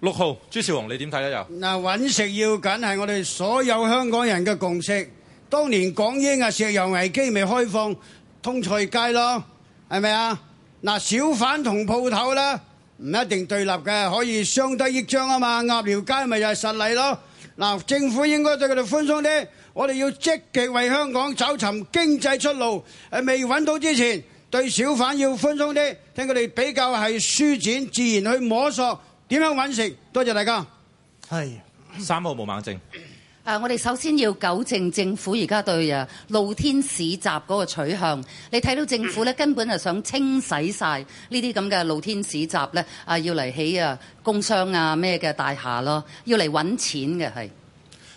六號朱韶洪，你點睇得又嗱，揾食要緊係我哋所有香港人嘅共識。當年港英啊，石油危機未開放，通菜街咯，係咪啊？嗱，小販同鋪頭啦。唔一定對立嘅，可以相得益彰啊嘛！鴨寮街咪就係實例咯。嗱，政府應該對佢哋寬鬆啲，我哋要積極為香港找尋經濟出路。誒，未揾到之前，對小販要寬鬆啲，令佢哋比較係舒展自然去摸索點樣揾食。多謝大家。係。三號毛孟靜。誒、啊，我哋首先要糾正政府而家對啊露天市集嗰個取向。你睇到政府咧，嗯、根本係想清洗晒呢啲咁嘅露天市集咧，啊要嚟起啊工商啊咩嘅大廈咯，要嚟揾錢嘅係。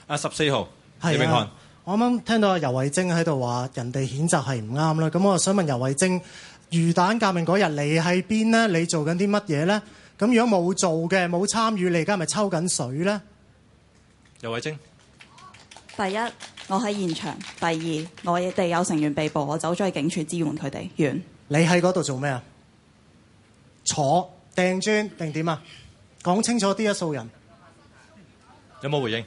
啊十四號，啊、李偉漢，我啱啱聽到阿游慧晶喺度話，人哋譴責係唔啱啦。咁我就想問游慧晶，魚蛋革命嗰日你喺邊呢？你做緊啲乜嘢咧？咁如果冇做嘅，冇參與，你而家係咪抽緊水咧？游慧晶。第一，我喺現場；第二，我哋有成員被捕，我走咗去警署支援佢哋。完。你喺嗰度做咩啊？坐、掟磚定點啊？講清楚啲吖，數人有冇回應？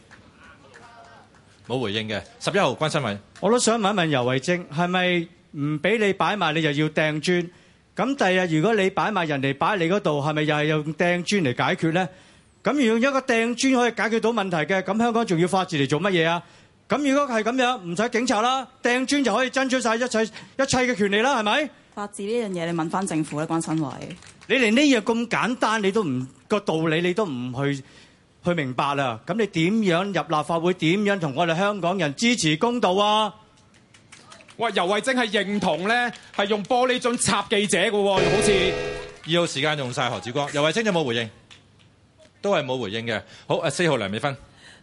冇回應嘅。十一號關新偉，我都想問一問尤惠正係咪唔俾你擺埋，你又要掟磚？咁第日如果你擺埋人哋擺你嗰度，係咪又係用掟磚嚟解決咧？咁如果一個掟磚可以解決到問題嘅，咁香港仲要法治嚟做乜嘢啊？咁如果係咁樣，唔使警察啦，掟磚就可以爭取曬一切一切嘅權利啦，係咪？法治呢樣嘢，你問翻政府啦，關身位關新偉。你連呢樣咁簡單，你都唔個道理，你都唔去去明白啦。咁你點樣入立法會？點樣同我哋香港人支持公道啊？喂，游蕙禎係認同咧，係用玻璃樽插記者嘅喎，好似二號時間用曬何志光，游蕙禎有冇回應？都係冇回應嘅。好，阿四號梁美芬。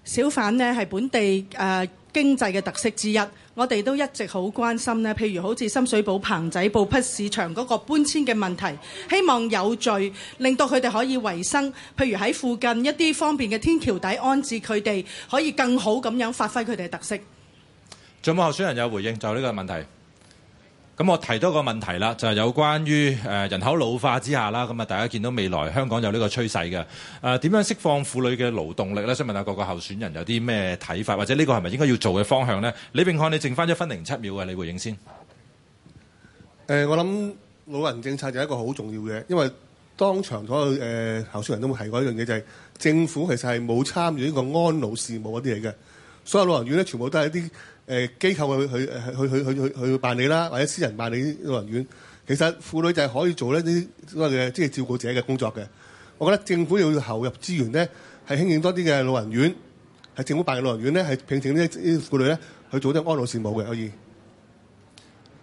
小販呢係本地誒、呃、經濟嘅特色之一，我哋都一直好關心，譬如好似深水埗棚仔布匹市場嗰個搬遷嘅問題，希望有序令到佢哋可以維生。譬如喺附近一啲方便嘅天橋底安置佢哋，可以更好咁樣發揮佢哋嘅特色。仲有冇候選人有回應？就呢、是、個問題。咁我提多個問題啦，就係、是、有關於、呃、人口老化之下啦，咁啊大家見到未來香港有呢個趨勢嘅。誒、呃、點樣釋放婦女嘅勞動力咧？想問下各個候選人有啲咩睇法，或者呢個係咪應該要做嘅方向咧？李炳漢，你剩翻一分零七秒嘅，你回應先。誒，我諗老人政策就係一個好重要嘅，因為當場所有誒候選人都會提過一樣嘢，就係、是、政府其實係冇參與呢個安老事務嗰啲嘢嘅，所有老人院咧全部都係一啲。誒、呃、機構去去去去去去辦理啦，或者私人辦理老人院，其實婦女就係可以做呢啲所謂嘅即係照顧者嘅工作嘅。我覺得政府要投入資源咧，係興建多啲嘅老人院，係政府辦嘅老人院咧，係聘請啲啲婦女咧去做啲安老事務嘅可以。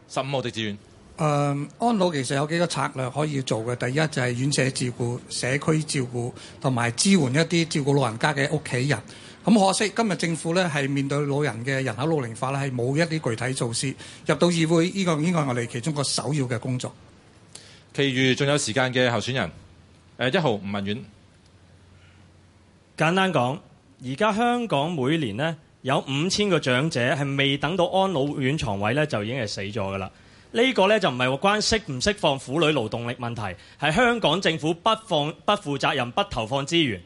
十五號地志願，uh, 安老其實有幾個策略可以做嘅。第一就係院舍照顧、社區照顧同埋支援一啲照顧老人家嘅屋企人。咁可惜，今日政府呢，係面對老人嘅人口老齡化呢，係冇一啲具體措施。入到議會呢個應該係我哋其中一個首要嘅工作。其餘仲有時間嘅候選人，誒一號吳文遠簡單講，而家香港每年呢，有五千個長者係未等到安老院床位呢，就已經係死咗噶啦。呢個呢，就唔係話關釋唔釋放婦女勞動力問題，係香港政府不放不負責任，不投放資源。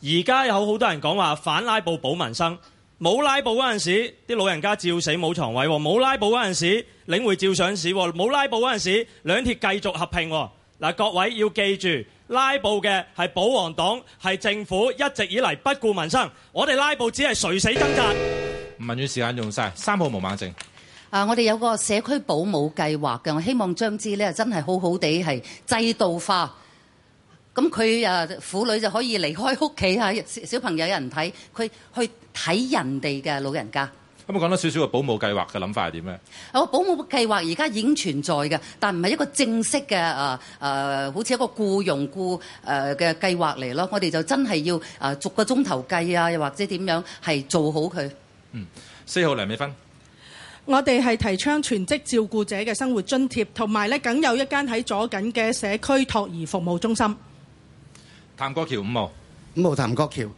而家有好多人講話反拉布保民生，冇拉布嗰陣時，啲老人家照死冇床位；冇拉布嗰陣時，領匯照上市；冇拉布嗰陣時，兩鐵繼續合併。嗱，各位要記住，拉布嘅係保皇黨，係政府一直以嚟不顧民生。我哋拉布只係垂死掙扎。民主時間用晒。三號毛孟靜。啊，我哋有個社區保姆計劃嘅，我希望將之呢真係好好地係制度化。咁佢啊，婦女就可以離開屋企，小朋友有人睇，佢去睇人哋嘅老人家。咁啊，我講多少少嘅保姆計劃嘅諗法係點咧？我保姆計劃而家已經存在嘅，但唔係一個正式嘅、呃、好似一個僱用僱嘅計劃嚟咯。我哋就真係要逐個鐘頭計啊，又或者點樣係做好佢。嗯，四號梁美芬，我哋係提倡全職照顧者嘅生活津貼，同埋咧，僅有一間喺左緊嘅社區托兒服務中心。譚國僑五號，五號譚國僑，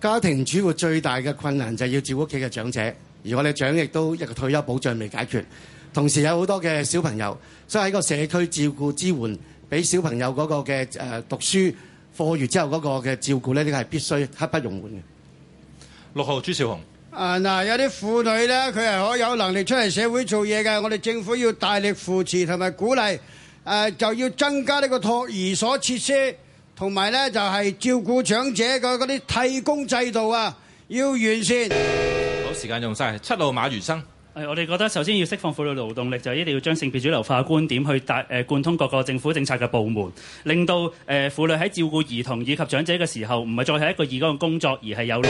家庭主婦最大嘅困難就係要照顧屋企嘅長者，而我哋長亦都一個退休保障未解決，同時有好多嘅小朋友，所以喺個社區照顧支援，俾小朋友嗰個嘅誒讀書課餘之後嗰個嘅照顧咧，呢個係必須刻不容緩嘅。六號朱韶洪，啊嗱，有啲婦女咧，佢係好有能力出嚟社會做嘢嘅，我哋政府要大力扶持同埋鼓勵，誒、啊、就要增加呢個托兒所設施。同埋咧，就係、是、照顧長者嘅嗰啲替工制度啊，要完善。好，時間用晒，七號馬如生，我哋覺得首先要釋放婦女勞動力，就一定要將性別主流化觀點去帶誒貫通各個政府政策嘅部門，令到誒、呃、婦女喺照顧兒童以及長者嘅時候，唔係再係一個義工嘅工作，而係有。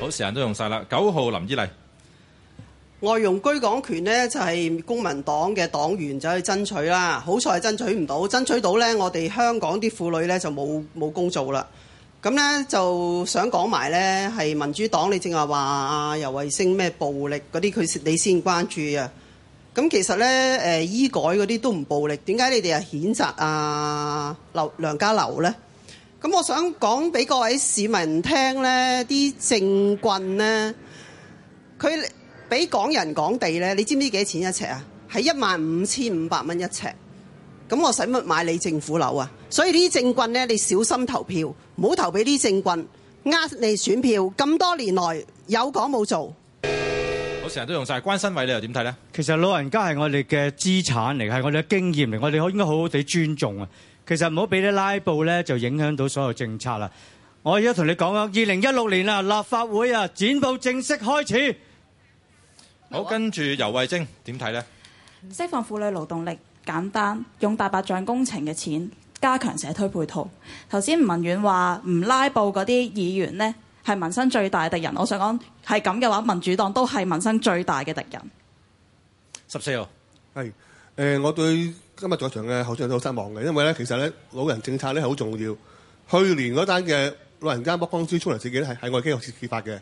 好，時間都用晒啦。九號林依麗。外傭居港權呢，就係、是、公民黨嘅黨員就去爭取啦，好彩爭取唔到，爭取到呢，我哋香港啲婦女呢，就冇冇工做啦。咁呢，就想講埋呢，係民主黨你，你正話話尤衛星咩暴力嗰啲，佢你先關注啊。咁其實呢，誒、呃，醫改嗰啲都唔暴力，點解你哋啊譴責啊梁家騮呢？咁我想講俾各位市民聽呢，啲政棍呢，佢。俾港人港地咧，你知唔知幾錢一尺啊？係一萬五千五百蚊一尺。咁我使乜買你政府樓啊？所以呢啲政棍咧，你小心投票，唔好投俾啲政棍呃你選票。咁多年來有講冇做？我成日都用晒關心位。你又點睇咧？其實老人家係我哋嘅資產嚟，係我哋嘅經驗嚟，我哋應該好好地尊重啊。其實唔好俾啲拉布咧，就影響到所有政策啦。我而家同你講啊，二零一六年啊，立法會啊展布正式開始。好，跟住游蕙禎點睇咧？釋放婦女勞動力，簡單用大白象工程嘅錢加強社區配套。頭先吳文遠話唔拉布嗰啲議員咧係民生最大嘅敵人，我想講係咁嘅話，民主黨都係民生最大嘅敵人。十四號係誒，我對今日在場嘅候選人都好失望嘅，因為咧其實咧老人政策咧係好重要。去年嗰單嘅老人家剝光豬沖涼事件咧係喺外基學揭揭發嘅。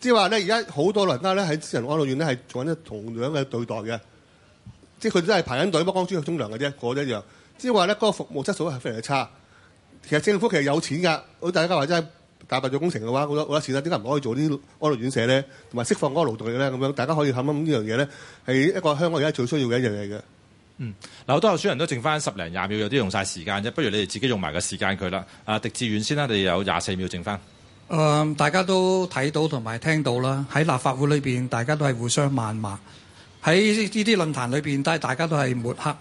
即係話咧，而家好多老人家咧喺私人安老院咧係做緊同樣嘅對待嘅，即係佢都係排緊隊剝光豬去沖涼嘅啫，嗰、那個、一樣。即係話咧，嗰、那個服務質素係非常之差。其實政府其實有錢㗎，好，大家話真係大白象工程嘅話，好多好多錢啦，點解唔可以做啲安老院舍咧，同埋釋放嗰個勞動力咧？咁樣大家可以諗，諗呢樣嘢咧係一個香港而家最需要嘅一樣嘢嘅。嗯，嗱，好多候選人都剩翻十零廿秒，有啲用晒時間啫。不如你哋自己用埋個時間佢啦。阿、啊、狄志遠先啦，你哋有廿四秒剩翻。呃、大家都睇到同埋聽到啦，喺立法會裏面，大家都係互相謾罵，喺呢啲論壇裏面，但大家都係抹黑，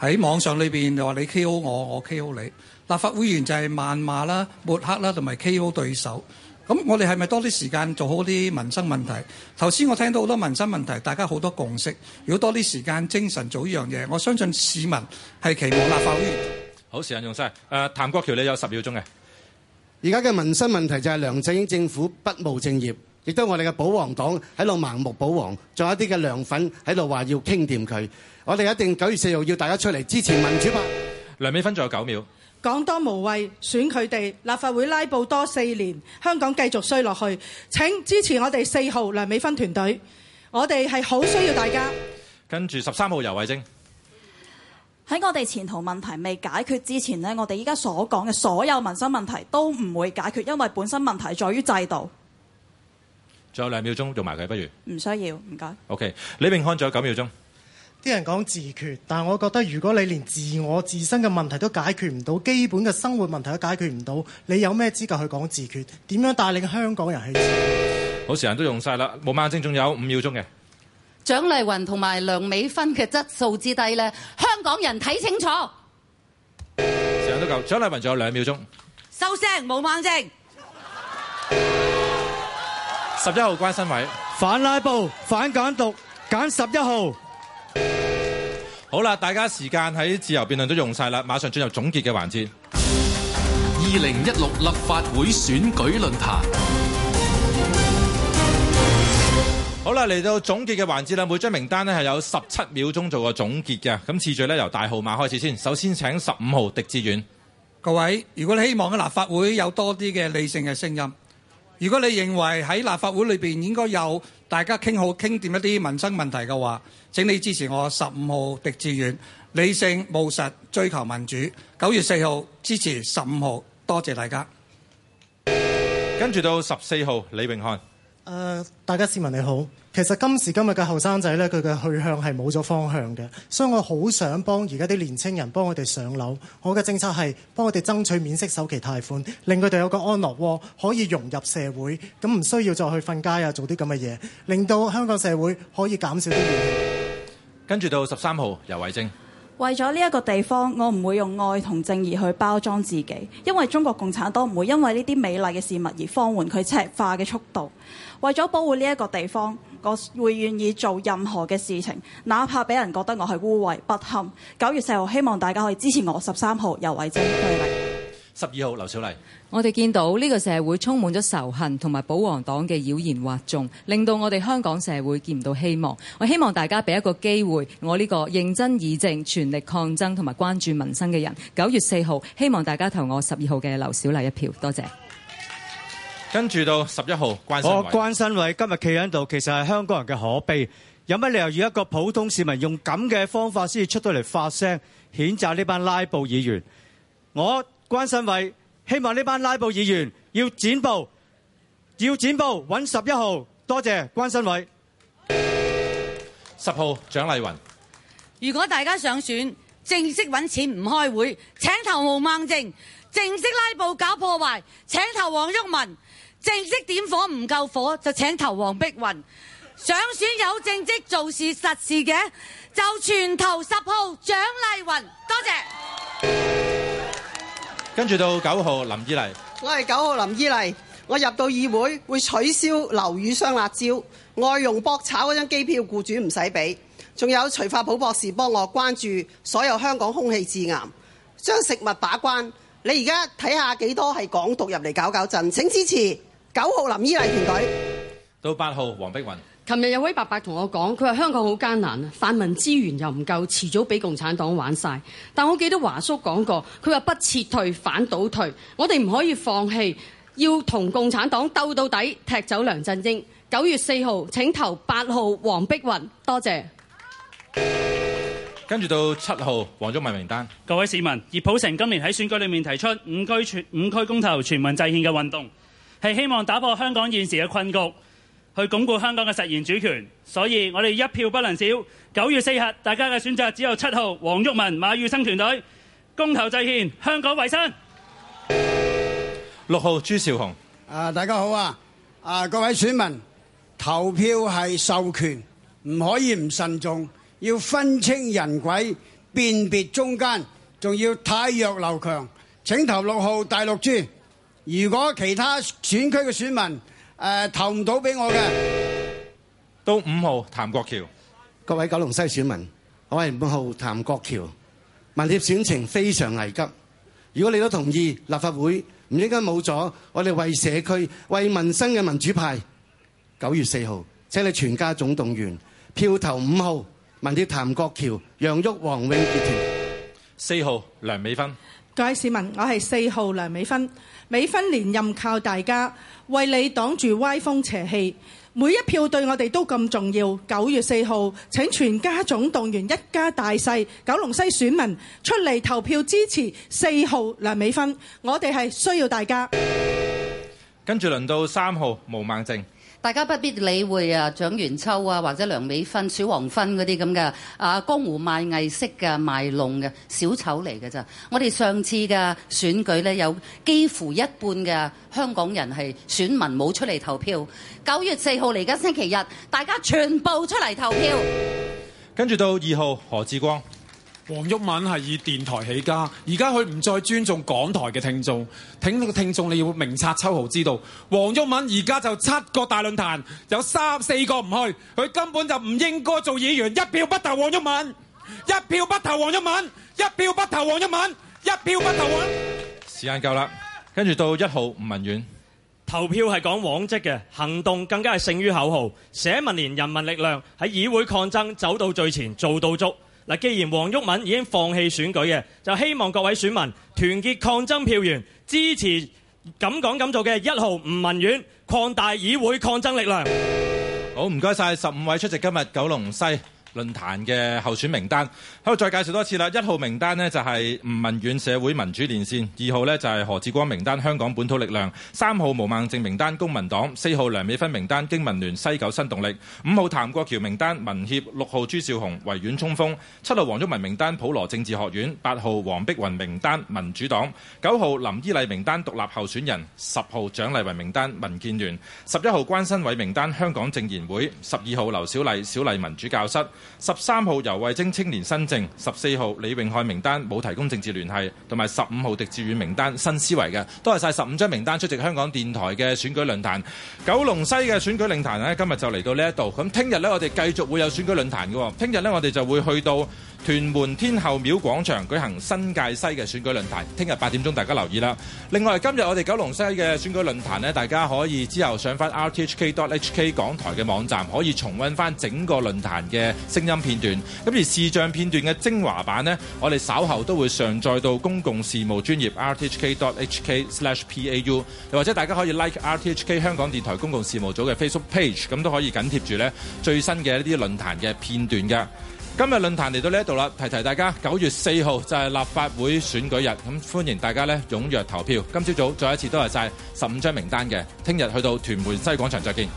喺網上裏面，就話你 KO 我，我 KO 你。立法會員就係謾罵啦、抹黑啦同埋 KO 對手。咁我哋係咪多啲時間做好啲民生問題？頭先我聽到好多民生問題，大家好多共識。如果多啲時間精神做呢樣嘢，我相信市民係期望立法會員。好，時間用晒。誒、呃，譚國橋，你有十秒鐘嘅。而家嘅民生問題就係梁振英政府不務正業，亦都我哋嘅保皇黨喺度盲目保皇，仲有一啲嘅梁粉喺度話要傾掂佢。我哋一定九月四號要大家出嚟支持民主派。梁美芬仲有九秒，講多無謂，選佢哋立法會拉布多四年，香港繼續衰落去。請支持我哋四號梁美芬團隊，我哋係好需要大家。跟住十三號游蕙禎。喺我哋前途問題未解決之前呢，我哋依家所講嘅所有民生問題都唔會解決，因為本身問題在於制度。仲有兩秒鐘用埋佢，不如唔需要，唔該。OK，李永康仲有九秒鐘。啲人講自決，但我覺得如果你連自我自身嘅問題都解決唔到，基本嘅生活問題都解決唔到，你有咩資格去講自決？點樣帶領香港人去自決？好，時間都用晒啦，冇眼睛仲有五秒鐘嘅。蔣麗芸同埋梁美芬嘅質素之低呢，香港人睇清楚。時間都夠，蔣麗芸仲有兩秒鐘。收聲，冇猛正十一號關新偉，反拉布，反港獨，揀十一號。好啦，大家時間喺自由辯論都用晒啦，馬上進入總結嘅環節。二零一六立法會選舉論壇。好啦，嚟到總結嘅環節啦，每張名單呢，係有十七秒鐘做個總結嘅。咁次序呢，由大號碼開始先。首先請十五號狄志遠各位，如果你希望喺立法會有多啲嘅理性嘅聲音，如果你認為喺立法會裏邊應該有大家傾好、傾掂一啲民生問題嘅話，請你支持我十五號狄志遠，理性務實，追求民主。九月四號支持十五號，多謝大家。跟住到十四號李榮漢。誒、呃，大家市民你好。其實今時今日嘅後生仔咧，佢嘅去向係冇咗方向嘅，所以我好想幫而家啲年青人幫我哋上樓。我嘅政策係幫我哋爭取免息首期貸款，令佢哋有個安樂窩，可以融入社會，咁唔需要再去瞓街啊，做啲咁嘅嘢，令到香港社會可以減少啲怨氣。跟住到十三號，尤偉晶。為咗呢個地方，我唔會用愛同正義去包裝自己，因為中國共產黨唔會因為呢啲美麗嘅事物而放緩佢赤化嘅速度。為咗保護呢個地方，我會願意做任何嘅事情，哪怕俾人覺得我係污穢不堪。九月四號，希望大家可以支持我，十三號游蕙禎。十二號劉小麗，我哋見到呢個社會充滿咗仇恨同埋保皇黨嘅妖言惑眾，令到我哋香港社會見唔到希望。我希望大家俾一個機會，我呢個認真議政、全力抗爭同埋關注民生嘅人。九月四號，希望大家投我十二號嘅劉小麗一票。多謝。跟住到十一號關新偉。我關新偉今日企喺度，其實係香港人嘅可悲。有乜理由要一個普通市民用咁嘅方法先至出到嚟發聲，譴責呢班拉布議員？我。關新偉，希望呢班拉布議員要剪布，要剪布，搵十一號，多謝關新偉。十號蔣麗雲，如果大家想選，正式搵錢唔開會，請投毛孟靜；正式拉布搞破壞，請投黃毓民。正式點火唔夠火，就請投黃碧雲。想選有正職做事實事嘅，就全投十號蔣麗雲，多謝。跟住到九號林依麗，我係九號林依麗，我入到議會會取消樓宇雙辣椒，外傭博炒嗰張機票僱主唔使俾，仲有徐發寶博士幫我關注所有香港空氣致癌，將食物把關。你而家睇下幾多係港獨入嚟搞搞震？請支持九號林依麗團隊。到八號黃碧雲。琴日有位伯伯同我講，佢話香港好艱難啊，泛民資源又唔夠，遲早俾共產黨玩晒。但我記得華叔講過，佢話不撤退反倒退，我哋唔可以放棄，要同共產黨鬥到底，踢走梁振英。九月四號請投八號黃碧雲，多謝。跟住到七號黃忠文名單。各位市民，熱普城今年喺選舉裏面提出五區全五區公投全民制憲嘅運動，係希望打破香港現時嘅困局。去鞏固香港嘅實現主權，所以我哋一票不能少。九月四日，大家嘅選擇只有七號黃毓民馬玉生團隊，公投制憲，香港衛生。六號朱兆紅，啊大家好啊，啊各位選民，投票係授權，唔可以唔慎重，要分清人鬼，辨別中間，仲要汰弱留強。請投六號大陸朱。如果其他選區嘅選民，誒、啊，投唔到俾我嘅，到五號譚國僑，各位九龍西選民，我係五號譚國僑，民協選情非常危急，如果你都同意，立法會唔應該冇咗，我哋為社區、為民生嘅民主派，九月四號，請你全家總動員，票投五號，民協譚國僑，楊旭、黃永杰團，四號梁美芬。各位市民，我係四號梁美芬，美芬連任靠大家，為你擋住歪風邪氣，每一票對我哋都咁重要。九月四號，請全家總動員，一家大細，九龍西選民出嚟投票支持四號梁美芬，我哋係需要大家。跟住輪到三號，毛孟靜。大家不必理會啊，蔣元秋啊，或者梁美芬、小黃芬嗰啲咁嘅啊，江湖賣藝式嘅賣弄嘅小丑嚟嘅咋？我哋上次嘅選舉呢，有幾乎一半嘅香港人係選民冇出嚟投票。九月四號嚟緊星期日，大家全部出嚟投票。跟住到二號何志光。黃毓民係以電台起家，而家佢唔再尊重港台嘅聽眾。聽呢個聽眾，你要明察秋毫知道，黃毓民而家就七個大論壇，有三四個唔去，佢根本就唔應該做議員。一票不投黃毓民，一票不投黃毓民，一票不投黃毓民，一票不投。時間夠啦，跟住到一號吳文遠。投票係講往績嘅行動，更加係勝於口號。社民連人民力量喺議會抗爭，走到最前，做到足。既然黃毓民已經放棄選舉嘅，就希望各位選民團結抗爭票源，支持敢講敢做嘅一號吳文遠，擴大議會抗爭力量。好，唔該晒，十五位出席今日九龍西論壇嘅候選名單，喺度再介紹多次啦。一號名單呢，就係吳文遠社會民主連線，二號呢，就係何志光名單香港本土力量，三號毛孟靜名單公民黨，四號梁美芬名單經民聯西九新動力，五號譚國橋名單民協，六號朱少雄維園衝鋒，七號黃毓民名單普羅政治學院，八號黃碧雲名單民主黨，九號林依麗名單獨立候選人，十號蔣麗雲名單民建聯，十一號關新偉名單香港政研會，十二號劉小麗小麗民主教室。十三號游蕙禎青年新政，十四號李泳漢名單冇提供政治聯繫，同埋十五號狄志遠名單新思維嘅，多謝晒十五張名單出席香港電台嘅選舉論壇。九龍西嘅選舉論壇呢，今日就嚟到呢一度，咁聽日呢，我哋繼續會有選舉論壇嘅，聽日呢，我哋就會去到。屯門天后廟廣場舉行新界西嘅選舉論壇，聽日八點鐘大家留意啦。另外今日我哋九龍西嘅選舉論壇呢，大家可以之後上翻 rthk.hk 港台嘅網站，可以重溫翻整個論壇嘅聲音片段。咁而視像片段嘅精華版呢，我哋稍後都會上載到公共事務專頁 rthk.hk/pau，SLASH 又或者大家可以 like rthk 香港電台公共事務組嘅 Facebook page，咁都可以緊貼住呢最新嘅一啲論壇嘅片段㗎。今日論壇嚟到呢度啦，提提大家，九月四號就係立法會選舉日，咁歡迎大家呢踴躍投票。今朝早再一次多謝晒十五張名單嘅，聽日去到屯門西廣場再見。